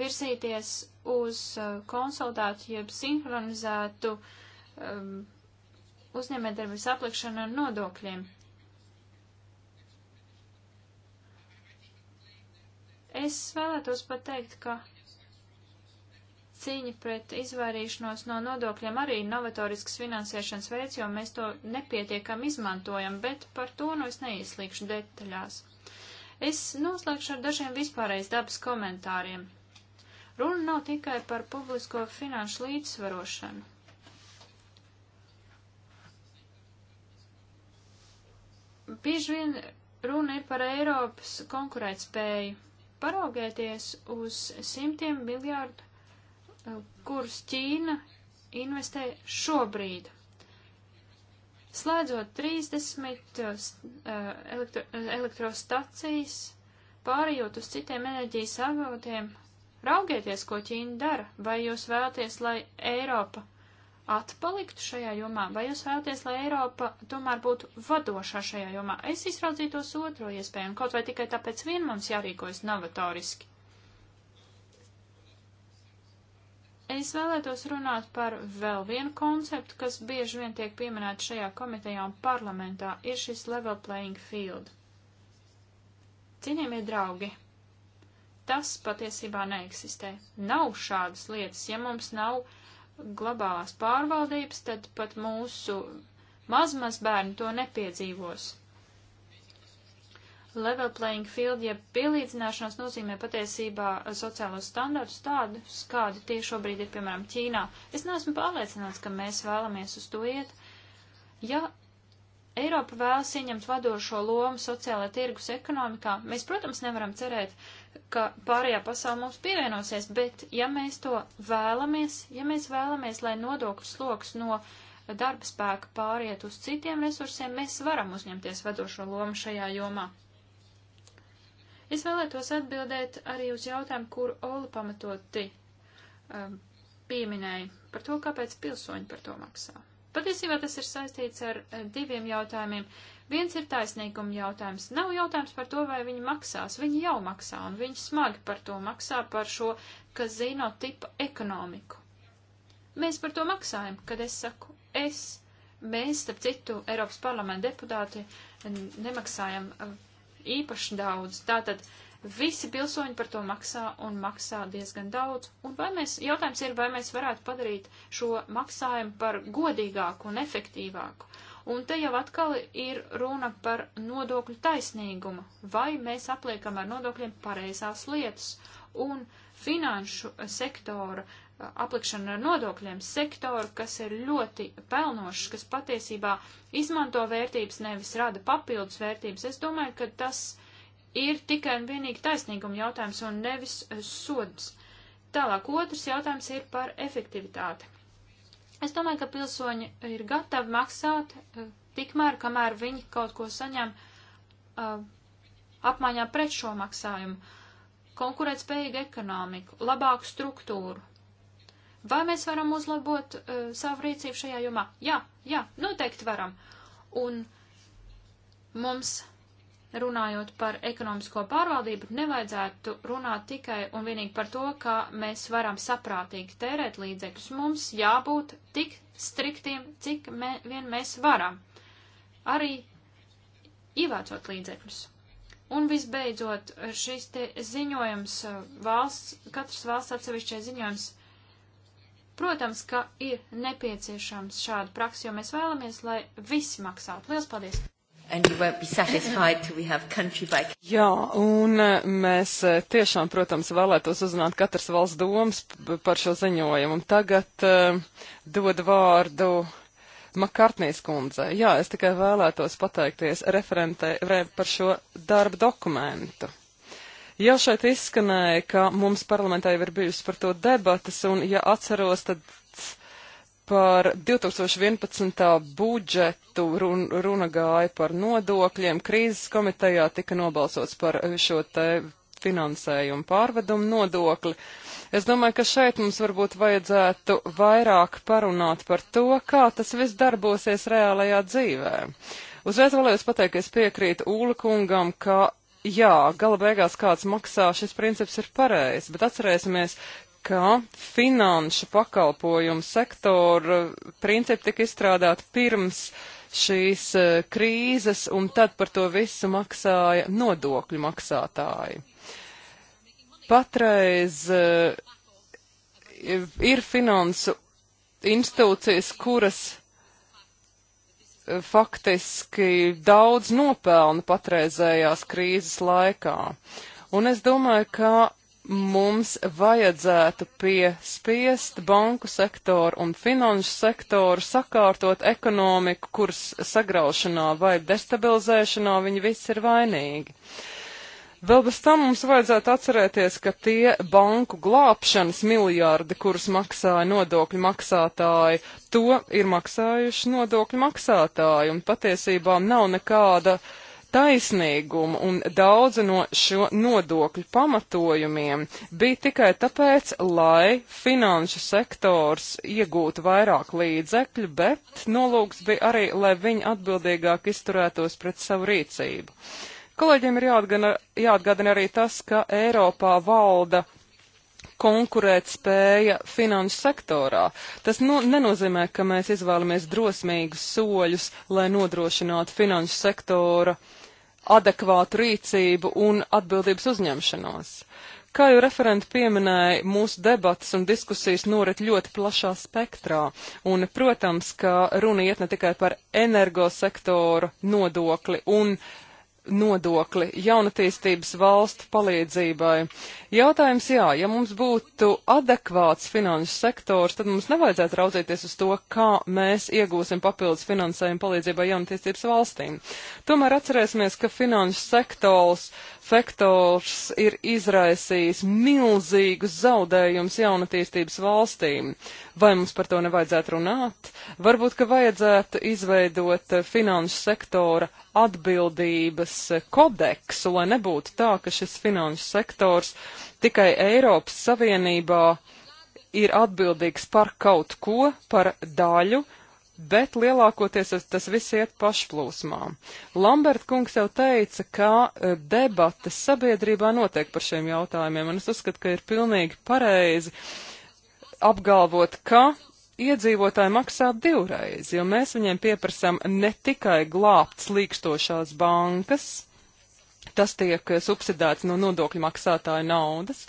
virzīties uz uh, konsultātu jeb sinhronizētu um, uzņēmējdarbības aplikšanu ar nodokļiem. Es vēlētos pateikt, ka cīņa pret izvairīšanos no nodokļiem arī ir novatorisks finansēšanas veids, jo mēs to nepietiekam izmantojam, bet par to nu es neieslīgšu detaļās. Es noslēgšu ar dažiem vispārreiz dabas komentāriem. Runa nav tikai par publisko finanšu līdzsvarošanu. Bieži vien runa ir par Eiropas konkurētspēju. Paraugēties uz simtiem miljārdu, e, kurus Ķīna investē šobrīd. Slēdzot 30 e, e, elektro, elektrostacijas, pārējot uz citiem enerģijas avotiem, Raugieties, ko Ķīna dara, vai jūs vēlaties, lai Eiropa atpaliktu šajā jomā, vai jūs vēlaties, lai Eiropa tomēr būtu vadošā šajā jomā. Es izraudzītos otro iespēju, un kaut vai tikai tāpēc vien mums jārīkojas novatoriski. Es vēlētos runāt par vēl vienu konceptu, kas bieži vien tiek pieminēts šajā komitejā un parlamentā, ir šis level playing field. Cienījamie draugi, tas patiesībā neeksistē. Nav šādas lietas. Ja mums nav globālās pārvaldības, tad pat mūsu mazmaz bērni to nepiedzīvos. Level playing field, jeb ja pielīdzināšanās nozīmē patiesībā sociālos standartus tādus, kādi tie šobrīd ir, piemēram, Ķīnā. Es neesmu pārliecināts, ka mēs vēlamies uz to iet. Ja Eiropa vēlas ieņemt vadošo lomu sociālajā tirgus ekonomikā, mēs, protams, nevaram cerēt, uh, ka pārējā pasaule mums pievienosies, bet ja mēs to vēlamies, ja mēs vēlamies, lai nodokļu sloks no darba spēka pāriet uz citiem resursiem, mēs varam uzņemties vadošo lomu šajā jomā. Es vēlētos atbildēt arī uz jautājumu, kur Ola pamatoti um, pieminēja par to, kāpēc pilsoņi par to maksā. Patiesībā tas ir saistīts ar eh, diviem jautājumiem. Viens ir taisnīguma jautājums. Nav jautājums par to, vai viņi maksās. Viņi jau maksā, un viņi smagi par to maksā, par šo kazino tipu ekonomiku. Mēs par to maksājam, kad es saku es. Mēs, starp citu, Eiropas parlamenta deputāti nemaksājam eh, īpaši daudz. Tātad Visi pilsoņi par to maksā un maksā diezgan daudz. Un vai mēs, jautājums ir, vai mēs varētu padarīt šo maksājumu par godīgāku un efektīvāku. Un te jau atkal ir runa par nodokļu taisnīgumu, vai mēs apliekam ar nodokļiem pareizās lietas. Un finanšu sektora aplikšana ar nodokļiem, sektoru, kas ir ļoti pelnošs, kas patiesībā izmanto vērtības, nevis rada papildus vērtības, es domāju, ka tas ir tikai un vienīgi taisnīguma jautājums un nevis eh, sods. Tālāk otrs jautājums ir par efektivitāti. Es domāju, ka pilsoņi ir gatavi maksāt eh, tikmēr, kamēr viņi kaut ko saņem uh, apmaiņā pret šo maksājumu, konkurētspējīgu ekonomiku, labāku struktūru. Vai mēs varam uzlabot uh, savu rīcību šajā jomā? Jā, jā, noteikti varam. Un mums runājot par ekonomisko pārvaldību, nevajadzētu runāt tikai un vienīgi par to, kā mēs varam saprātīgi tērēt līdzekļus. Mums jābūt tik striktiem, cik mē, vien mēs varam, arī ievācot līdzekļus. Un visbeidzot, šis te ziņojums valsts, katrs valsts atsevišķai ziņojums, protams, ka ir nepieciešams šāda praksa, jo mēs vēlamies, lai visi maksātu. Lielas paldies! By... Jā, un eh, mēs eh, tiešām, protams, vēlētos uzzināt katras valsts domas par šo ziņojumu. Un tagad uh, dod vārdu Makartnijas kundze. Jā, es tikai vēlētos pateikties referentē re, par šo darba dokumentu. Jau šeit izskanēja, ka mums parlamentā jau ir bijusi par to debatas, un, ja atceros, tad par 2011. budžetu run, runa gāja par nodokļiem. Krīzes komitejā tika nobalsots par šo te finansējumu pārvedumu nodokli. Es domāju, ka šeit mums varbūt vajadzētu vairāk parunāt par to, kā tas viss darbosies reālajā dzīvē. Uzreiz vēlējos pateikt, ka es piekrītu Ūla kungam, ka jā, gala beigās kāds maksā, šis princips ir pareizs, bet atcerēsimies, ka finanšu pakalpojumu sektoru principi tika izstrādāti pirms šīs e, krīzes, un tad par to visu maksāja nodokļu maksātāji. Patreiz e, ir finansu institūcijas, kuras e, faktiski daudz nopelna patreizējās krīzes laikā. Un es domāju, ka mums vajadzētu piespiest banku sektoru un finanšu sektoru sakārtot ekonomiku, kuras sagraušanā vai destabilizēšanā viņi visi ir vainīgi. Vēl bez tam mums vajadzētu atcerēties, ka tie banku glābšanas miljārdi, kurus maksāja nodokļu maksātāji, to ir maksājuši nodokļu maksātāji, un patiesībā nav nekāda uh, taisnīgumu, un daudzi no šo nodokļu pamatojumiem bija tikai tāpēc, lai finanšu sektors iegūtu vairāk līdzekļu, bet nolūks bija arī, lai viņi atbildīgāk izturētos pret savu rīcību. Kolēģiem ir jāatgana, jāatgādina arī tas, ka Eiropā valda konkurēt spēja finanšu sektorā. Tas no, nenozīmē, ka mēs izvēlamies drosmīgus soļus, lai nodrošinātu finanšu sektora adekvātu rīcību un atbildības uzņemšanos. Kā jau referenti pieminēja, mūsu debatas un diskusijas norit ļoti plašā spektrā, un, protams, ka runa iet ne tikai par energosektoru nodokli un uh, nodokli jaunatīstības valstu palīdzībai. Jautājums jā, ja mums būtu adekvāts finanšu sektors, tad mums nevajadzētu raudzīties uz to, kā mēs iegūsim papildus finansējumu palīdzībai jaunatīstības valstīm. Tomēr atcerēsimies, ka finanšu sektors uh, faktors ir izraisījis milzīgus zaudējumus jaunatīstības valstīm. Vai mums par to nevajadzētu runāt? Varbūt, ka vajadzētu izveidot finanšu sektora atbildības kodeksu, lai nebūtu tā, ka šis finanšu sektors tikai Eiropas Savienībā ir atbildīgs par kaut ko, par daļu, bet lielākoties tas viss iet pašplūsmā. Lambert kungs jau teica, ka e, debates sabiedrībā notiek par šiem jautājumiem, un es uzskatu, ka ir pilnīgi pareizi apgalvot, ka iedzīvotāji maksā divreiz, jo mēs viņiem pieprasām ne tikai glābt slīkstošās bankas, tas tiek subsidēts no nodokļu maksātāju naudas,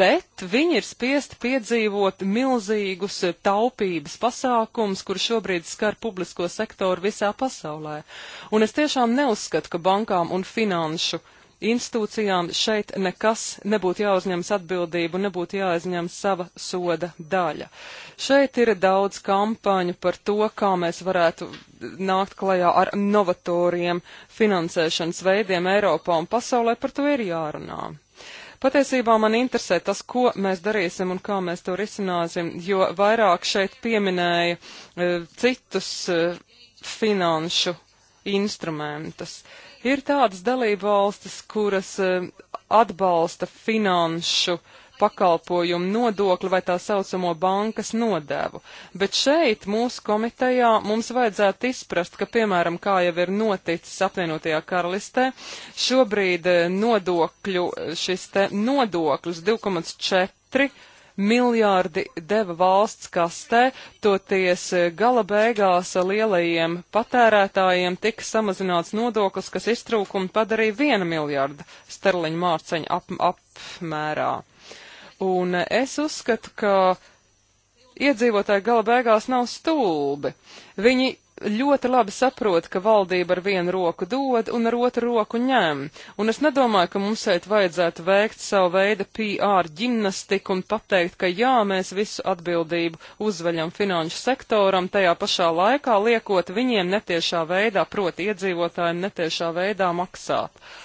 bet viņi ir spiest piedzīvot milzīgus taupības pasākums, kur šobrīd skar publisko sektoru visā pasaulē. Un es tiešām neuzskatu, ka bankām un finanšu uh, institūcijām šeit nekas nebūtu jāuzņemas atbildību, nebūtu jāizņem sava soda daļa. Šeit ir daudz kampaņu par to, kā mēs varētu nākt klajā ar novatoriem finansēšanas veidiem Eiropā un pasaulē, par to ir jārunā. Patiesībā man interesē tas, ko mēs darīsim un kā mēs to risināsim, jo vairāk šeit pieminēja e, citus e, finanšu instrumentus. Uh, Ir tādas dalībvalstis, kuras eh, atbalsta finanšu pakalpojumu nodokli vai tā saucamo bankas nodevu. Bet šeit mūsu komitejā mums vajadzētu izprast, ka, piemēram, kā jau ir noticis apvienotajā karalistē, šobrīd eh, nodokļu, eh, šis te nodoklis 2,4 miljārdi deva valsts kastē, toties eh, gala beigās lielajiem patērētājiem tika samazināts nodoklis, kas iztrūkumu padarīja viena miljārda sterliņu mārceņu ap, apmērā. Un eh, es uzskatu, ka iedzīvotāji gala beigās nav stulbi. Viņi ļoti labi saprotu, ka valdība ar vienu roku dod un ar otru roku ņem. Un es nedomāju, ka mums šeit vajadzētu veikt savu veidu PR ģimnastiku un pateikt, ka jā, mēs visu atbildību uzveļam finanšu sektoram, tajā pašā laikā liekot viņiem netiešā veidā, proti iedzīvotājiem netiešā veidā maksāt. Uh,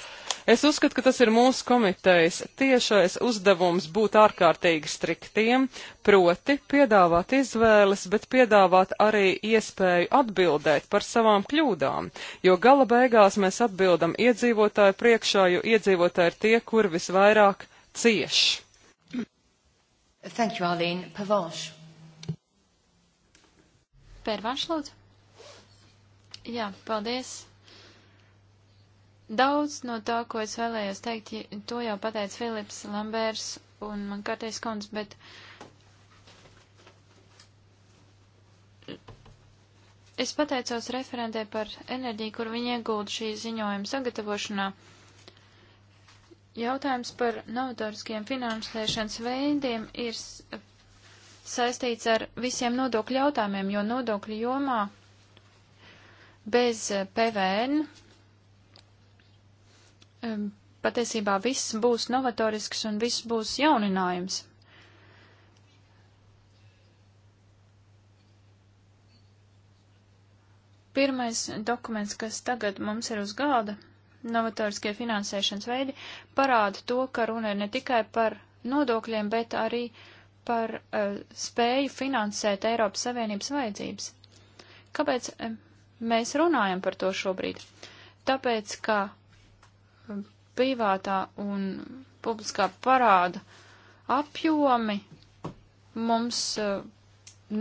Es uzskatu, ka tas ir mūsu komitejas tiešais uzdevums būt ārkārtīgi striktiem, proti piedāvāt izvēles, bet piedāvāt arī iespēju atbildēt par savām kļūdām, jo gala beigās mēs atbildam iedzīvotāju priekšā, jo iedzīvotāji ir tie, kur visvairāk cieš. Thank you, Arlene. Pavanche. Pērvanš, lūdzu. Jā, paldies. Daudz no tā, ko es vēlējos teikt, to jau pateica Filips Lambērs un man kārtais kundze, bet es pateicos referentē par enerģiju, kur viņi iegūda šī ziņojuma sagatavošanā. Jautājums par novatoriskiem finansēšanas veidiem ir saistīts ar visiem nodokļu jautājumiem, jo nodokļu jomā bez PVN patiesībā viss būs novatorisks un viss būs jauninājums. Pirmais dokuments, kas tagad mums ir uz galda, novatoriskie finansēšanas veidi, parāda to, ka runa ir ne tikai par nodokļiem, bet arī par uh, spēju finansēt Eiropas Savienības vajadzības. Kāpēc uh, mēs runājam par to šobrīd? Tāpēc, ka privātā un publiskā parāda apjomi mums eh,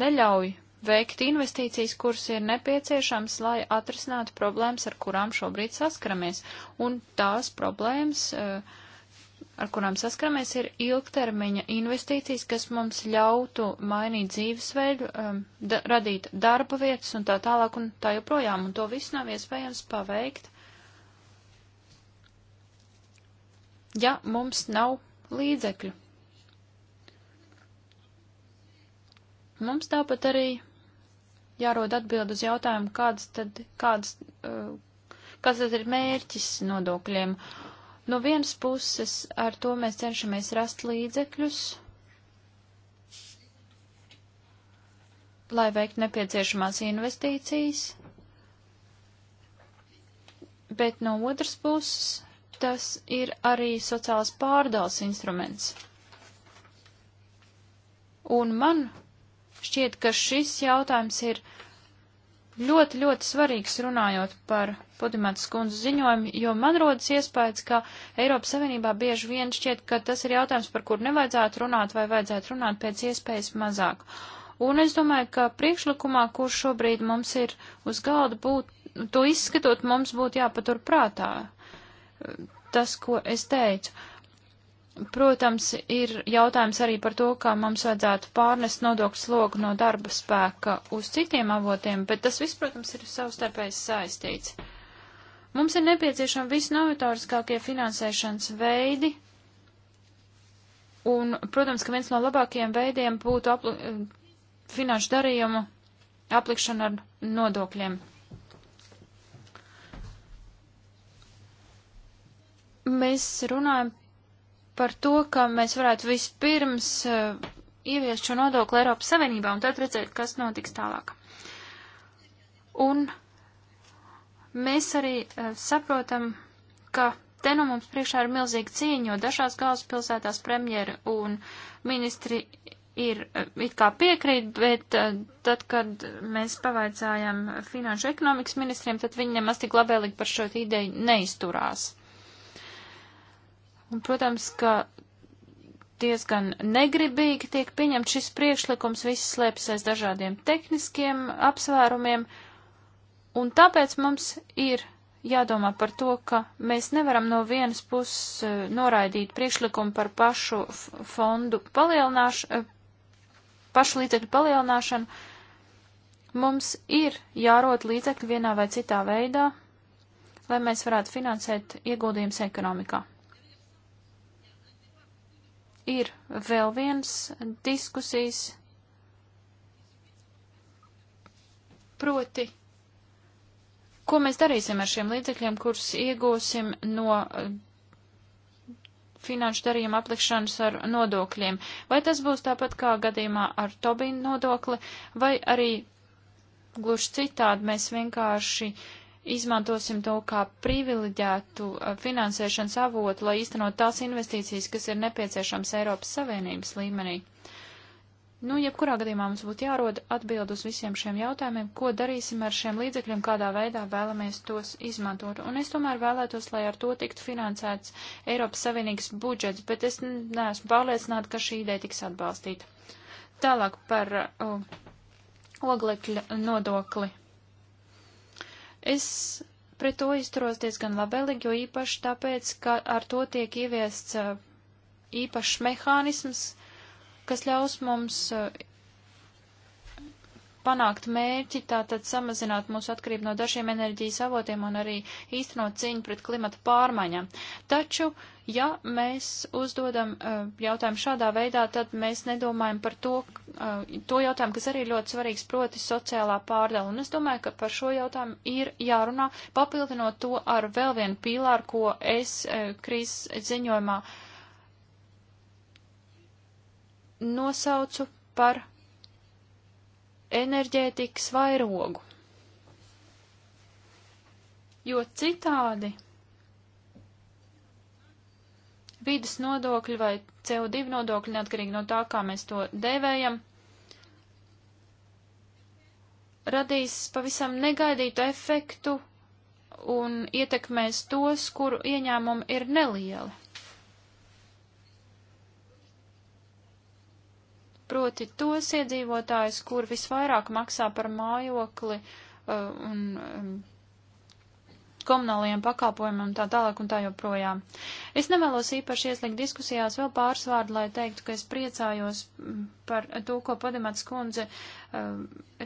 neļauj veikt investīcijas, kuras ir nepieciešams, lai atrisinātu problēmas, ar kurām šobrīd saskaramies. Un tās problēmas, eh, ar kurām saskaramies, ir ilgtermiņa investīcijas, kas mums ļautu mainīt dzīvesveidu, eh, da radīt darba vietas un tā tālāk un tā joprojām. Un to visu nav iespējams paveikt ja mums nav līdzekļu. Mums tāpat arī jārod atbild uz jautājumu, kāds tad, kāds, uh, kāds tad ir mērķis nodokļiem. No vienas puses ar to mēs cenšamies rast līdzekļus, lai veikt nepieciešamās investīcijas, bet no otras puses tas ir arī sociāls pārdals instruments. Un man šķiet, ka šis jautājums ir ļoti, ļoti svarīgs runājot par Podimētas kundzes ziņojumu, jo man rodas iespējas, ka Eiropas Savienībā bieži vien šķiet, ka tas ir jautājums, par kur nevajadzētu runāt vai vajadzētu runāt pēc iespējas mazāk. Un es domāju, ka priekšlikumā, kurš šobrīd mums ir uz galda, būt, to izskatot, mums būtu jāpatur prātā tas, ko es teicu. Protams, ir jautājums arī par to, kā mums vajadzētu pārnest nodokļu slogu no darba spēka uz citiem avotiem, bet tas viss, protams, ir savstarpēji saistīts. Mums ir nepieciešami visnovatoriskākie finansēšanas veidi, un, protams, ka viens no labākajiem veidiem būtu apli finanšu darījumu aplikšana ar nodokļiem. Mēs runājam par to, ka mēs varētu vispirms eh, ieviest šo nodokli Eiropas Savienībā un tad redzēt, kas notiks tālāk. Un mēs arī eh, saprotam, ka te nu mums priekšā ir milzīga cīņa, jo dažās galvaspilsētās premjeri un ministri ir eh, it kā piekrīt, bet tad, kad mēs pavaicājām finanšu ekonomikas ministriem, tad viņi nemaz tik labēlīgi par šo ideju neizturās. Un, protams, ka diezgan negribīgi tiek pieņemts šis priekšlikums, viss slēpjas aiz dažādiem tehniskiem apsvērumiem, un tāpēc mums ir jādomā par to, ka mēs nevaram no vienas puses e, noraidīt priekšlikumu par pašu fondu palielināšanu, e, pašu līdzekļu palielināšanu. Mums ir jārot līdzekļi vienā vai citā veidā, lai mēs varētu finansēt ieguldījums ekonomikā ir vēl viens diskusijas, proti, ko mēs darīsim ar šiem līdzekļiem, kurus iegūsim no eh, finanšu darījuma aplikšanas ar nodokļiem. Vai tas būs tāpat kā gadījumā ar Tobin nodokli, vai arī gluži citādi mēs vienkārši uh, izmantosim to kā privileģētu uh, finansēšanas avotu, lai īstenot tās investīcijas, kas ir nepieciešams Eiropas Savienības līmenī. Nu, jebkurā gadījumā mums būtu jārod atbild uz visiem šiem jautājumiem, ko darīsim ar šiem līdzekļiem, kādā veidā vēlamies tos izmantot. Un es tomēr vēlētos, lai ar to tiktu finansēts Eiropas Savienības budžets, bet es neesmu pārliecināta, ka šī ideja tiks atbalstīta. Tālāk par uh, oglekļa nodokli Es pret to izturos diezgan labēlīgi, jo īpaši tāpēc, ka ar to tiek ieviests uh, īpašs mehānisms, kas ļaus mums uh, panākt mērķi, tātad samazināt mūsu atkarību no dažiem enerģijas avotiem un arī īstenot cīņu pret klimata pārmaiņām. Taču, ja mēs uzdodam uh, jautājumu šādā veidā, tad mēs nedomājam par to, uh, to jautājumu, kas arī ir ļoti svarīgs, proti sociālā pārdala. Un es domāju, ka par šo jautājumu ir jārunā, papildinot to ar vēl vienu pīlāru, ko es uh, krīzes ziņojumā nosaucu par enerģētikas vairogu. Jo citādi vidas nodokļi vai CO2 nodokļi, neatkarīgi no tā, kā mēs to dēvējam, radīs pavisam negaidītu efektu un ietekmēs tos, kuru ieņēmumi ir nelieli. proti tos iedzīvotājus, kur visvairāk maksā par mājokli uh, un um, komunālajiem pakalpojumiem un tā tālāk un tā joprojām. Es nevēlos īpaši ieslīgt diskusijās vēl pāris vārdu, lai teiktu, ka es priecājos mm, par to, ko Padimats kundze um,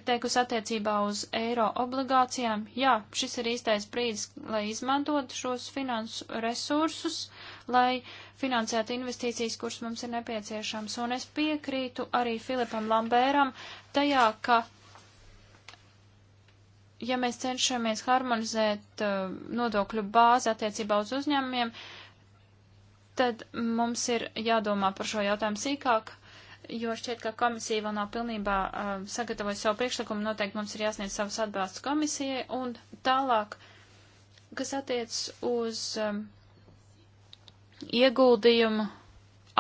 teikusi attiecībā uz eiro obligācijām. Jā, šis ir īstais brīdis, lai izmantotu šos finansu resursus. Uh, lai finansētu investīcijas, kuras mums ir nepieciešams. Un es piekrītu arī Filipam Lambēram tajā, ka ja mēs cenšamies harmonizēt uh, nodokļu bāzi attiecībā uz uzņēmumiem, tad mums ir jādomā par šo jautājumu sīkāk, jo šķiet, ka komisija vēl nav pilnībā uh, sagatavojusi savu priekšlikumu, noteikti mums ir jāsniedz savus atbalsts komisijai un tālāk, kas attiec uz um, ieguldījumu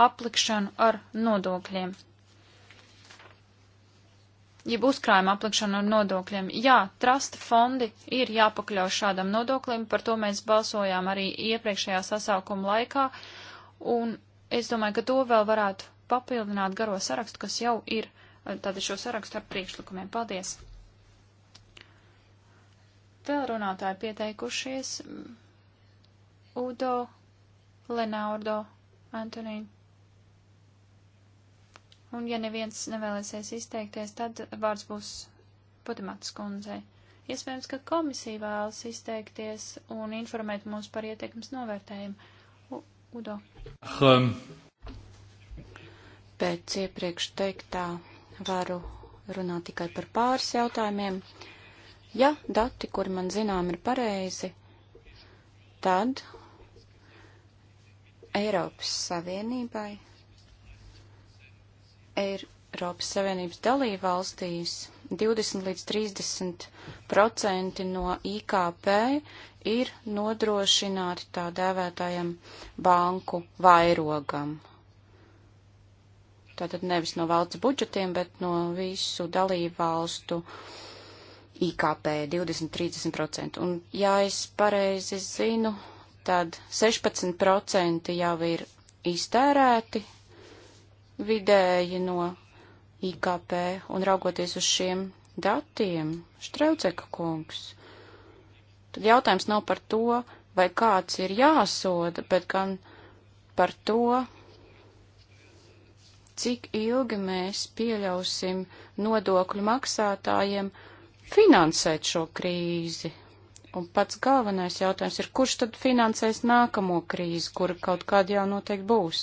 aplikšanu ar nodokļiem. Jeb uzkrājuma aplikšanu ar nodokļiem. Jā, trust fondi ir jāpakļauj šādam nodoklim, par to mēs balsojām arī iepriekšējā sasaukuma laikā, un es domāju, ka to vēl varētu papildināt garo sarakstu, kas jau ir eh, tātad šo sarakstu ar priekšlikumiem. Paldies! Vēl runātāji pieteikušies. Udo Lenārdo, Antonīna. Un ja neviens nevēlēsies izteikties, tad vārds būs Putimats kundzei. Iespējams, ka komisija vēlas izteikties un informēt mūs par ieteikums novērtējumu. U Udo. Um. Pēc iepriekš teiktā varu runāt tikai par pāris jautājumiem. Ja dati, kuri man zinām, ir pareizi, tad Eiropas Savienībai, Eiropas Savienības dalībvalstīs 20 līdz 30 procenti no IKP ir nodrošināti tā dēvētajam banku vairogam. Tātad nevis no valsts budžetiem, bet no visu dalībvalstu IKP 20-30%. Un, ja es pareizi zinu, tad 16% jau ir iztērēti vidēji no IKP, un raugoties uz šiem datiem, Štreuceka kungs, tad jautājums nav par to, vai kāds ir jāsoda, bet gan par to, cik ilgi mēs pieļausim nodokļu maksātājiem finansēt šo krīzi. Un pats galvenais jautājums ir, kurš tad finansēs nākamo krīzi, kura kaut kāda jau noteikti būs.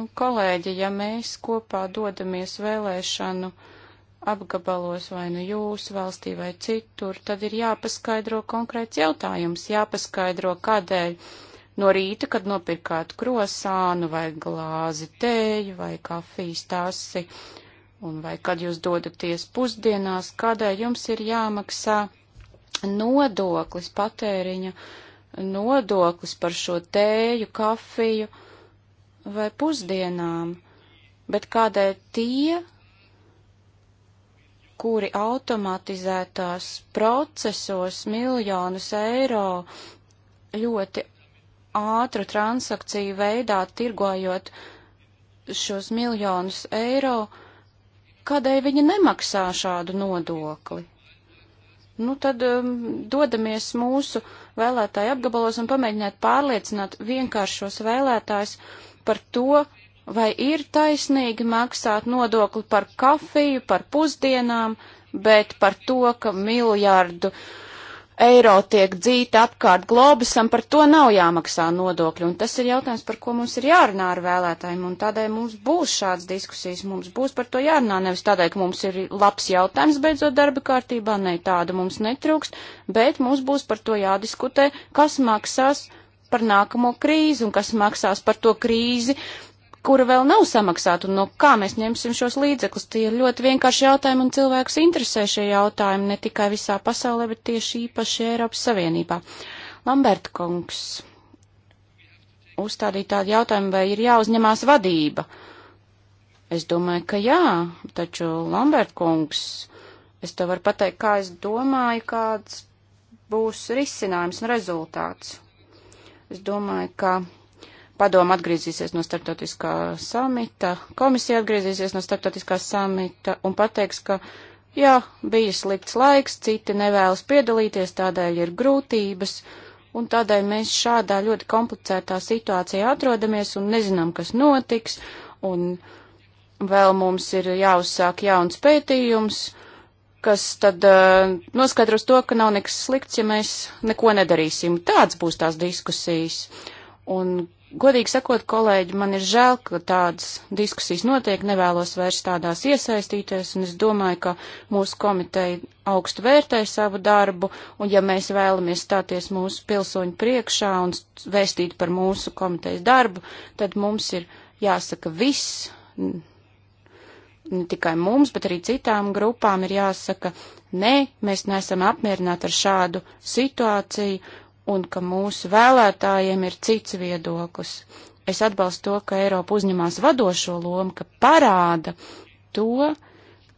Un kolēģi, ja mēs kopā dodamies vēlēšanu apgabalos vai nu jūsu valstī vai citur, tad ir jāpaskaidro konkrēts jautājums, jāpaskaidro, kādēļ no rīta, kad nopirkāt krosānu vai glāzi tēju vai kafijas tasi, un vai kad jūs dodaties pusdienās, kādēļ jums ir jāmaksā nodoklis, patēriņa nodoklis par šo tēju, kafiju vai pusdienām, bet kādēļ tie, kuri automatizētās procesos miljonus eiro ļoti ātru transakciju veidā tirgojot šos miljonus eiro, kādēļ viņi nemaksā šādu nodokli? nu tad um, dodamies mūsu vēlētāju apgabalos un pamēģināt pārliecināt vienkāršos vēlētājs par to, vai ir taisnīgi maksāt nodokli par kafiju, par pusdienām, bet par to, ka miljārdu uh, eiro tiek dzīta apkārt globusam, par to nav jāmaksā nodokļi. Un tas ir jautājums, par ko mums ir jārunā ar vēlētājiem. Un tādēļ mums būs šāds diskusijas, mums būs par to jārunā. Nevis tādēļ, ka mums ir labs jautājums beidzot darba kārtībā, ne tāda mums netrūkst, bet mums būs par to jādiskutē, kas maksās par nākamo krīzi un kas maksās par to krīzi, kura vēl nav samaksāta, un no kā mēs ņemsim šos līdzekļus. Tie ir ļoti vienkārši jautājumi, un cilvēkus interesē šie jautājumi ne tikai visā pasaulē, bet tieši īpaši Eiropas Savienībā. Lamberta kungs uzstādīja tādu jautājumu, vai ir jāuzņemās vadība. Es domāju, ka jā, taču Lamberta kungs, es tev varu pateikt, kā es domāju, kāds būs risinājums un rezultāts. Es domāju, ka Padoma atgriezīsies no starptautiskā samita, komisija atgriezīsies no starptautiskā samita un pateiks, ka jā, bija slikts laiks, citi nevēlas piedalīties, tādēļ ir grūtības, un tādēļ mēs šādā ļoti komplicētā situācijā atrodamies un nezinām, kas notiks, un vēl mums ir jāuzsāk jauns pētījums, kas tad uh, noskaidros to, ka nav nekas slikts, ja mēs neko nedarīsim. Tāds būs tās diskusijas. Un Godīgi sakot, kolēģi, man ir žēl, ka tādas diskusijas notiek, nevēlos vairs tādās iesaistīties, un es domāju, ka mūsu komiteja augstu vērtē savu darbu, un ja mēs vēlamies stāties mūsu pilsoņu priekšā un vēstīt par mūsu komitejas darbu, tad mums ir jāsaka viss, ne tikai mums, bet arī citām grupām ir jāsaka, nē, mēs neesam apmierināti ar šādu situāciju, un ka mūsu vēlētājiem ir cits viedoklis. Es atbalstu to, ka Eiropa uzņemās vadošo lomu, ka parāda to,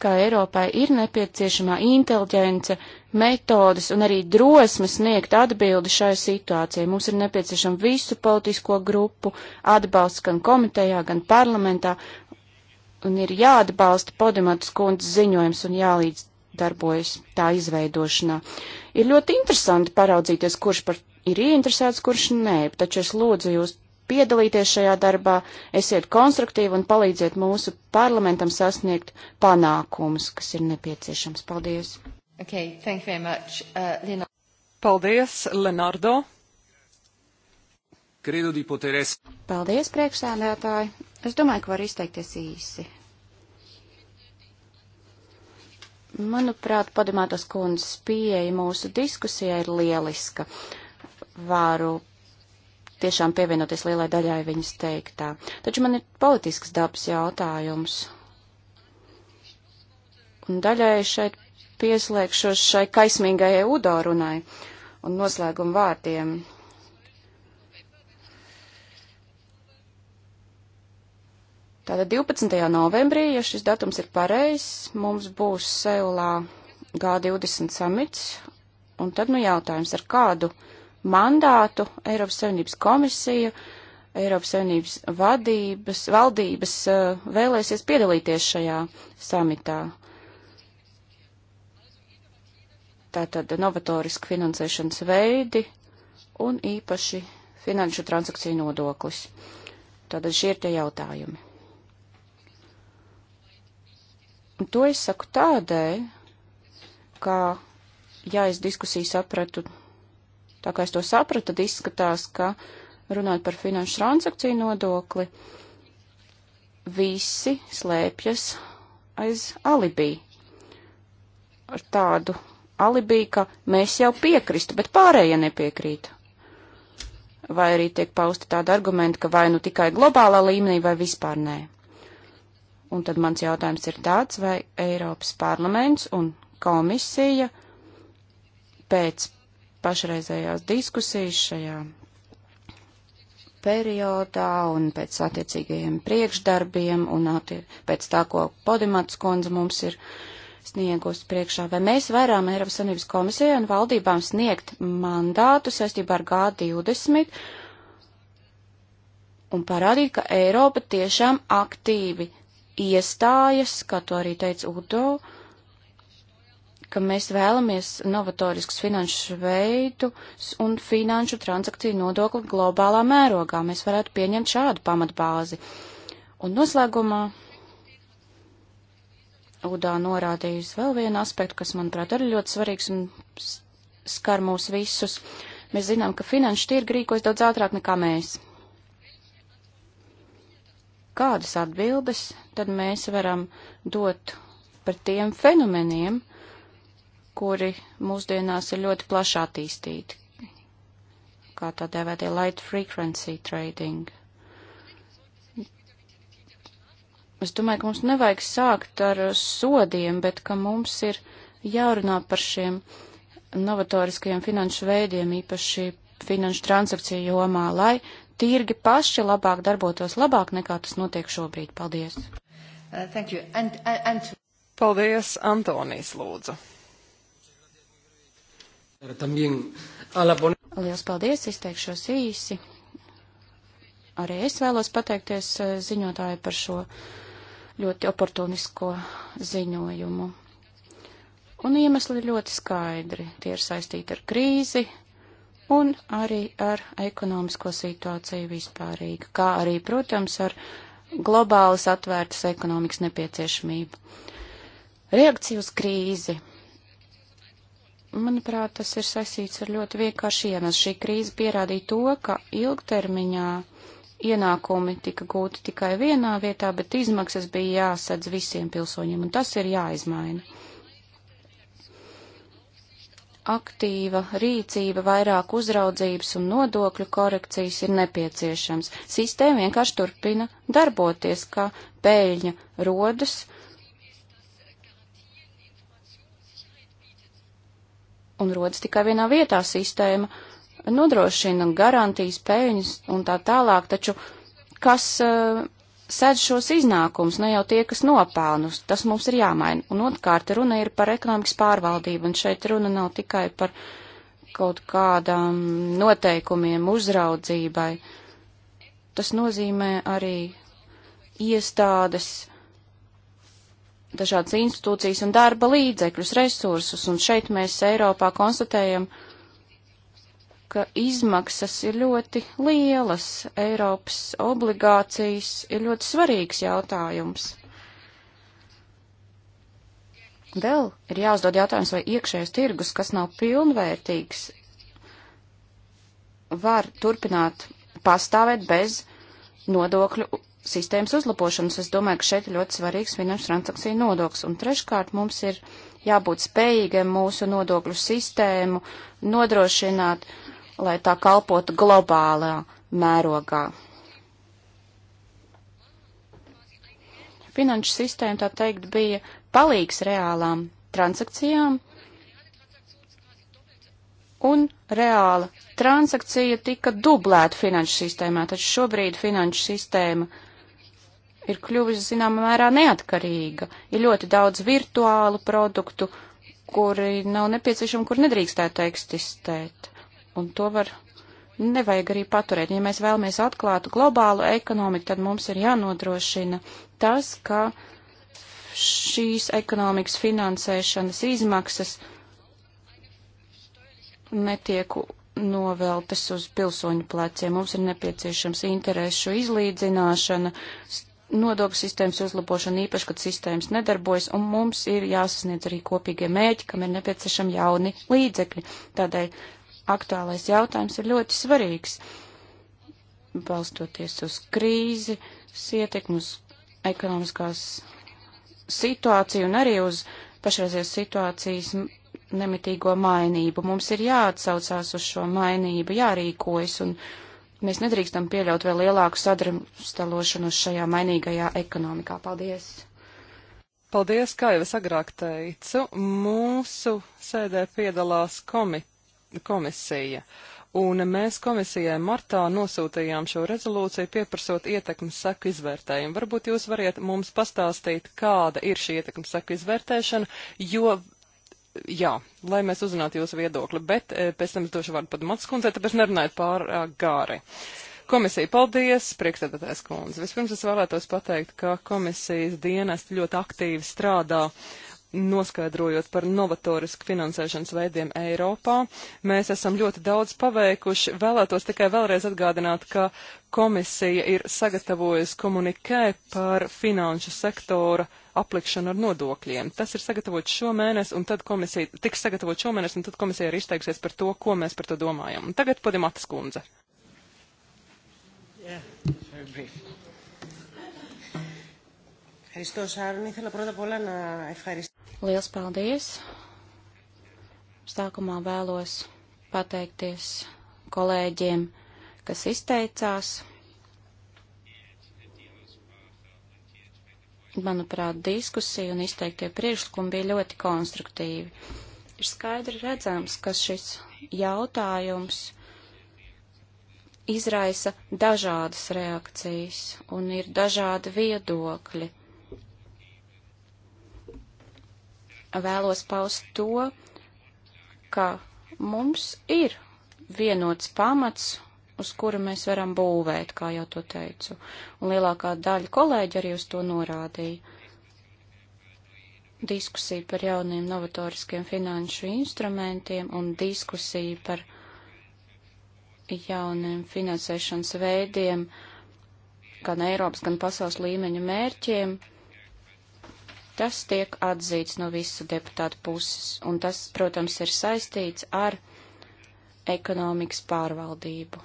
ka Eiropai ir nepieciešamā inteliģence, metodas un arī drosme sniegt atbildi šai situācijai. Mums ir nepieciešama visu politisko grupu atbalsts gan komitejā, gan parlamentā, un ir jāatbalsta Podimatas kundzes ziņojums un jālīdz darbojas tā izveidošanā. Ir ļoti interesanti paraudzīties, kurš par ir ieinteresēts, kurš nē, taču es lūdzu jūs piedalīties šajā darbā, esiet konstruktīvi un palīdziet mūsu parlamentam sasniegt panākumus, kas ir nepieciešams. Paldies! Okay, thank you very much, uh, Lina. Paldies, Leonardo. Paldies, priekšsēdētāji. Es domāju, ka var izteikties īsi. Manuprāt, padomātas kundzes pieeja mūsu diskusijai ir lieliska. Vāru tiešām pievienoties lielai daļai viņas teiktā. Taču man ir politisks dabas jautājums. Un daļai šeit pieslēgšos šai kaismīgajai udorunai un noslēguma vārdiem. Tātad 12. novembrī, ja šis datums ir pareizs, mums būs Seulā G20 samits, un tad nu jautājums, ar kādu mandātu Eiropas Savienības komisija, Eiropas Savienības vadības, valdības eh, vēlēsies piedalīties šajā samitā. Tātad novatoriski finansēšanas veidi un īpaši finanšu transakciju nodoklis. Tātad šie ir tie jautājumi. Un to es saku tādēļ, ka, ja es diskusiju sapratu, tā kā es to sapratu, tad izskatās, ka runāt par finanšu transakciju nodokli, visi slēpjas aiz alibī. Ar tādu alibī, ka mēs jau piekristu, bet pārējie nepiekrīt. Vai arī tiek pausti tādi argumenti, ka vai nu tikai globālā līmenī, vai vispār nē. Un tad mans jautājums ir tāds, vai Eiropas parlaments un komisija pēc pašreizējās diskusijas šajā periodā un pēc attiecīgajiem priekšdarbiem un attie pēc tā, ko Podimats kundze mums ir sniegusi priekšā, vai mēs varam Eiropas Savienības komisijai un valdībām sniegt mandātu saistībā ar G20 un parādīt, ka Eiropa tiešām aktīvi iestājas, kā to arī teica Udo, ka mēs vēlamies novatoriskus finanšu veidus un finanšu transakciju nodokli globālā mērogā. Mēs varētu pieņemt šādu pamatbāzi. Un noslēgumā Udā norādīja uz vēl vienu aspektu, kas, manuprāt, arī ļoti svarīgs un skar mūs visus. Mēs zinām, ka finanšu tirgi rīkojas daudz ātrāk nekā mēs kādas atbildes tad mēs varam dot par tiem fenomeniem, kuri mūsdienās ir ļoti plaši attīstīti, kā tā dēvētie light frequency trading. Es domāju, ka mums nevajag sākt ar sodiem, bet ka mums ir jārunā par šiem novatoriskajiem finanšu veidiem, īpaši finanšu transakciju jomā, lai tirgi paši labāk darbotos labāk nekā tas notiek šobrīd. Paldies! Uh, and, and... Paldies, Antonijs Lūdzu! Liels paldies, izteikšos īsi. Arī es vēlos pateikties uh, ziņotāju par šo ļoti oportunisko ziņojumu. Un iemesli ir ļoti skaidri. Tie ir saistīti ar krīzi, un arī ar ekonomisko situāciju vispārīgi, kā arī, protams, ar globālas atvērtas ekonomikas nepieciešamību. Reakcija uz krīzi. Manuprāt, tas ir saistīts ar ļoti vienkārši iemeslu. Šī krīze pierādīja to, ka ilgtermiņā ienākumi tika gūti tikai vienā vietā, bet izmaksas bija jāsadz visiem pilsoņiem, un tas ir jāizmaina aktīva rīcība, vairāk uzraudzības un nodokļu korekcijas ir nepieciešams. Sistēma vienkārši turpina darboties, kā pēļņa rodas. Un rodas tikai vienā vietā sistēma, nodrošina garantijas, peļņas un tā tālāk, taču kas uh, sēž šos iznākums, ne jau tie, kas nopelnus. Tas mums ir jāmaina. Un otrkārt, runa ir par ekonomikas pārvaldību, un šeit runa nav tikai par kaut kādām noteikumiem, uzraudzībai. Tas nozīmē arī iestādes, dažādas institūcijas un darba līdzekļus, resursus, un šeit mēs Eiropā konstatējam, uh, ka izmaksas ir ļoti lielas. Eiropas obligācijas ir ļoti svarīgs jautājums. Vēl ir jāuzdod jautājums, vai iekšējais tirgus, kas nav pilnvērtīgs, var turpināt pastāvēt bez nodokļu sistēmas uzlabošanas. Es domāju, ka šeit ir ļoti svarīgs finanšu transakciju nodoklis. Un treškārt mums ir jābūt spējīgiem mūsu nodokļu sistēmu nodrošināt lai tā kalpotu globālā mērogā. Finanšu sistēma, tā teikt, bija palīgs reālām transakcijām, un reāla transakcija tika dublēta finanšu sistēmā, taču šobrīd finanšu sistēma ir kļuvusi zināmā mērā neatkarīga. Ir ļoti daudz virtuālu produktu, kuri nav nepieciešami, kur nedrīkstētu eksistēt un to var nevajag arī paturēt. Ja mēs vēlamies atklātu globālu ekonomiku, tad mums ir jānodrošina tas, ka šīs ekonomikas finansēšanas izmaksas netiek noveltas uz pilsoņu pleciem. Mums ir nepieciešams interesu izlīdzināšana, nodokļu sistēmas uzlabošana, īpaši, kad sistēmas nedarbojas, un mums ir jāsasniedz arī kopīgie mēķi, kam ir nepieciešami jauni līdzekļi. Tādēļ aktuālais jautājums ir ļoti svarīgs, balstoties uz krīzi, ietekmu uz ekonomiskās situāciju un arī uz pašreizies situācijas nemitīgo mainību. Mums ir jāatsaucās uz šo mainību, jārīkojas, un mēs nedrīkstam pieļaut vēl lielāku sadrumstalošanos šajā mainīgajā ekonomikā. Paldies! Paldies, kā jau es agrāk teicu, mūsu sēdē piedalās komiteja komisija. Un mēs komisijai martā nosūtījām šo rezolūciju pieprasot ietekmes seku izvērtējumu. Varbūt jūs variet mums pastāstīt, kāda ir šī ietekmes seku izvērtēšana, jo, jā, lai mēs uzzinātu jūsu viedokli, bet eh, pēc tam es došu vārdu padomāts kundzei, tāpēc nerunājiet pārāk eh, gāri. Komisija, paldies, priekšsēdētājs kundze. Vispirms es vēlētos pateikt, ka komisijas dienesti ļoti aktīvi strādā noskaidrojot par novatorisku finansēšanas veidiem Eiropā. Mēs esam ļoti daudz paveikuši. Vēlētos tikai vēlreiz atgādināt, ka komisija ir sagatavojusi komunikē par finanšu sektora aplikšanu ar nodokļiem. Tas ir sagatavots šomēnes, un tad komisija tiks sagatavot šomēnes, un tad komisija ir izteiksies par to, ko mēs par to domājam. Un tagad podimatas kundze. Yeah. Ευχαριστώ, Σάρων. Ήθελα πρώτα απ' όλα να ευχαριστήσω. Liels paldies! Sākumā vēlos pateikties kolēģiem, kas izteicās. Manuprāt, diskusija un izteiktie priekšlikumi bija ļoti konstruktīvi. Ir skaidri redzams, ka šis jautājums izraisa dažādas reakcijas un ir dažādi viedokļi vēlos paust to, ka mums ir vienots pamats, uz kura mēs varam būvēt, kā jau to teicu. Un lielākā daļa kolēģi arī uz to norādīja. Diskusija par jauniem novatoriskiem finanšu instrumentiem un diskusija par jauniem finansēšanas veidiem, gan Eiropas, gan pasaules līmeņa mērķiem Tas tiek atzīts no visu deputātu puses, un tas, protams, ir saistīts ar ekonomikas pārvaldību.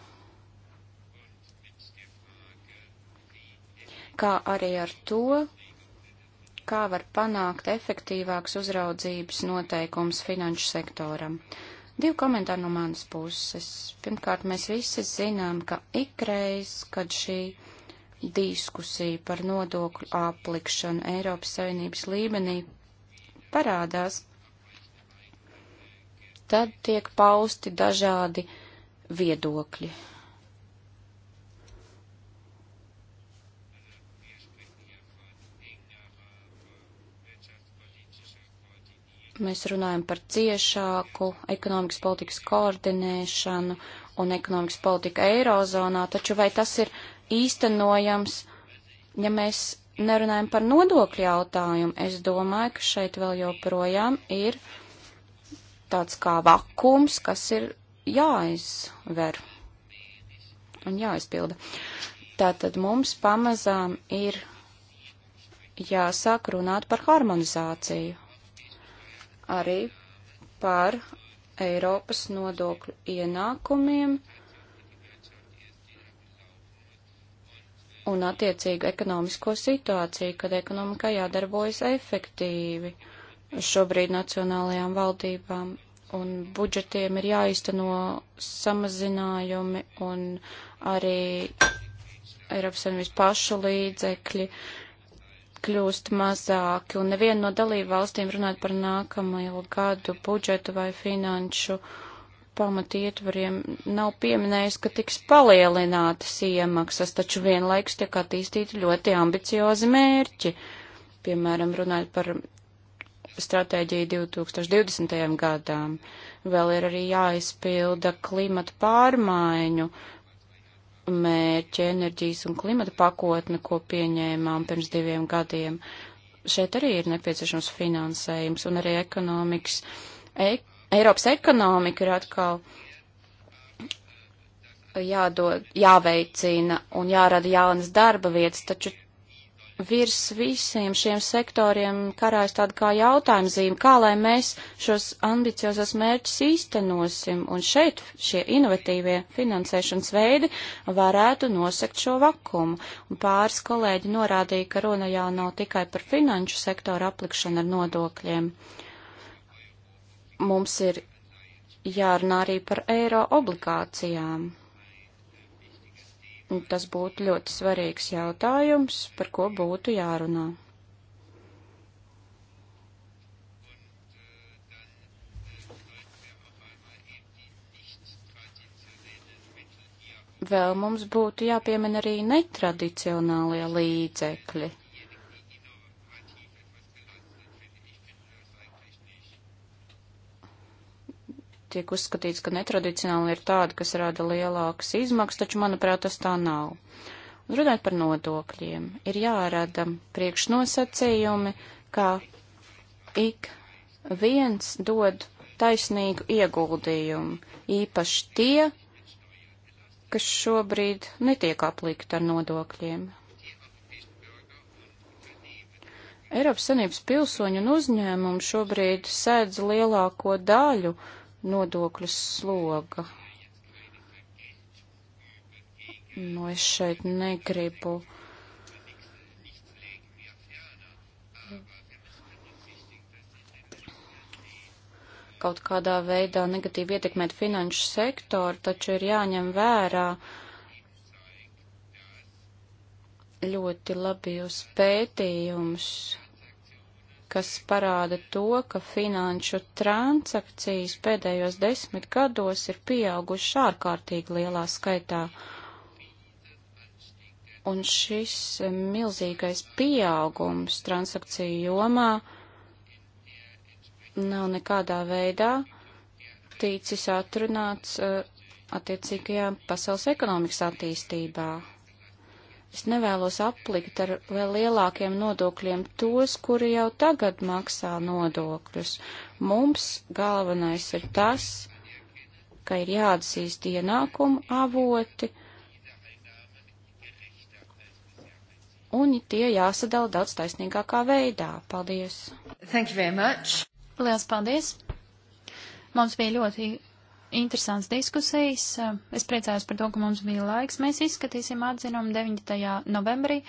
Kā arī ar to, kā var panākt efektīvāks uzraudzības noteikums finanšu sektoram. Divi komentāri no manas puses. Pirmkārt, mēs visi zinām, ka ikreiz, kad šī diskusija par nodokļu aplikšanu Eiropas Savienības līmenī parādās, tad tiek pausti dažādi viedokļi. Mēs runājam par ciešāku ekonomikas politikas koordinēšanu un ekonomikas politika Eirozonā, taču vai tas ir uh, īstenojams, ja mēs nerunājam par nodokļu jautājumu. Es domāju, ka šeit vēl joprojām ir tāds kā vakums, kas ir jāizver un jāizpilda. Tātad mums pamazām ir jāsāk runāt par harmonizāciju, arī par Eiropas nodokļu ienākumiem, uh, un attiecīgu ekonomisko situāciju, kad ekonomikā jādarbojas efektīvi šobrīd nacionālajām valdībām, un budžetiem ir jāizteno samazinājumi, un arī Eiropas Savienības pašu līdzekļi kļūst mazāki, un neviena no dalību valstīm runāt par nākamo gadu budžetu vai finanšu uh, pamatietvariem nav pieminējis, ka tiks palielinātas iemaksas, taču vienlaikus tiek attīstīti ļoti ambiciozi mērķi. Piemēram, runājot par stratēģiju 2020. gadām, vēl ir arī jāizpilda klimata pārmaiņu mērķi, enerģijas un klimata pakotne, ko pieņēmām pirms diviem gadiem. Šeit arī ir nepieciešams finansējums un arī ekonomikas. Ek Eiropas ekonomika ir atkal jādod, jāveicina un jārada jaunas darba vietas, taču virs visiem šiem sektoriem karājas tāda kā jautājumzīme, kā lai mēs šos ambiciozos mērķus īstenosim, un šeit šie inovatīvie finansēšanas veidi varētu nosekt šo vakumu. Un pāris kolēģi norādīja, ka runa jau nav tikai par finanšu sektoru aplikšanu ar nodokļiem. Uh, mums ir jārunā arī par eiro obligācijām. Un tas būtu ļoti svarīgs jautājums, par ko būtu jārunā. Vēl mums būtu jāpiemina arī netradicionālie līdzekļi. tiek uzskatīts, ka netradicionāli ir tāda, kas rada lielākas izmaksas, taču, manuprāt, tas tā nav. Un runājot par nodokļiem, ir jārada priekšnosacījumi, kā ik viens dod taisnīgu ieguldījumu, īpaši tie, kas šobrīd netiek aplikti ar nodokļiem. Eiropas Savienības pilsoņu un uzņēmumu šobrīd sēdz lielāko daļu uh, nodokļu sloga. Nu, es šeit negribu kaut kādā veidā negatīvi ietekmēt finanšu sektoru, taču ir jāņem vērā ļoti labi uz pētījumus kas parāda to, ka finanšu transakcijas pēdējos desmit gados ir pieaugušas ārkārtīgi lielā skaitā. Un šis milzīgais pieaugums transakciju jomā nav nekādā veidā ticis atrunāts uh, attiecīgajā pasaules ekonomikas attīstībā. Es nevēlos aplikt ar vēl lielākiem nodokļiem tos, kuri jau tagad maksā nodokļus. Mums galvenais ir tas, ka ir jāatzīst ienākumu avoti, un tie jāsadala daudz taisnīgākā veidā. Paldies! Thank you very much! Lielas paldies! Mums bija ļoti interesants diskusijas. Es priecājos par to, ka mums bija laiks. Mēs izskatīsim atzinumu 9. novembrī.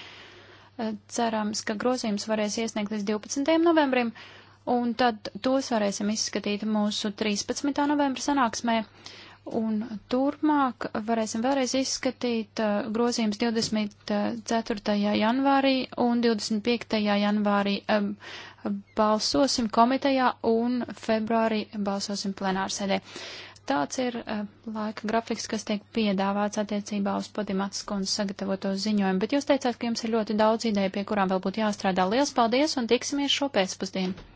Cerams, ka grozījums varēs iesniegt līdz 12. novembrim, un tad tos varēsim izskatīt mūsu 13. novembra sanāksmē. Un turpmāk varēsim vēlreiz izskatīt uh, grozījums 24. Uh, janvārī un 25. janvārī um, balsosim komitejā un februārī balsosim plenārsēdē. Tāds ir uh, laika grafiks, kas tiek piedāvāts attiecībā uz Podimatas kundzes sagatavoto ziņojumu, bet jūs teicāt, ka jums ir ļoti daudz ideja, pie kurām vēl būtu jāstrādā. Liels paldies un tiksimies šo pēcpusdienu!